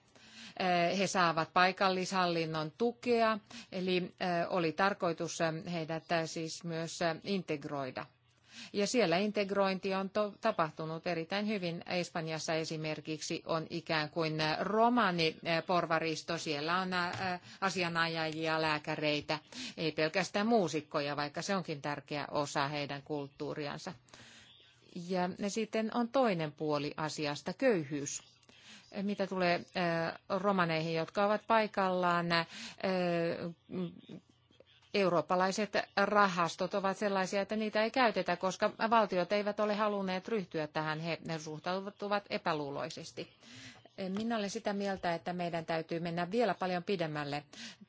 he saavat paikallishallinnon tukea, eli oli tarkoitus heidät siis myös integroida ja siellä integrointi on tapahtunut erittäin hyvin. Espanjassa esimerkiksi on ikään kuin äh, romaniporvaristo. Äh, siellä on äh, asianajajia, lääkäreitä, ei pelkästään muusikkoja, vaikka se onkin tärkeä osa heidän kulttuuriansa. Ja sitten on toinen puoli asiasta, köyhyys mitä tulee romaneihin, jotka ovat paikallaan eurooppalaiset rahastot ovat sellaisia, että niitä ei käytetä, koska valtiot eivät ole halunneet ryhtyä tähän, he suhtautuvat epäluuloisesti. Minä olen sitä mieltä, että meidän täytyy mennä vielä paljon pidemmälle.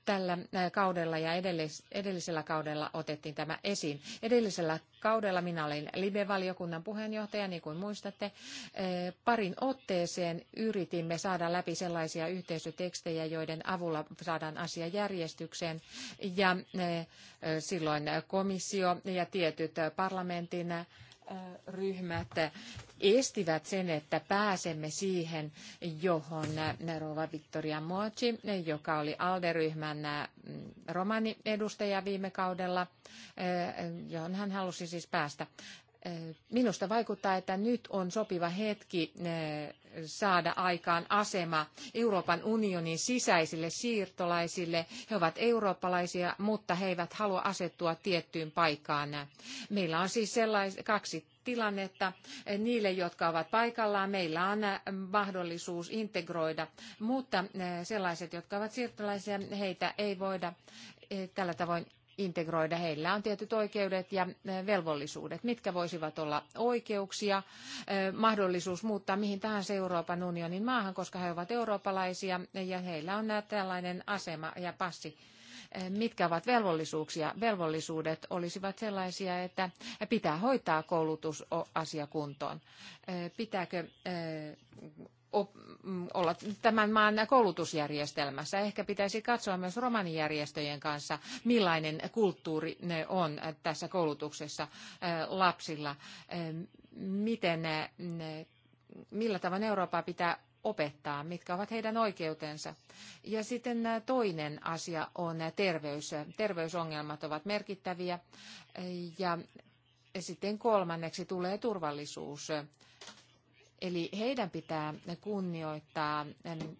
Tällä kaudella ja edellis- edellisellä kaudella otettiin tämä esiin. Edellisellä kaudella minä olin Libe-valiokunnan puheenjohtaja, niin kuin muistatte. Parin otteeseen yritimme saada läpi sellaisia yhteisötekstejä, joiden avulla saadaan asia järjestykseen. Ja silloin komissio ja tietyt parlamentin ryhmät estivät sen, että pääsemme siihen, johon Rova Victoria Moci, joka oli ALDE-ryhmän mm, romani edustaja viime kaudella, eh, johon hän halusi siis päästä. Minusta vaikuttaa, että nyt on sopiva hetki eh, saada aikaan asema Euroopan unionin sisäisille siirtolaisille. He ovat eurooppalaisia, mutta he eivät halua asettua tiettyyn paikkaan. Meillä on siis sellais, kaksi tilannetta. Eh, niille, jotka ovat paikallaan, meillä on eh, mahdollisuus integroida, mutta sellaiset, jotka ovat siirtolaisia, heitä ei voida tällä tavoin integroida. Heillä on tietyt oikeudet ja eh, velvollisuudet, mitkä voisivat olla oikeuksia, eh, mahdollisuus muuttaa mihin tahansa Euroopan unionin maahan, koska he ovat eurooppalaisia ja heillä on tällainen asema ja passi eh, mitkä ovat velvollisuuksia. Velvollisuudet olisivat sellaisia, että pitää hoitaa koulutusasiakuntoon. Pitääkö Mm, olla tämän maan koulutusjärjestelmässä. Ehkä pitäisi katsoa myös romanijärjestöjen kanssa, millainen kulttuuri on tässä koulutuksessa lapsilla. Miten, millä tavoin Eurooppaa pitää opettaa, mitkä ovat heidän oikeutensa. Ja sitten toinen asia on terveys. Terveysongelmat ovat merkittäviä. Ja sitten kolmanneksi tulee turvallisuus Eli heidän pitää kunnioittaa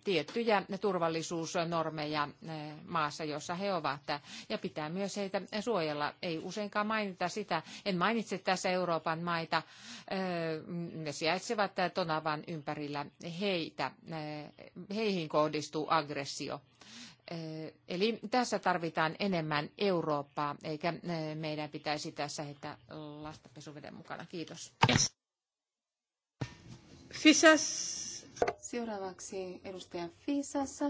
tiettyjä turvallisuusnormeja eh, maassa, jossa he ovat. Ja pitää myös heitä suojella. Ei useinkaan mainita sitä. En mainitse tässä Euroopan maita. Eh, ne sijaitsevat Tonavan ympärillä. Heitä, eh, heihin kohdistuu aggressio. Eli tässä tarvitaan enemmän Eurooppaa, eikä meidän pitäisi tässä heittää lasta pesuveden mukana. Kiitos. Yes. Fisas. Seuraavaksi edustaja Fisassa.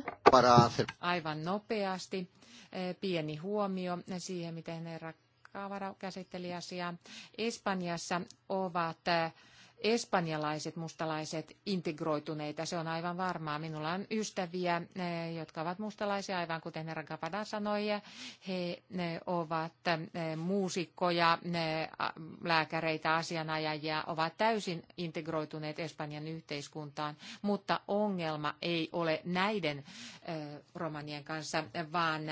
Aivan nopeasti eh, pieni huomio siihen, miten herra Kaavara käsitteli asiaa. Espanjassa ovat eh, espanjalaiset mustalaiset integroituneita, se on aivan varmaa. Minulla on ystäviä, eh, jotka ovat mustalaisia, aivan kuten herra Kapada sanoi. He eh, ovat eh, muusikkoja, lääkäreitä, asianajajia, ovat täysin integroituneet Espanjan yhteiskuntaan, mutta ongelma ei ole näiden romanien kanssa, vaan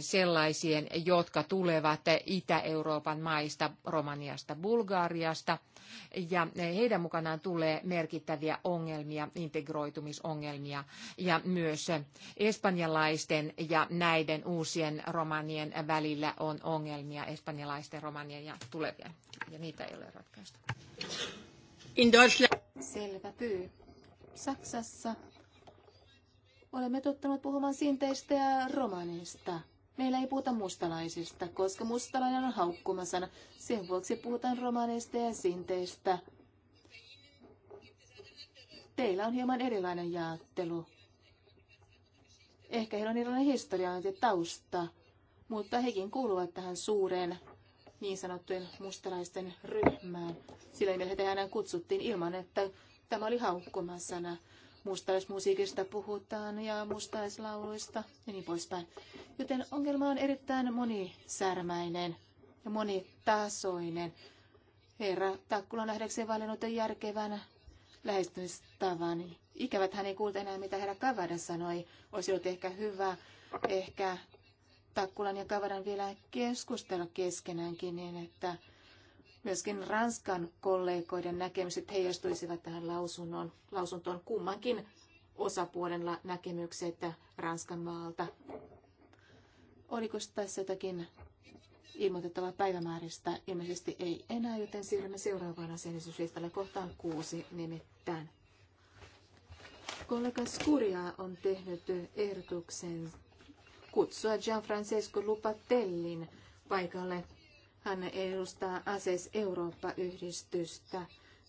sellaisien, jotka tulevat Itä-Euroopan maista, Romaniasta, Bulgariasta ja heidän mukanaan tulee merkittäviä ongelmia, integroitumisongelmia ja myös espanjalaisten ja näiden uusien romanien välillä on ongelmia, espanjalaisten romanien ja tulevien, ja niitä ei ole ratkaista. In Deutschland. Selvä pyy. Saksassa olemme tottuneet puhumaan sinteistä ja romaneista. Meillä ei puhuta mustalaisista, koska mustalainen on haukkumasana. Sen vuoksi puhutaan romaneista ja sinteistä. Teillä on hieman erilainen jaottelu. Ehkä heillä on erilainen historia ja tausta, mutta hekin kuuluvat tähän suureen niin sanottujen mustalaisten ryhmään. Sillä nimellä heitä enää kutsuttiin ilman, että tämä oli haukkumasana. Mustalaismusiikista puhutaan ja mustalaislauluista ja niin poispäin. Joten ongelma on erittäin monisärmäinen ja monitasoinen. Herra Takkula nähdäkseen valinnut järkevän lähestymistavani. Ikävät hän ei kuulta enää, mitä herra Kavada sanoi. Olisi ollut ehkä hyvä, ehkä Takkulan ja Kavadan vielä keskustella keskenäänkin niin, että myöskin Ranskan kollegoiden näkemykset heijastuisivat tähän lausunnon, lausuntoon kummankin osapuolen näkemykset Ranskan maalta. Oliko tässä jotakin ilmoitettava päivämääristä ilmeisesti ei enää, joten siirrymme seuraavaan asiallisuuslistalle kohtaan kuusi nimittäin. Kollega Skuria on tehnyt ehdotuksen kutsua Gianfrancesco Lupatellin paikalle. Hän edustaa ASES Eurooppa-yhdistystä.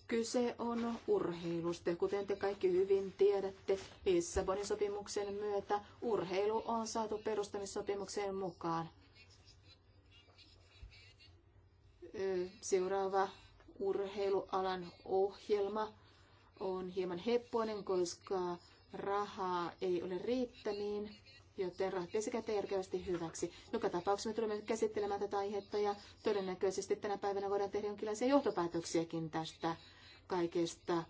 Kyse on urheilusta. Kuten te kaikki hyvin tiedätte, Lissabonin sopimuksen myötä urheilu on saatu perustamissopimuksen mukaan. seuraava urheilualan ohjelma on hieman heppoinen, koska rahaa ei ole riittämiin, joten rahat käteen järkevästi hyväksi. Joka tapauksessa me tulemme käsittelemään tätä aihetta ja todennäköisesti tänä päivänä voidaan tehdä jonkinlaisia johtopäätöksiäkin tästä kaikesta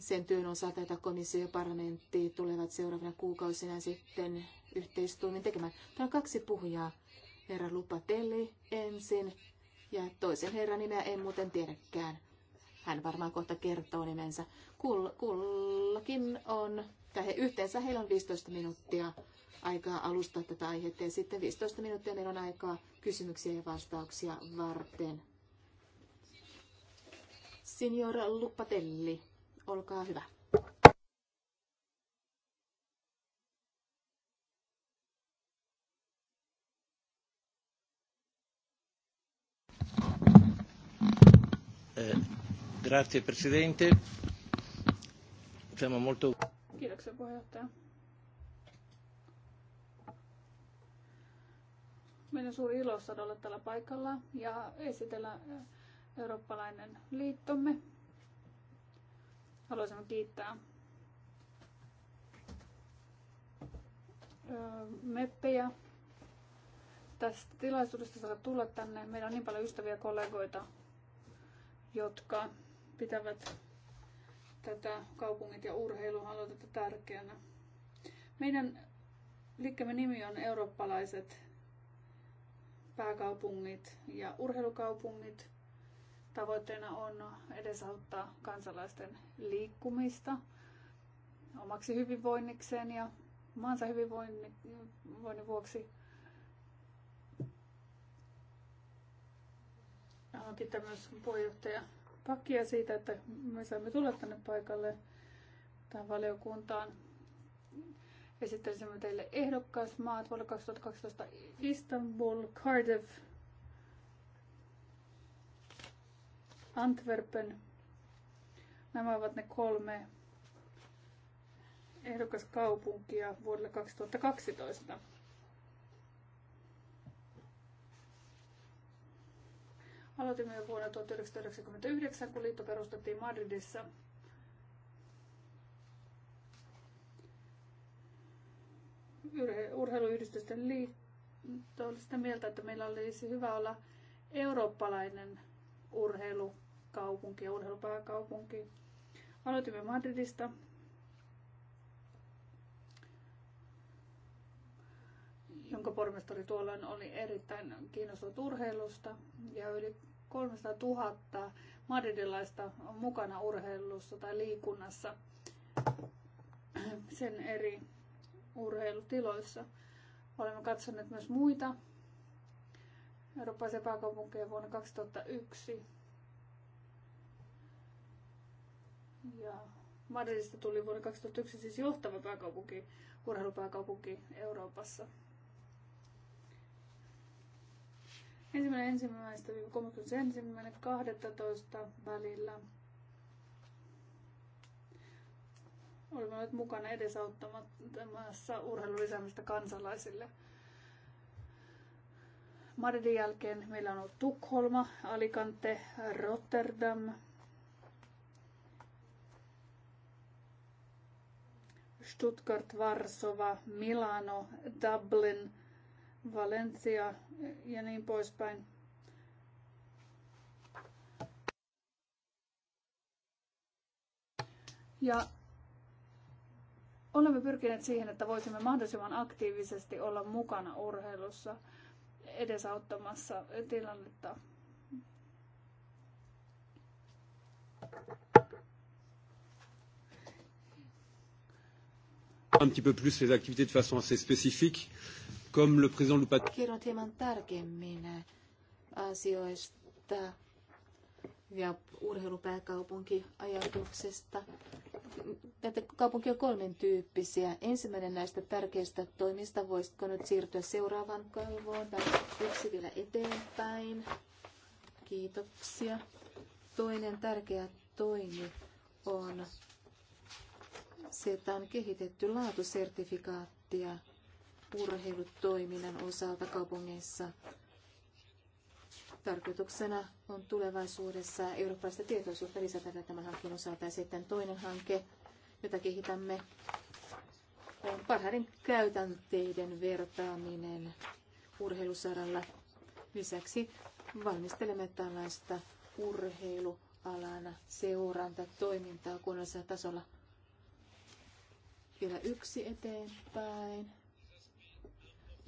sen työn osalta, jota komissio ja parlamentti tulevat seuraavina kuukausina sitten yhteistuumin tekemään. Täällä on kaksi puhujaa herra Lupatelli ensin ja toisen herran nimeä en muuten tiedäkään. Hän varmaan kohta kertoo nimensä. Kull, kullakin on, tai he, yhteensä heillä on 15 minuuttia aikaa alustaa tätä aihetta ja sitten 15 minuuttia meillä on aikaa kysymyksiä ja vastauksia varten. Signora Lupatelli, olkaa hyvä. Eh, grazie Presidente. Siamo molto... Kiitoksia puheenjohtaja. Meillä on suuri ilo saada olla tällä paikalla ja esitellä eh, eurooppalainen liittomme. Haluaisin kiittää eh, meppejä tästä tilaisuudesta saada tulla tänne. Meillä on niin paljon ystäviä kollegoita jotka pitävät tätä kaupungit ja urheilun aloitetta tärkeänä. Meidän liikkeemme nimi on Eurooppalaiset pääkaupungit ja urheilukaupungit. Tavoitteena on edesauttaa kansalaisten liikkumista omaksi hyvinvoinnikseen ja maansa hyvinvoinnin vuoksi Haluan kiittää myös puheenjohtaja pakkia siitä, että me saimme tulla tänne paikalle tähän valiokuntaan. Esittelisimme teille maat vuonna 2012 Istanbul, Cardiff, Antwerpen. Nämä ovat ne kolme ehdokaskaupunkia vuodelle 2012. Aloitimme jo vuonna 1999, kun liitto perustettiin Madridissa. Urheiluyhdistysten liitto oli sitä mieltä, että meillä olisi hyvä olla eurooppalainen urheilukaupunki ja urheilupääkaupunki. Aloitimme Madridista. jonka pormestari tuolloin oli erittäin kiinnostunut urheilusta ja yli 300 000 madridilaista on mukana urheilussa tai liikunnassa sen eri urheilutiloissa. Olemme katsoneet myös muita eurooppalaisia pääkaupunkeja vuonna 2001. Ja Madridista tuli vuonna 2001 siis johtava pääkaupunki, urheilupääkaupunki Euroopassa. Ensimmäinen ensimmäistä 31. 12. välillä. Olemme nyt mukana edesauttamassa urheilulisäämistä kansalaisille. Madridin jälkeen meillä on ollut Tukholma, Alicante, Rotterdam, Stuttgart, Varsova, Milano, Dublin, Valencia ja niin poispäin. Ja olemme pyrkineet siihen, että voisimme mahdollisimman aktiivisesti olla mukana urheilussa edesauttamassa tilannetta. un petit peu plus les activités de façon assez spécifique. Euh, Comme le président Lupat... Kerron hieman tarkemmin eh, asioista ja urheilupääkaupunki Näitä kaupunki on kolmen tyyppisiä. Ensimmäinen näistä tärkeistä toimista, voisitko nyt siirtyä seuraavaan kaivoon tai yksi vielä eteenpäin. Kiitoksia. Toinen tärkeä toimi on se, että on kehitetty laatusertifikaattia urheilutoiminnan osalta kaupungeissa. Tarkoituksena on tulevaisuudessa eurooppalaista tietoisuutta lisätä tämän hankkeen osalta. Ja sitten toinen hanke, jota kehitämme, on parhaiden käytänteiden vertaaminen urheilusaralla. Lisäksi valmistelemme tällaista urheilualana seurantatoimintaa kunnallisella tasolla. Vielä yksi eteenpäin.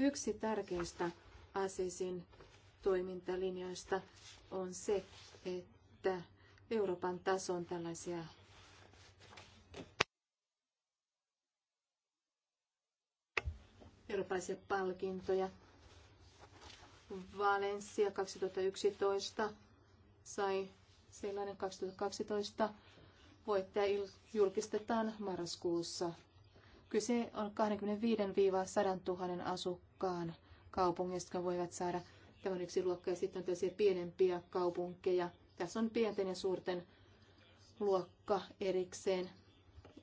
Yksi tärkeistä Asisin toimintalinjoista on se, että Euroopan tason tällaisia eurooppalaisia palkintoja. Valencia 2011 sai sellainen 2012 voittaja julkistetaan marraskuussa. Kyse on 25-100 000 asukkaan mukaan kaupungit, jotka voivat saada. Tämä on yksi luokka ja sitten on tällaisia pienempiä kaupunkeja. Tässä on pienten ja suurten luokka erikseen.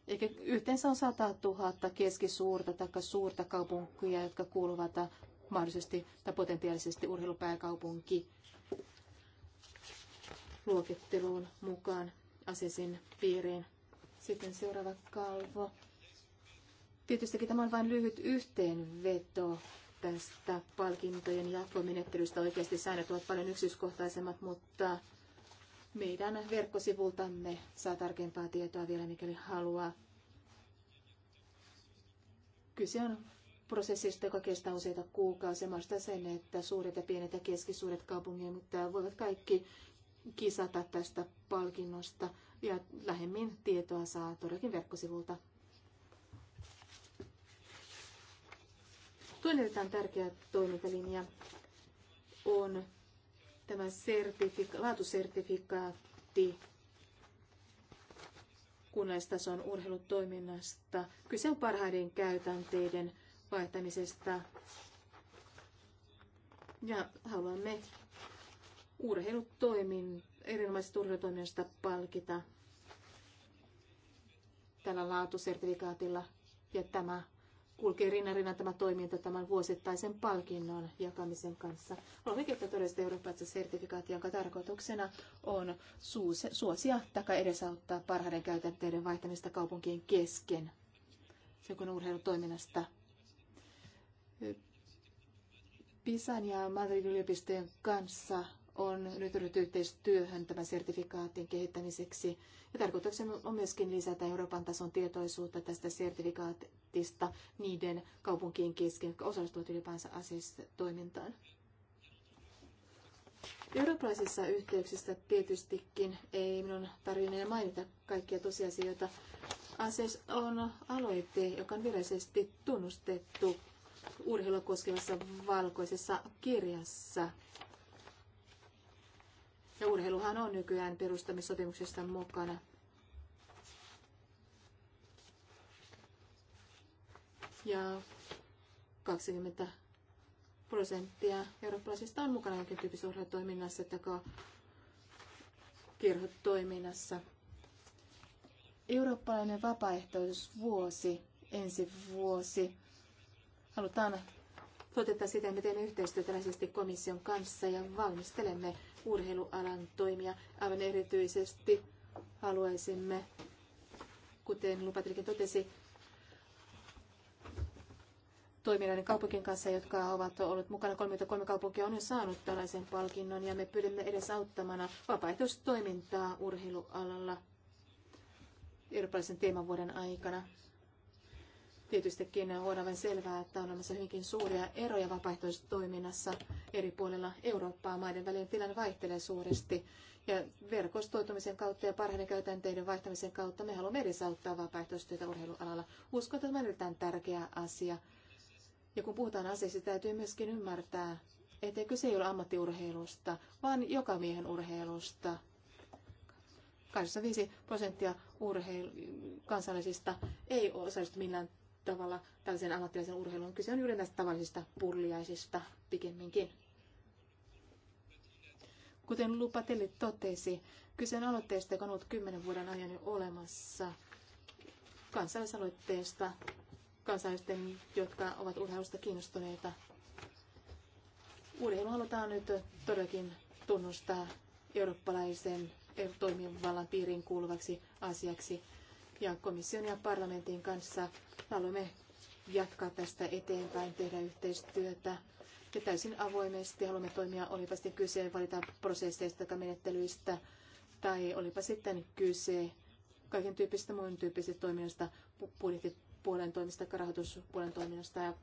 Eikä yhteensä on 100 000 keskisuurta tai suurta kaupunkia, jotka kuuluvat mahdollisesti tai potentiaalisesti urheilupääkaupunki luokitteluun mukaan asesin piiriin. Sitten seuraava kalvo. Tietystikin tämä on vain lyhyt yhteenveto tästä palkintojen jakomenettelystä. Oikeasti säännöt ovat paljon yksityiskohtaisemmat, mutta meidän verkkosivultamme saa tarkempaa tietoa vielä, mikäli haluaa. Kyse on prosessista, joka kestää useita kuukausia. Mä sen, että suuret ja pienet ja keskisuuret kaupungit voivat kaikki kisata tästä palkinnosta. Ja lähemmin tietoa saa todellakin verkkosivulta Toinen erittäin tärkeä toimintalinja on tämä sertifika- laatusertifikaatti kunnallistason urheilutoiminnasta. Kyse on parhaiden käytänteiden vaihtamisesta. Ja haluamme urheilutoimin, erinomaisesta urheilutoiminnasta palkita tällä laatusertifikaatilla. Ja tämä kulkee rinnarina tämä toiminta tämän vuosittaisen palkinnon jakamisen kanssa. Haluamme käyttää todellista eurooppalaisen sertifikaatio, jonka tarkoituksena on suosia tai edesauttaa parhaiden käytänteiden vaihtamista kaupunkien kesken, se urheilutoiminnasta. Pisan ja Madridin yliopistojen kanssa on nyt ryhty yhteistyöhön tämän sertifikaatin kehittämiseksi. Ja tarkoituksena on myöskin lisätä Euroopan tason tietoisuutta tästä sertifikaatista niiden kaupunkien kesken, jotka osallistuvat ylipäänsä asiassa toimintaan. Eurooppalaisissa yhteyksissä tietystikin ei minun tarvinnut mainita kaikkia tosiasioita. ASES on aloite, joka on virallisesti tunnustettu urheilua koskevassa valkoisessa kirjassa ja urheiluhan on nykyään perustamissopimuksesta mukana. Ja 20 prosenttia eurooppalaisista on mukana jonkin tyyppisessä urheilutoiminnassa tai kirhotoiminnassa. Eurooppalainen vapaaehtoisuusvuosi ensi vuosi. Halutaan toteuttaa sitä, miten yhteistyötä komission kanssa ja valmistelemme urheilualan toimia. Aivan erityisesti haluaisimme, kuten Lupatrikin totesi, toimijoiden kaupunkien kanssa, jotka ovat olleet mukana. 33 kaupunkia on jo saanut tällaisen palkinnon ja me pyrimme edes auttamana vapaaehtoistoimintaa urheilualalla eurooppalaisen teemavuoden aikana. Tietystikin on aivan selvää, että on olemassa hyvinkin suuria eroja vapaaehtoistoiminnassa eri puolilla Eurooppaa. Maiden välinen tilanne vaihtelee suuresti. Ja verkostoitumisen kautta ja parhaiden käytänteiden vaihtamisen kautta me haluamme edesauttaa vapaaehtoistyötä urheilualalla. Uskon, että tämä on erittäin tärkeä asia. Ja kun puhutaan asiasta, täytyy myöskin ymmärtää, ettei kyse ei ole ammattiurheilusta, vaan joka miehen urheilusta. 85 prosenttia urheil- kansalaisista ei osallistu millään tavalla tällaisen ammattilaisen urheilun. Kyse on juuri näistä tavallisista purliaisista pikemminkin. Kuten Lupatelli totesi, kyse on aloitteesta, joka on ollut kymmenen vuoden ajan jo olemassa. Kansalaisaloitteesta, kansalaisten, jotka ovat urheilusta kiinnostuneita. Urheilu halutaan nyt todellakin tunnustaa eurooppalaisen toimivallan piiriin kuuluvaksi asiaksi ja komission ja parlamentin kanssa haluamme jatkaa tästä eteenpäin, tehdä yhteistyötä ja täysin avoimesti haluamme toimia, olipa sitten kyse valita prosesseista tai menettelyistä, tai olipa sitten kyse kaiken tyyppisistä muun tyyppisistä toiminnasta, budjettipuolen toimista, rahoituspuolen toiminnasta. Ja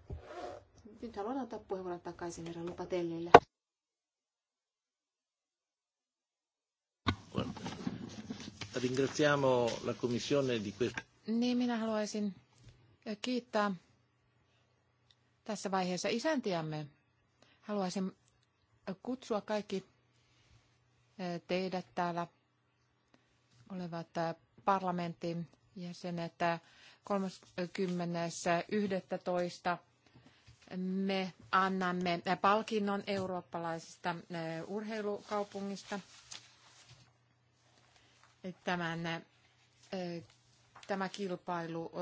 nyt haluan antaa puheenvuoron takaisin herra Lupatellille. Ringraziamo la Commissione di questo. Niin, minä haluaisin kiittää tässä vaiheessa isäntiämme. Haluaisin kutsua kaikki eh, teidät täällä olevat eh, parlamentin jäsenet 30.11. Me annamme palkinnon eurooppalaisesta eh, urheilukaupungista – tämän, tämä kilpailu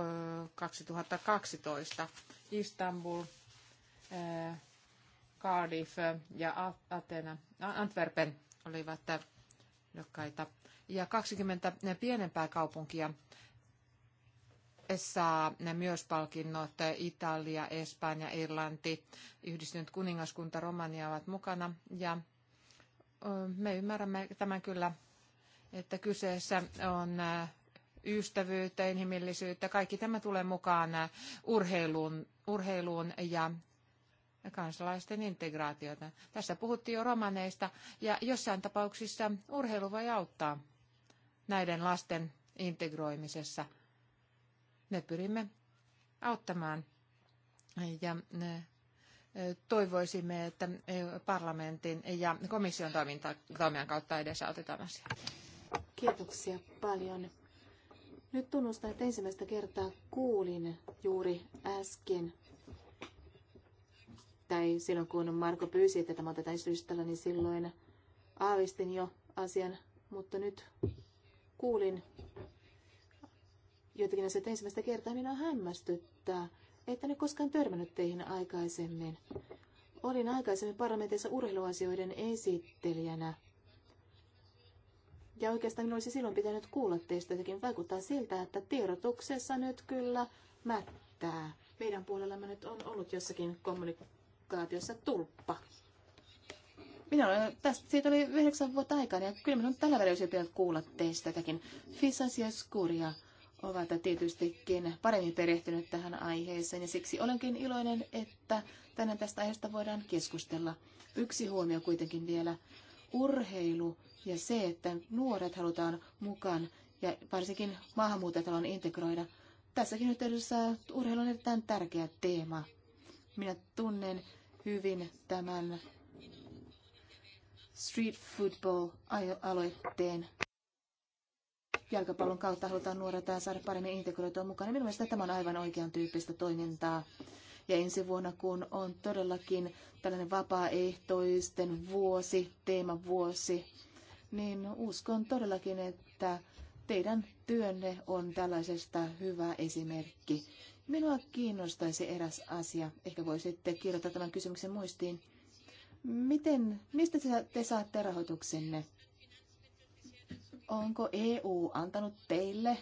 2012 Istanbul, Cardiff ja Athena, Antwerpen olivat ehdokkaita. Ja 20 pienempää kaupunkia saa myös palkinnot. Italia, Espanja, Irlanti, Yhdistynyt kuningaskunta, Romania ovat mukana. Ja me ymmärrämme tämän kyllä että kyseessä on ystävyyttä, inhimillisyyttä. Kaikki tämä tulee mukaan urheiluun, urheiluun ja kansalaisten integraatiota. Tässä puhuttiin jo romaneista ja jossain tapauksissa urheilu voi auttaa näiden lasten integroimisessa. Me pyrimme auttamaan ja toivoisimme, että parlamentin ja komission toiminnan kautta edesautetaan asiaa. Kiitoksia paljon. Nyt tunnustan, että ensimmäistä kertaa kuulin juuri äsken, tai silloin kun Marko pyysi, että tämä otetaan esitystalla, niin silloin aavistin jo asian, mutta nyt kuulin joitakin asioita ensimmäistä kertaa, minä niin hämmästyttää, että ne koskaan törmännyt teihin aikaisemmin. Olin aikaisemmin parlamentissa urheiluasioiden esittelijänä ja oikeastaan minun olisi silloin pitänyt kuulla teistä jotenkin. Vaikuttaa siltä, että tiedotuksessa nyt kyllä mättää. Meidän puolellamme nyt on ollut jossakin kommunikaatiossa tulppa. Minä olen, tästä, siitä oli yhdeksän vuotta aikaa, ja niin kyllä minun tällä välillä olisi pitänyt kuulla teistä jotakin. Fisas ja Skuria ovat tietystikin paremmin perehtyneet tähän aiheeseen, ja siksi olenkin iloinen, että tänään tästä aiheesta voidaan keskustella. Yksi huomio kuitenkin vielä urheilu ja se, että nuoret halutaan mukaan ja varsinkin maahanmuuttajat halutaan integroida. Tässäkin yhteydessä urheilu on erittäin tärkeä teema. Minä tunnen hyvin tämän street football-aloitteen. Jalkapallon kautta halutaan nuoret saada paremmin integroitua mukaan. Minun mielestä tämä on aivan oikean tyyppistä toimintaa. Ja ensi vuonna, kun on todellakin tällainen vapaaehtoisten vuosi, teemavuosi, niin uskon todellakin, että teidän työnne on tällaisesta hyvä esimerkki. Minua kiinnostaisi eräs asia. Ehkä voisitte kirjoittaa tämän kysymyksen muistiin. Miten, mistä te saatte rahoituksenne? Onko EU antanut teille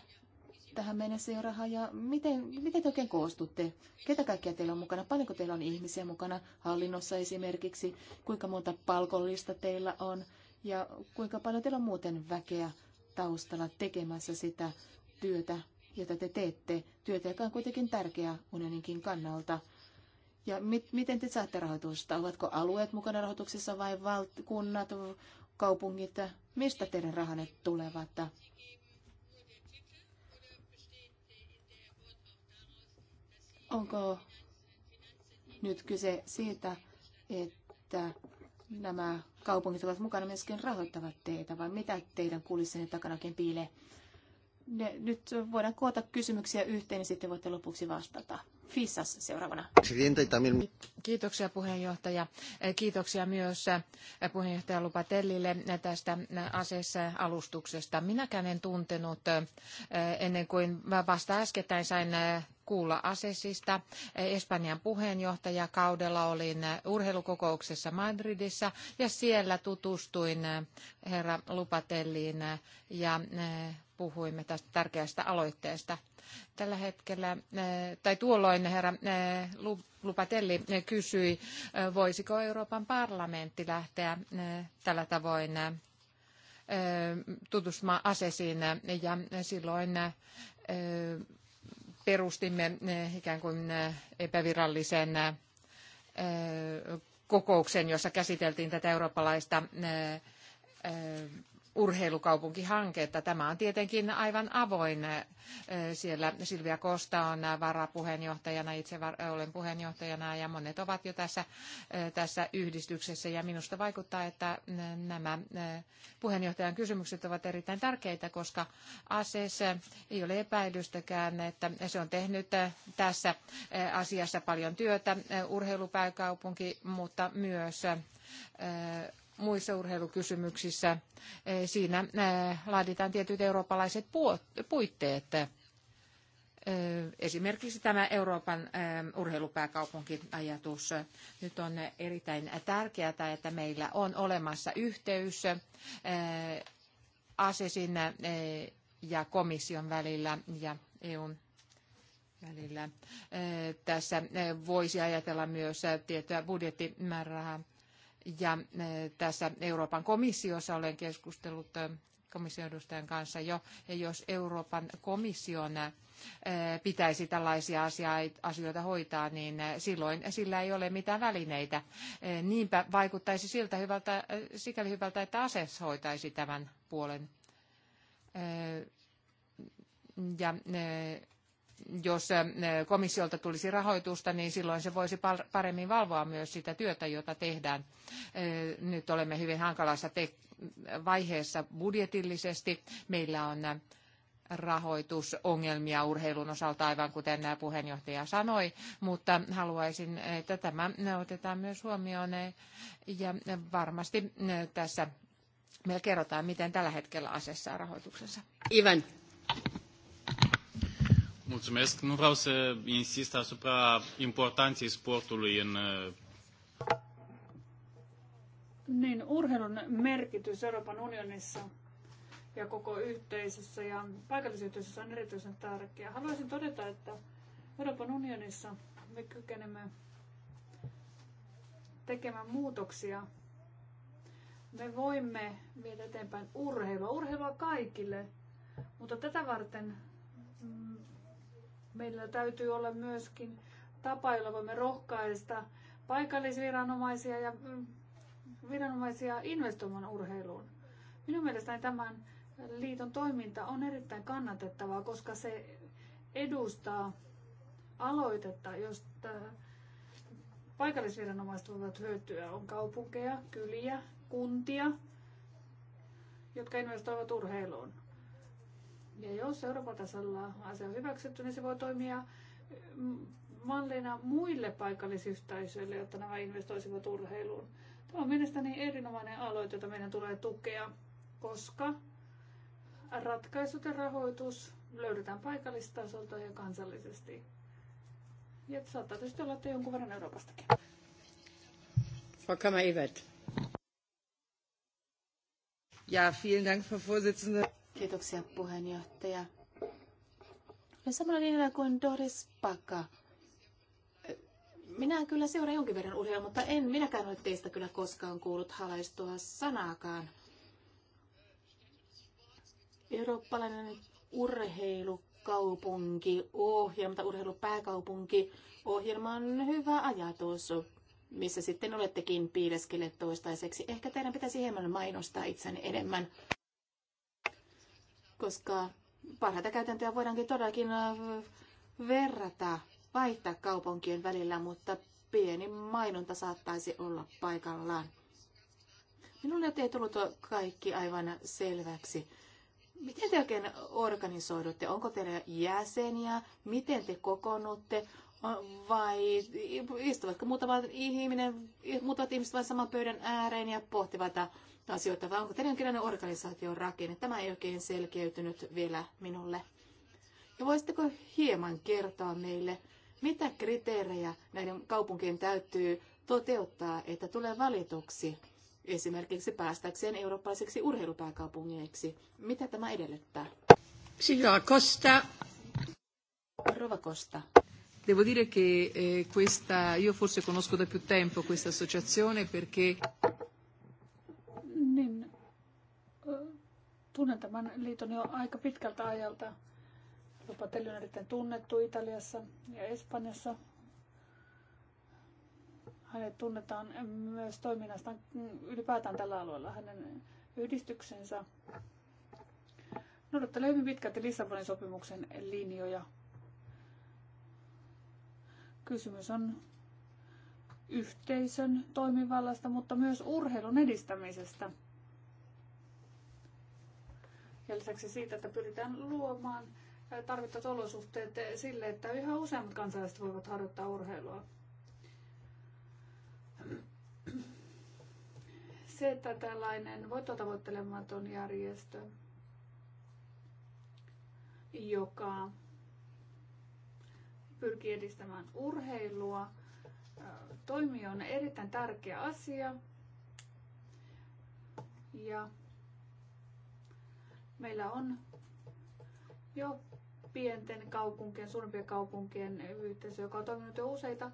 tähän mennessä jo rahaa ja miten, miten te oikein koostutte? Ketä kaikkia teillä on mukana? Paljonko teillä on ihmisiä mukana hallinnossa esimerkiksi? Kuinka monta palkollista teillä on? Ja kuinka paljon teillä on muuten väkeä taustalla tekemässä sitä työtä, jota te teette? Työtä, joka on kuitenkin tärkeä unioninkin kannalta. Ja mit, miten te saatte rahoitusta? Ovatko alueet mukana rahoituksessa vai valt, kunnat, kaupungit? Mistä teidän rahanne tulevat? Onko nyt kyse siitä, että nämä kaupungit ovat mukana myöskin rahoittavat teitä, vai mitä teidän kulissien takanakin piilee? Ne, nyt voidaan koota kysymyksiä yhteen niin sitten voitte lopuksi vastata. Fissas seuraavana. Kiitoksia puheenjohtaja. Kiitoksia myös puheenjohtaja Lupatellille tästä aseessa alustuksesta. Minäkään en tuntenut ennen kuin vasta äskettäin sain kuulla Asesista. Espanjan puheenjohtajakaudella olin urheilukokouksessa Madridissa ja siellä tutustuin herra Lupatelliin ja puhuimme tästä tärkeästä aloitteesta. Tällä hetkellä, tai tuolloin herra Lupatelli kysyi, voisiko Euroopan parlamentti lähteä tällä tavoin tutustumaan asesiin ja silloin perustimme eh, ikään kuin eh, epävirallisen eh, kokouksen, jossa käsiteltiin tätä eurooppalaista että Tämä on tietenkin aivan avoin. Siellä Silvia Kosta on varapuheenjohtajana, itse olen puheenjohtajana ja monet ovat jo tässä, tässä yhdistyksessä. Ja minusta vaikuttaa, että nämä puheenjohtajan kysymykset ovat erittäin tärkeitä, koska ACS e ei ole epäilystäkään, että se on tehnyt tässä asiassa paljon työtä urheilupääkaupunki, mutta myös muissa urheilukysymyksissä. Eh, siinä eh, laaditaan tietyt eurooppalaiset puitteet. Eh, esimerkiksi tämä Euroopan urheilupääkaupunkiajatus. Nyt on erittäin tärkeää, että meillä on olemassa yhteys ASESin ja komission välillä ja EUn välillä. Tässä voisi ajatella myös tiettyä budjettimäärärahaa ja eh, tässä Euroopan komissiossa olen keskustellut eh, komission edustajan kanssa jo, ja jos Euroopan komission eh, pitäisi tällaisia asioita hoitaa, niin silloin sillä ei ole mitään välineitä. Niinpä vaikuttaisi siltä hyvältä, sikäli hyvältä, että ASES hoitaisi tämän puolen. Ja jos komissiolta tulisi rahoitusta, niin silloin se voisi paremmin valvoa myös sitä työtä, jota tehdään. Nyt olemme hyvin hankalassa vaiheessa budjetillisesti. Meillä on rahoitusongelmia urheilun osalta, aivan kuten puheenjohtaja sanoi, mutta haluaisin, että tämä otetaan myös huomioon ja varmasti tässä meillä kerrotaan, miten tällä hetkellä asessa rahoituksensa. Ivan. Mulțumesc. Nu vreau să insist asupra importanței sportului în... Uh, niin, urheilun merkitys Euroopan unionissa ja koko yhteisössä ja paikallisyhteisössä on erityisen tärkeä. Haluaisin todeta, että Euroopan unionissa me kykenemme tekemään muutoksia. Me voimme viedä eteenpäin urheilua, urheilua kaikille, mutta tätä varten mm, Meillä täytyy olla myöskin tapa, jolla voimme rohkaista paikallisviranomaisia ja mm, viranomaisia investoimaan urheiluun. Minun mielestäni tämän liiton toiminta on erittäin kannatettavaa, koska se edustaa aloitetta, josta paikallisviranomaiset voivat hyötyä. On kaupunkeja, kyliä, kuntia, jotka investoivat urheiluun. Ja jos Euroopan tasolla asia on hyväksytty, niin se voi toimia mallina muille paikallisyhteisöille, jotta nämä investoisivat urheiluun. Tämä on mielestäni erinomainen aloite, jota meidän tulee tukea, koska ratkaisut ja rahoitus löydetään paikallistasolta ja kansallisesti. Ja saattaa tietysti olla, että jonkun verran Euroopastakin. Frau Ja, vielen Dank, Frau Vorsitzende. Kiitoksia puheenjohtaja. Olen samalla linjalla kuin Doris Paka. Minä kyllä seuraan jonkin verran urheilua, mutta en minäkään ole teistä kyllä koskaan kuullut halaistua sanaakaan. Eurooppalainen urheilukaupunki ohjelma tai urheilupääkaupunki ohjelma on hyvä ajatus, missä sitten olettekin piileskelleet toistaiseksi. Ehkä teidän pitäisi hieman mainostaa itsenne enemmän koska parhaita käytäntöjä voidaankin todellakin äh, verrata, vaihtaa kaupunkien välillä, mutta pieni mainonta saattaisi olla paikallaan. Minulle ei tullut kaikki aivan selväksi. Miten te oikein organisoidutte? Onko teillä jäseniä? Miten te kokoonnutte? Vai istuvatko muutamat, ihminen, muutamat ihmiset vain saman pöydän ääreen ja pohtivat, asioita, vai onko teidän jonkinlainen organisaation rakenne? Tämä ei oikein selkeytynyt vielä minulle. Ja voisitteko hieman kertoa meille, mitä kriteerejä näiden kaupunkien täytyy toteuttaa, että tulee valituksi esimerkiksi päästäkseen eurooppalaiseksi urheilupääkaupungiksi? Mitä tämä edellyttää? Signora Costa. Rova Costa. Devo dire che eh, questa, io forse conosco da più tempo questa associazione perché... Tunnen tämän liiton jo aika pitkältä ajalta. Lopatelli on erittäin tunnettu Italiassa ja Espanjassa. Hänet tunnetaan myös toiminnastaan ylipäätään tällä alueella. Hänen yhdistyksensä noudattelee hyvin pitkälti Lissabonin sopimuksen linjoja. Kysymys on yhteisön toimivallasta, mutta myös urheilun edistämisestä – ja lisäksi siitä, että pyritään luomaan tarvittavat olosuhteet sille, että yhä useammat kansalaiset voivat harjoittaa urheilua. Se, että tällainen voittotavoittelematon järjestö, joka pyrkii edistämään urheilua, toimii on erittäin tärkeä asia. Ja Meillä on jo pienten kaupunkien, suurempien kaupunkien yhteisö, joka on toiminut jo useita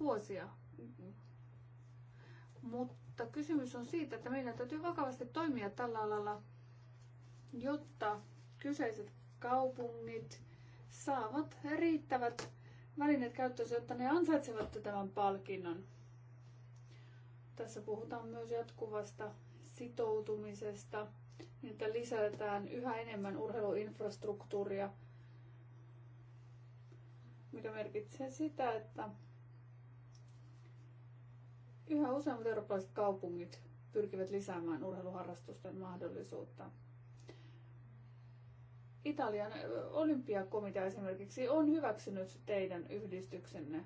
vuosia. Mutta kysymys on siitä, että meidän täytyy vakavasti toimia tällä alalla, jotta kyseiset kaupungit saavat riittävät välineet käyttöönsä, jotta ne ansaitsevat tämän palkinnon. Tässä puhutaan myös jatkuvasta sitoutumisesta että lisätään yhä enemmän urheiluinfrastruktuuria, mikä merkitsee sitä, että yhä useammat eurooppalaiset kaupungit pyrkivät lisäämään urheiluharrastusten mahdollisuutta. Italian olympiakomitea esimerkiksi on hyväksynyt teidän yhdistyksenne.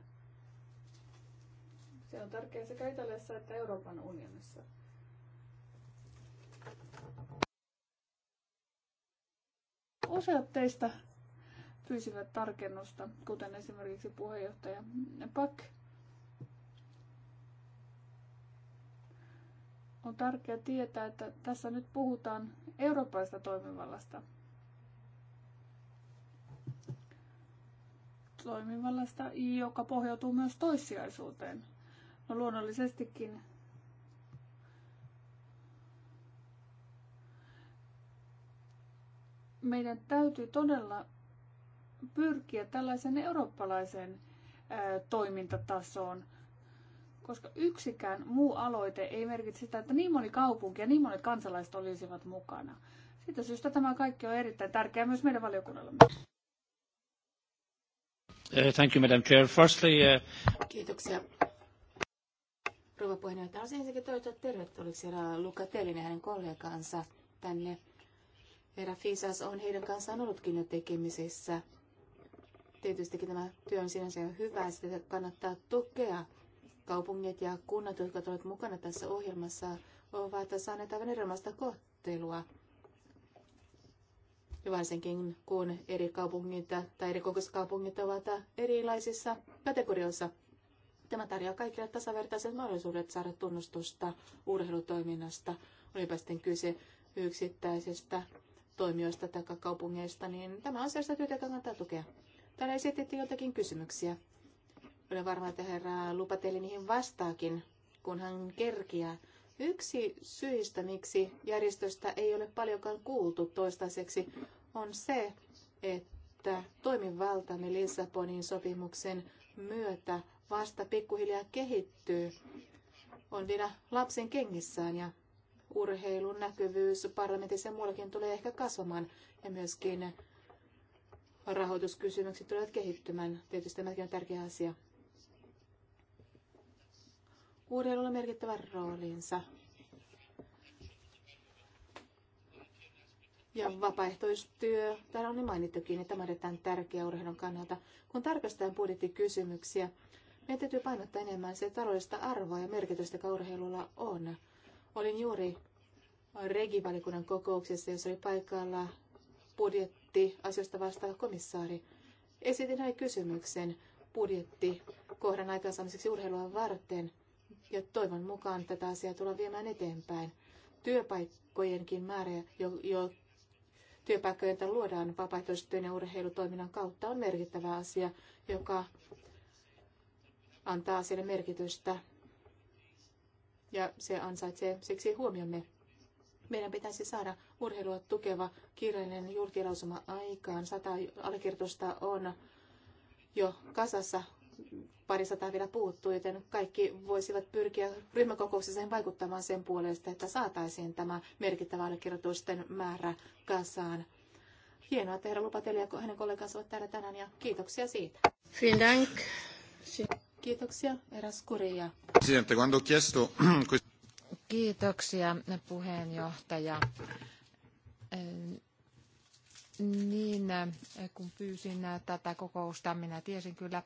Se on tärkeää sekä Italiassa että Euroopan unionissa. Useat teistä pyysivät tarkennusta, kuten esimerkiksi puheenjohtaja Pak. On tärkeää tietää, että tässä nyt puhutaan eurooppalaista toimivallasta. Toimivallasta, joka pohjautuu myös toissijaisuuteen. No luonnollisestikin meidän täytyy todella pyrkiä tällaiseen eurooppalaiseen toimintatasoon, koska yksikään muu aloite ei merkitse sitä, että niin moni kaupunki ja niin monet kansalaiset olisivat mukana. Siitä syystä tämä kaikki on erittäin tärkeää myös meidän valiokunnallamme. Uh, thank you, Madam Chair. Firstly, uh... Kiitoksia. Rouva puheenjohtaja, haluaisin ensinnäkin toivottaa tervetulleeksi Luka Telin ja hänen kollegansa tänne Herra Fisas on heidän kanssaan ollutkin jo tekemisissä. Tietystikin tämä työ on sinänsä hyvä, sitä kannattaa tukea. Kaupungit ja kunnat, jotka ovat mukana tässä ohjelmassa, ovat saaneet aivan erilaista kohtelua. Ja varsinkin kun eri kaupungit tai eri kokoiset kaupungit ovat erilaisissa kategorioissa. Tämä tarjoaa kaikille tasavertaiset mahdollisuudet saada tunnustusta urheilutoiminnasta, olipa sitten kyse yksittäisestä toimijoista tai kaupungeista, niin tämä on sellaista työtä, jota kannattaa tukea. Täällä esitettiin joitakin kysymyksiä. Olen varma, että herra Lupateli niihin vastaakin, kun hän kerkiää. Yksi syistä, miksi järjestöstä ei ole paljonkaan kuultu toistaiseksi, on se, että toimivaltamme Lissabonin sopimuksen myötä vasta pikkuhiljaa kehittyy. On vielä lapsen kengissään ja urheilun näkyvyys parlamentissa ja muuallakin tulee ehkä kasvamaan ja myöskin rahoituskysymykset tulevat kehittymään. Tietysti tämäkin on tärkeä asia. Urheilulla on merkittävä roolinsa. Ja vapaaehtoistyö, täällä on niin mainittukin, että tämä on erittäin tärkeä urheilun kannalta. Kun tarkastetaan budjettikysymyksiä, meidän täytyy painottaa enemmän se taloudellista arvoa ja merkitystä, joka urheilulla on. Olin juuri regivalikunnan kokouksessa, jossa oli paikalla budjetti asioista vastaava komissaari. Esitin näin kysymyksen budjetti kohdan aikaansaamiseksi urheilua varten ja toivon mukaan tätä asiaa tulla viemään eteenpäin. Työpaikkojenkin määrä, jo, jo työpaikkoja, joita luodaan vapaaehtoistyön ja urheilutoiminnan kautta, on merkittävä asia, joka antaa sille merkitystä ja se ansaitsee siksi huomiomme. Meidän pitäisi saada urheilua tukeva kirjallinen julkilausuma aikaan. Sata allekirjoitusta on jo kasassa sataa vielä puuttuu, joten kaikki voisivat pyrkiä ryhmäkokouksessa vaikuttamaan sen puolesta, että saataisiin tämä merkittävä allekirjoitusten määrä kasaan. Hienoa, että herra Lupatelija ja hänen kollegansa ovat täällä tänään ja kiitoksia siitä. Vielen Kiitoksia, eräs kuria. Presidente, quando ho chiesto... Kiitoksia puheenjohtaja. Niin, kun pyysin tätä kokousta, minä tiesin kyllä,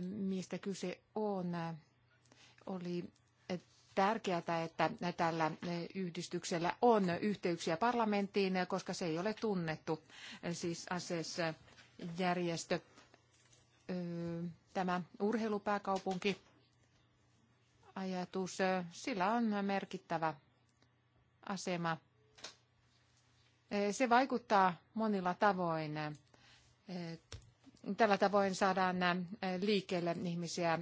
mistä kyse on. Oli tärkeää, että tällä yhdistyksellä on yhteyksiä parlamenttiin, koska se ei ole tunnettu, siis ASES-järjestö. Tämä urheilupääkaupunki ajatus, sillä on merkittävä asema. Se vaikuttaa monilla tavoin. Tällä tavoin saadaan liikkeelle ihmisiä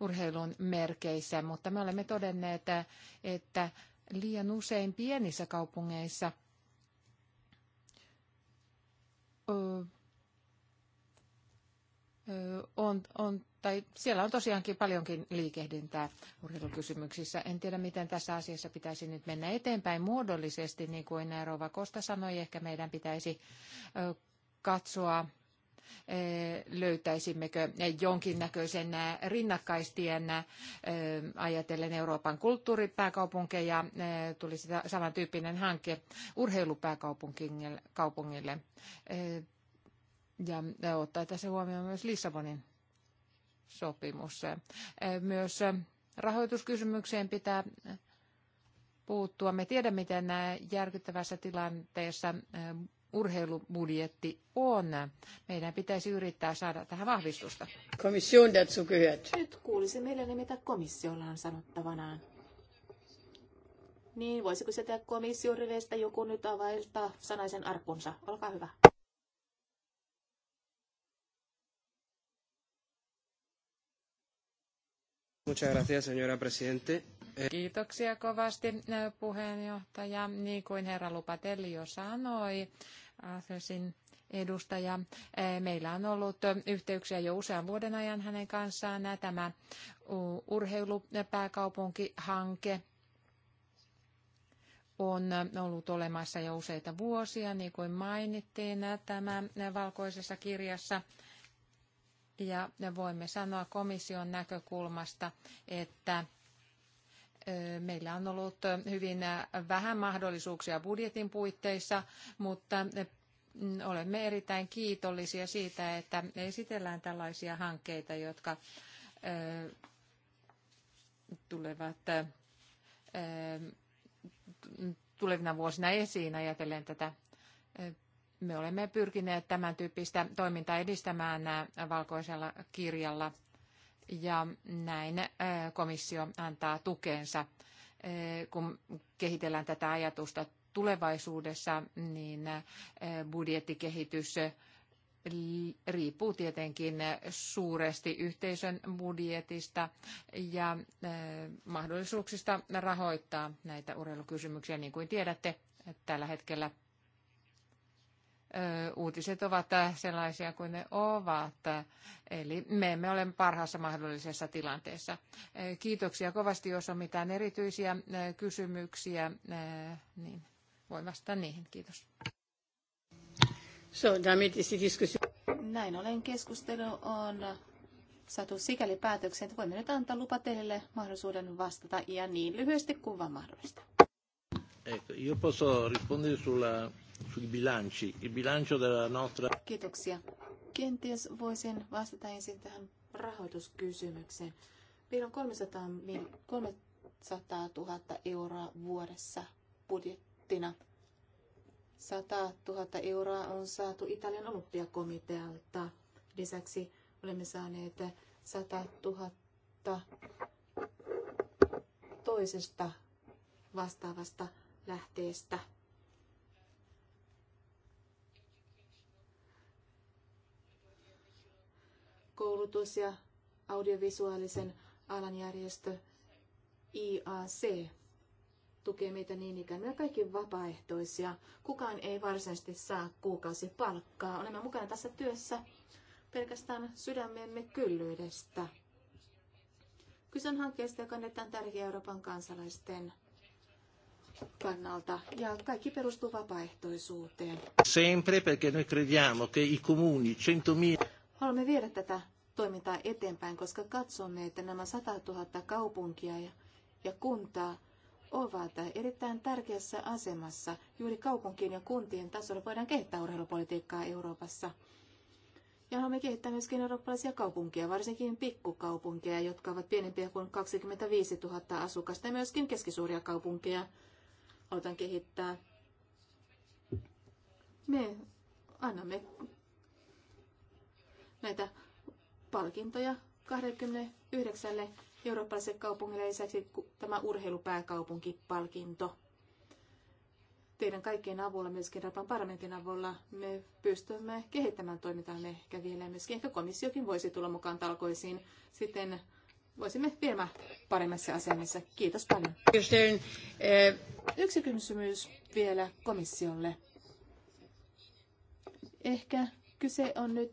urheilun merkeissä, mutta me olemme todenneet, että liian usein pienissä kaupungeissa on, on tai siellä on tosiaankin paljonkin liikehdintää urheilukysymyksissä. En tiedä, miten tässä asiassa pitäisi nyt mennä eteenpäin muodollisesti, niin kuin Rova Kosta sanoi, ehkä meidän pitäisi katsoa löytäisimmekö jonkinnäköisen rinnakkaistien ajatellen Euroopan kulttuuripääkaupunkeja, tulisi samantyyppinen hanke urheilupääkaupungille ja ottaa tässä huomioon myös Lissabonin sopimus. Myös rahoituskysymykseen pitää puuttua. Me tiedämme, miten järkyttävässä tilanteessa urheilubudjetti on. Meidän pitäisi yrittää saada tähän vahvistusta. Komission dazu gehört. Nyt kuulisi mielelläni, mitä komissiolla on sanottavanaan. Niin, voisiko sieltä komission riveistä joku nyt availta sanaisen arkunsa? Olkaa hyvä. Muchas gracias, señora presidente. Eh, Kiitoksia kovasti eh, puheenjohtaja. Niin kuin herra Lupatelli jo sanoi, Asesin edustaja. Eh, meillä on ollut yhteyksiä jo usean vuoden ajan hänen kanssaan. Tämä urheilupääkaupunkihanke on ollut olemassa jo useita vuosia, niin kuin mainittiin tämä valkoisessa kirjassa – ja voimme sanoa komission näkökulmasta, että Meillä on ollut hyvin vähän mahdollisuuksia budjetin puitteissa, mutta olemme erittäin kiitollisia siitä, että esitellään tällaisia hankkeita, jotka tulevat tulevina vuosina esiin ajatellen tätä me olemme pyrkineet tämän tyyppistä toimintaa edistämään äh, valkoisella kirjalla ja näin äh, komissio antaa tukensa, äh, kun kehitellään tätä ajatusta tulevaisuudessa, niin budjettikehitys riippuu tietenkin suuresti yhteisön budjetista ja mahdollisuuksista rahoittaa näitä urheilukysymyksiä. Niin kuin tiedätte, tällä hetkellä uutiset ovat sellaisia kuin ne ovat. Eli me emme ole parhaassa mahdollisessa tilanteessa. Kiitoksia kovasti, jos on mitään erityisiä kysymyksiä, niin voin vastata niihin. Kiitos. So, Näin olen keskustelu on saatu sikäli päätöksen, että voimme nyt antaa lupa teille mahdollisuuden vastata ja niin lyhyesti kuin vaan mahdollista. Ecco, io posso rispondere sulla sui bilanci, il bilancio della nostra... Kiitoksia. Kenties voisin vastata ensin tähän rahoituskysymykseen. Meillä on 300, 300 000 euroa vuodessa budjettina. 100 000 euroa on saatu Italian olympiakomitealta. Lisäksi olemme saaneet 100 000 toisesta vastaavasta lähteestä – koulutus- ja audiovisuaalisen alan järjestö IAC tukee meitä niin ikään. Me kaikki vapaaehtoisia. Kukaan ei varsinaisesti saa kuukausipalkkaa. Olemme mukana tässä työssä pelkästään sydämemme kyllyydestä. Kyse on hankkeesta, joka on erittäin tärkeä Euroopan kansalaisten kannalta ja kaikki perustuu vapaaehtoisuuteen. Sempre perché noi crediamo che i comuni 100.000 Haluamme viedä tätä toimintaa eteenpäin, koska katsomme, että nämä 100 000 kaupunkia ja, ja kuntaa ovat erittäin tärkeässä asemassa. Juuri kaupunkien ja kuntien tasolla voidaan kehittää urheilupolitiikkaa Euroopassa. Ja haluamme kehittää myöskin eurooppalaisia kaupunkia, varsinkin pikkukaupunkeja, jotka ovat pienempiä kuin 25 000 asukasta, ja myöskin keskisuuria kaupunkeja halutaan kehittää. Me annamme näitä palkintoja 29 eurooppalaiselle kaupungille lisäksi tämä urheilupääkaupunkipalkinto. Teidän kaikkien avulla, myöskin Rapan parlamentin avulla, me pystymme kehittämään toimintaamme ehkä vielä ja myöskin ehkä komissiokin voisi tulla mukaan talkoisiin. Sitten voisimme vielä paremmassa asemassa. Kiitos paljon. Yksi kysymys vielä komissiolle. Ehkä kyse on nyt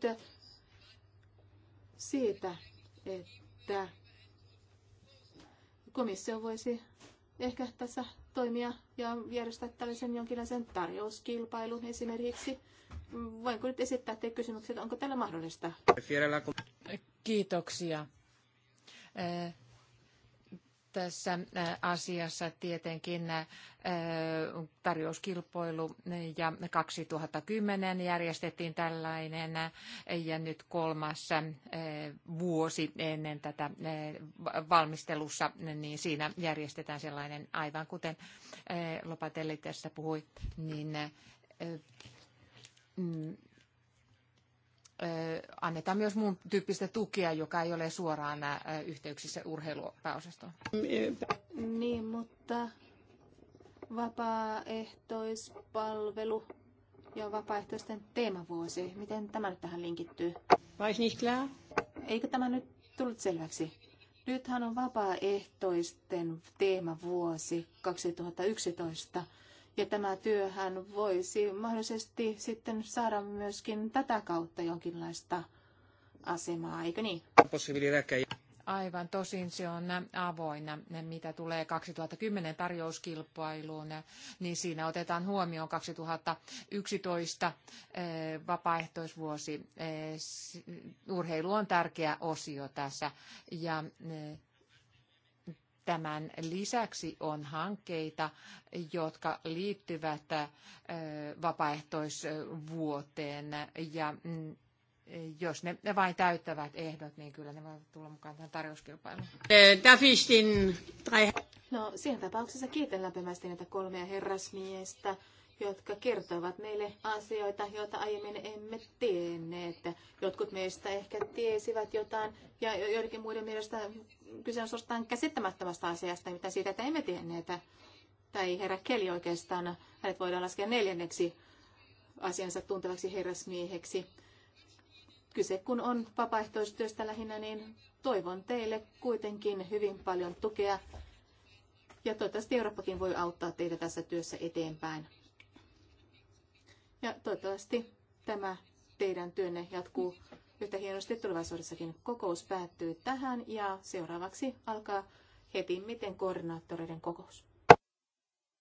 siitä, että komissio voisi ehkä tässä toimia ja järjestää tällaisen jonkinlaisen tarjouskilpailun esimerkiksi. Voinko nyt esittää teille kysymyksiä, onko tällä mahdollista? Kiitoksia. Eh, tässä äh, asiassa tietenkin äh, tarjouskilpailu äh, ja 2010 järjestettiin tällainen ja nyt kolmas vuosi ennen tätä valmistelussa, niin siinä järjestetään sellainen aivan kuten Lopatelli tässä puhui, niin mm, annetaan myös muun tyyppistä tukea, joka ei ole suoraan yhteyksissä urheilupääosastoon. Niin, mutta vapaaehtoispalvelu ja vapaaehtoisten teemavuosi, miten tämä nyt tähän linkittyy? Vai nicht klar? Eikö tämä nyt tullut selväksi? Nythän on vapaaehtoisten teemavuosi 2011 ja tämä työhän voisi mahdollisesti sitten saada myöskin tätä kautta jonkinlaista asemaa, eikö niin? Aivan tosin se on avoinna, mitä tulee 2010 tarjouskilpailuun, niin siinä otetaan huomioon 2011 eh, vapaaehtoisvuosi. Eh, urheilu on tärkeä osio tässä ja eh, Tämän lisäksi on hankkeita, jotka liittyvät vapaaehtoisvuoteen ja mm, jos ne, vain täyttävät ehdot, niin kyllä ne voivat tulla mukaan tähän tarjouskilpailuun. No, siinä tapauksessa kiitän lämpimästi näitä kolmea herrasmiestä, jotka kertovat meille asioita, joita aiemmin emme tienneet. Jotkut meistä ehkä tiesivät jotain ja joidenkin muiden mielestä kyse on suorastaan käsittämättömästä asiasta, mitä siitä, että emme tienneet. Tai herra Keli oikeastaan, hänet voidaan laskea neljänneksi asiansa tuntevaksi herrasmieheksi. Kyse kun on vapaaehtoistyöstä lähinnä, niin toivon teille kuitenkin hyvin paljon tukea. Ja toivottavasti Eurooppakin voi auttaa teitä tässä työssä eteenpäin. Ja toivottavasti tämä teidän työnne jatkuu yhtä hienosti tulevaisuudessakin. Kokous päättyy tähän ja seuraavaksi alkaa heti miten koordinaattoreiden kokous.